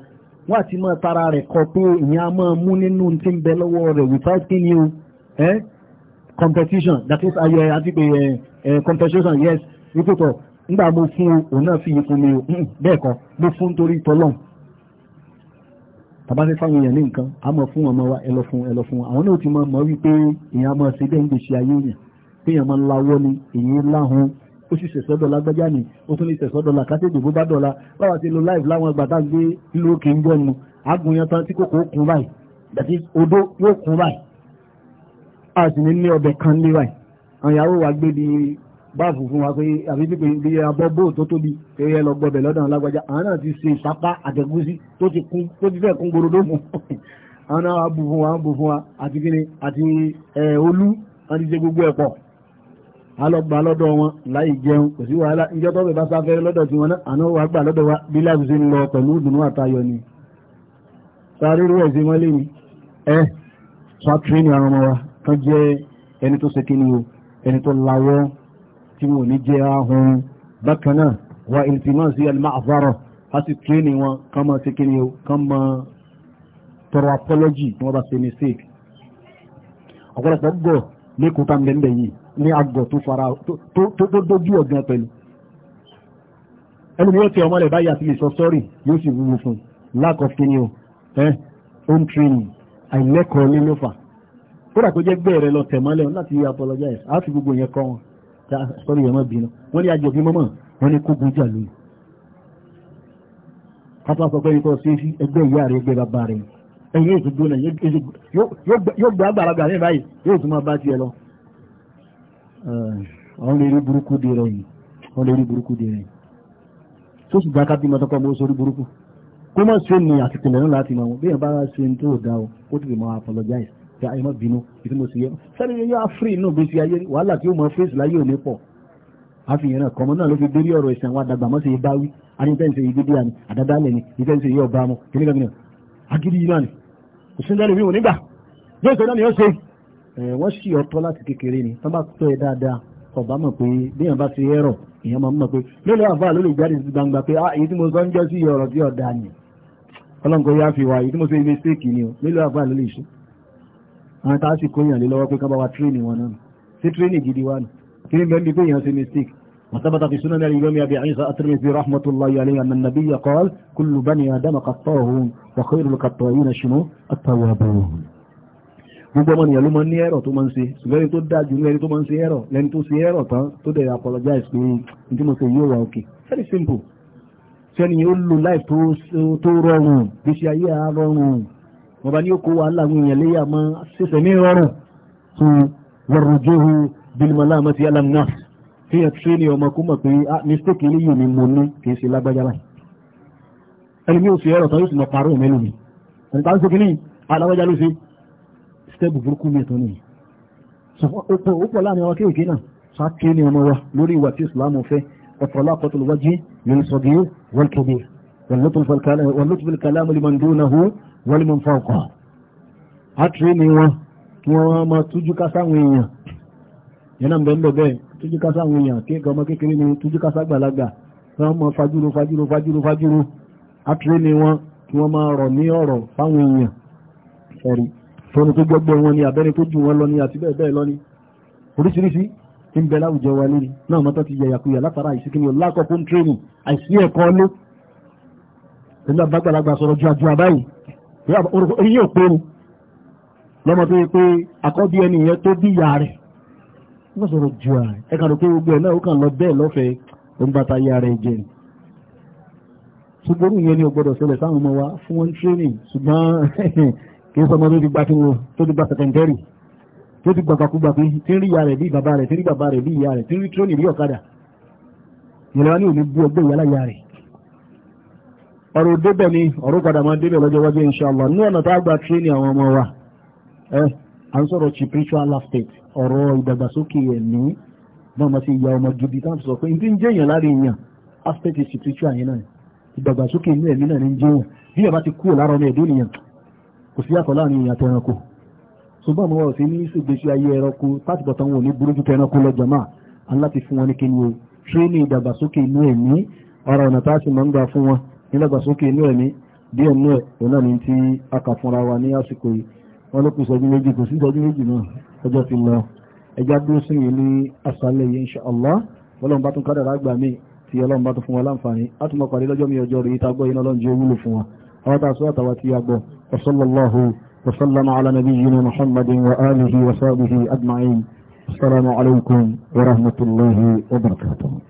[SPEAKER 1] wọn àti máa tara rẹ̀ kọ pé ìyẹn máa mú nínú tí ń bẹ lọ́wọ́ rẹ̀ without kí o eh? competition that is ayẹ àti pé competition yes wípé tọ̀ nígbà mo fún òun náà fi yìí fún mi o hmm, bẹ́ẹ̀ kọ́ mo fún torí tọ́lọ́hùn tàbá fẹ́ fáwọn èèyàn ní nǹkan a mọ̀ fún ọmọ wa ẹlọ fún ẹlọ fún àwọn náà ti mọ̀ mọ̀ wípé èèyàn mọ̀ sí bẹ́ẹ̀ ń gbèsè ayé èèyàn pé èèyàn mọ̀ ń lawọ́ ni èèyàn láhun ó sì ṣẹ̀ṣọ́ dọ̀la gbẹ́já ni ó tún lè ṣẹ̀ṣọ́ dọ̀la kátẹ́jì bó bá dọ̀la báwa ti lo láìf láwọn ìgbà tá à ń gbé ìlú òkè ń bọ̀ nu agun tán tí kòkó kun báyìí dàtí odó yóò kun báyìí a sì ní ní ọbẹ̀ kan lé báyìí àwọn ìyàwó wa gbé di báàfù fún wa pé àbí pípé bí abọ́ bóò tó tóbi pé ẹ lọ gbọbẹ̀ lọ́dọ̀ lágbájá àwọn náà ti ṣe ìpápá àtẹ̀gúsí tó ti kún tó ti fẹ́ kún gbòròdó mu àwọn náà bù fún wa ń bù fún wa àti kíni àti olú wọn ti ṣe gbogbo ẹ̀ pọ̀ alọ́gba lọ́dọ̀ wọn láì jẹun kò sí wàhálà ìjọ tó bẹ̀ bá sáfẹ́ lọ́dọ̀ tí náà àná wàá gbà lọ́dọ̀ wa bí láti ṣe ń lọ pẹ̀lú ìdùnnú àtayọ ni sáré rú ẹ̀sìn mọ́lé ni ẹ sọ àtúnyìn àwọn ọmọ wa kan jẹ ẹni tó ṣe kíni o ẹni tó lawọ́ tí wọn ò ní jẹ́ ahun bákan náà wa iltimasi al-ma'zara a sì tírénì wọn kán máa ṣe kíni o kán máa tọrọ apology tí wọ́n bá ṣe mistake ọ̀pọ̀lọpọ̀ gọ̀ lẹ́kùn tá mbẹ́mbẹ́ yìí ní agọ̀ tó fara tó dojú ọ̀gán pẹ̀lú ẹni yóò tẹ ọmọ rẹ̀ báyìí àti lè sọ sọ́rí yóò sì wúwo fún lack of kíni o home training àìlẹ́kọ̀ọ́ nílòfà kódà kó jẹ́ gbẹ̀rẹ̀ lọ tẹ̀mọ́lẹ̀ láti apologize á fi gbogbo yẹn kọ́ wọn sọ́rọ̀ yẹn mọ́ bínú wọ́n ní ajọ̀bí mọ́mọ́ wọ́n ní kó gunjà lóyún kápá sọ pé nípa ṣe ẹgbẹ́ ìyá rẹ̀ ẹgbẹ́ bàbá rẹ̀ ẹ̀yìn èsì gbóná yóò gbà àgbàlagbà ní báyìí yóò tún máa bá tiẹ̀ lọ. àwọn lè rí burúkú dé rẹ̀ yìí àwọn lè rí burúkú dé rẹ̀ yìí tó sì gbà kábí pé ayé má bínú ìdí mo sì yẹ sẹ́ni yẹn yóò fírì inú gbèsè ayé wàhálà tí ó mọ fèsì láyé òní pọ̀ àfihàn náà kọ́mọ náà ló fi dórí ọ̀rọ̀ ìsìn àwọn àdàgbà mọ́sẹ̀ yìí bá wí anítẹ́ǹsẹ̀ yìí dídí àmì àdàdálẹ̀ ni ìtẹ́ǹsẹ̀ yìí ọba mu kìnní kan mìíràn agídí yìí náà ni kò sí lẹ́nu mi ò nígbà yóò sọ náà ni yóò ṣe. ẹ wọ́n sì ọ̀tọ̀ láti kékeré ni tán bá tọ́ ẹ dáadáa ọba mọ̀ pé béèyàn bá ti ẹ̀rọ èèyàn máa mọ̀ pé lóòlù àbá ló lè jáde sí gbangba pé ah, èyí tí mo sọ ń jọ sí ọ̀rọ̀ tí ọ̀dà ni ọlọ́nkọ yá fi wá èyí tí mo ṣe mistake ni o lóòlù àbá ló lè ṣe àwọn tá a sì kó yàn lé lọ́wọ́ pé kán bá wa tírénì wọn náà sí tírénì gidi wa nù kí ni bẹ́ẹ̀ ni pé èèyàn ṣe mistake وثبت في سنن الإمام أبي عيسى الترمذي رحمة الله عليه أن النبي قال كل بني آدم قطاعون وخير القطاعين شنو التوابون gbogbo ọmọ nìyàn ló máa ń ní ẹ̀rọ tó máa ń ṣe ṣùgbọ́n tó dáa jù lẹ́ni tó máa ń ṣe ẹ̀rọ lẹ́ni tó ṣe ẹ̀rọ tán tó dẹ̀ apologize pé ní tí mo ṣe yóò wà òkè very simple ṣẹ́ni ó lo life tó rọrùn bí ṣe ayé á rọrùn wọ́n bá ní òkú wàhálà àwọn èèyàn léyà máa ṣẹ̀ṣẹ̀ ní rọrùn tó wọ̀rùn jóhu bilimọ̀lá àmọ́tí alamna fi hàn tí ní ọmọ kó mọ̀ pé ah, mistake ilé yìí ni mo ní kì í ṣe lágbájá báyìí ẹni mi ò fi ẹ̀rọ tán yóò sì mọ̀ parọ́ mẹ́lú mi ẹni tá ń sókè ní alágbájá ah, ló ṣe step burúkú mi tó nìyí ó pọ̀ láàrin ọmọ kéèké náà wọ́n ní mo ń fa ọkọ̀ àtúrí ni wọn kí wọ́n máa tújú ká sáwọn èèyàn yẹn náà bẹ́ẹ̀ bẹ́ẹ̀ tújú ká sáwọn èèyàn kí nǹkan ọmọ kékeré ni tújú ká ságbàlagbà wọ́n máa fajúro fajúro fajúro fajúro àtúrí ni wọn kí wọ́n máa rọ̀ ní ọ̀rọ̀ fáwọn èèyàn ẹ̀rí fọ́nù tó gbọ́gbọ́ wọn ni àbẹ́rẹ́ tó jù wọn lọ ní àti bẹ́ẹ̀ bẹ́ẹ̀ lọ ní oríṣiríṣi ń bẹ láwùjọ wa lórí náà mọ́tọ́ ti yẹ̀yàkuyà látara àìsíkíní ọ̀làkọ̀kún tírénì àìsí ẹ̀kọ́ ló pẹ̀lú àbágbàlagbà sọ̀rọ̀ ju àjọ àbáyìí èyí ò pé lọ́mọ tó yẹ pé àkọ́bí ẹni yẹn tó bí ìyá rẹ̀ wọ́n sọ̀rọ̀ jù à ẹ kàn rò pé gbogbo ẹ̀ náà ó kàn lọ bẹ́ẹ̀ lọ́fẹ̀ẹ́ òun ìyá rẹ̀ jẹ́ ni ṣùgbọ́n ìyẹn ni ò gbọ́dọ̀ sáwọn ọmọ wa fún wọn training ṣùgbọ́n kì í sọmọ tó ti gba tí wọn tó ti gba sẹkẹndẹrì tó ti gbàgbàkúgbà pé tí ń rí ìyá rẹ̀ bí bàbá rẹ̀ tí ń rí bàbá rẹ̀ bí ìyá rẹ̀ tí ń rí training bí ọ̀kadà ìrẹ̀wá ní òní bú ọgbẹ́ ìyá láyà rẹ̀ Ọrụ débẹ̀ ni ọ̀rọ̀ padà máa débẹ̀ lọ́jọ́ wájú inṣàlá ní ọ̀nà tá a gba tírénì àwọn ọmọ wa ẹ à ń sọ̀rọ̀ spiritual aspect ọ̀rọ̀ ìdàgbàsókè ẹ̀mí náà máa ti ya ọmọ gidi tá a sọ pé ní jẹ́ èèyàn lára èèyàn aspect spiritual yẹn náà ìdàgbàsókè inú ẹ̀mí náà ní bí bá ti kúrò lára ọmọ ẹ̀dọ́ nìyẹn kò sí yàtọ̀ láàrin ò ní nídàgbàsókè inú ẹ̀mí díẹ̀ inú ẹ̀ òun náà ní tí a kà fúnra wa ní àsìkò yìí wọ́n ló kù ìṣẹ́jú méjì kò sí ìṣẹ́jú méjì náà ọjọ́ ti lọ ẹja dúró sí yìí ní àṣálẹ́ yìí insha ọlọ́run bá tún kádàrá gbà mí tí ọlọ́run bá tún fún wa láǹfààní á tún mọ lọ́jọ́ mi ọjọ́ rèé tá a gbọ́ wúlò fún wa àwọn tá a sọ àtàwọn tí a gbọ́ wasallallahu وسلم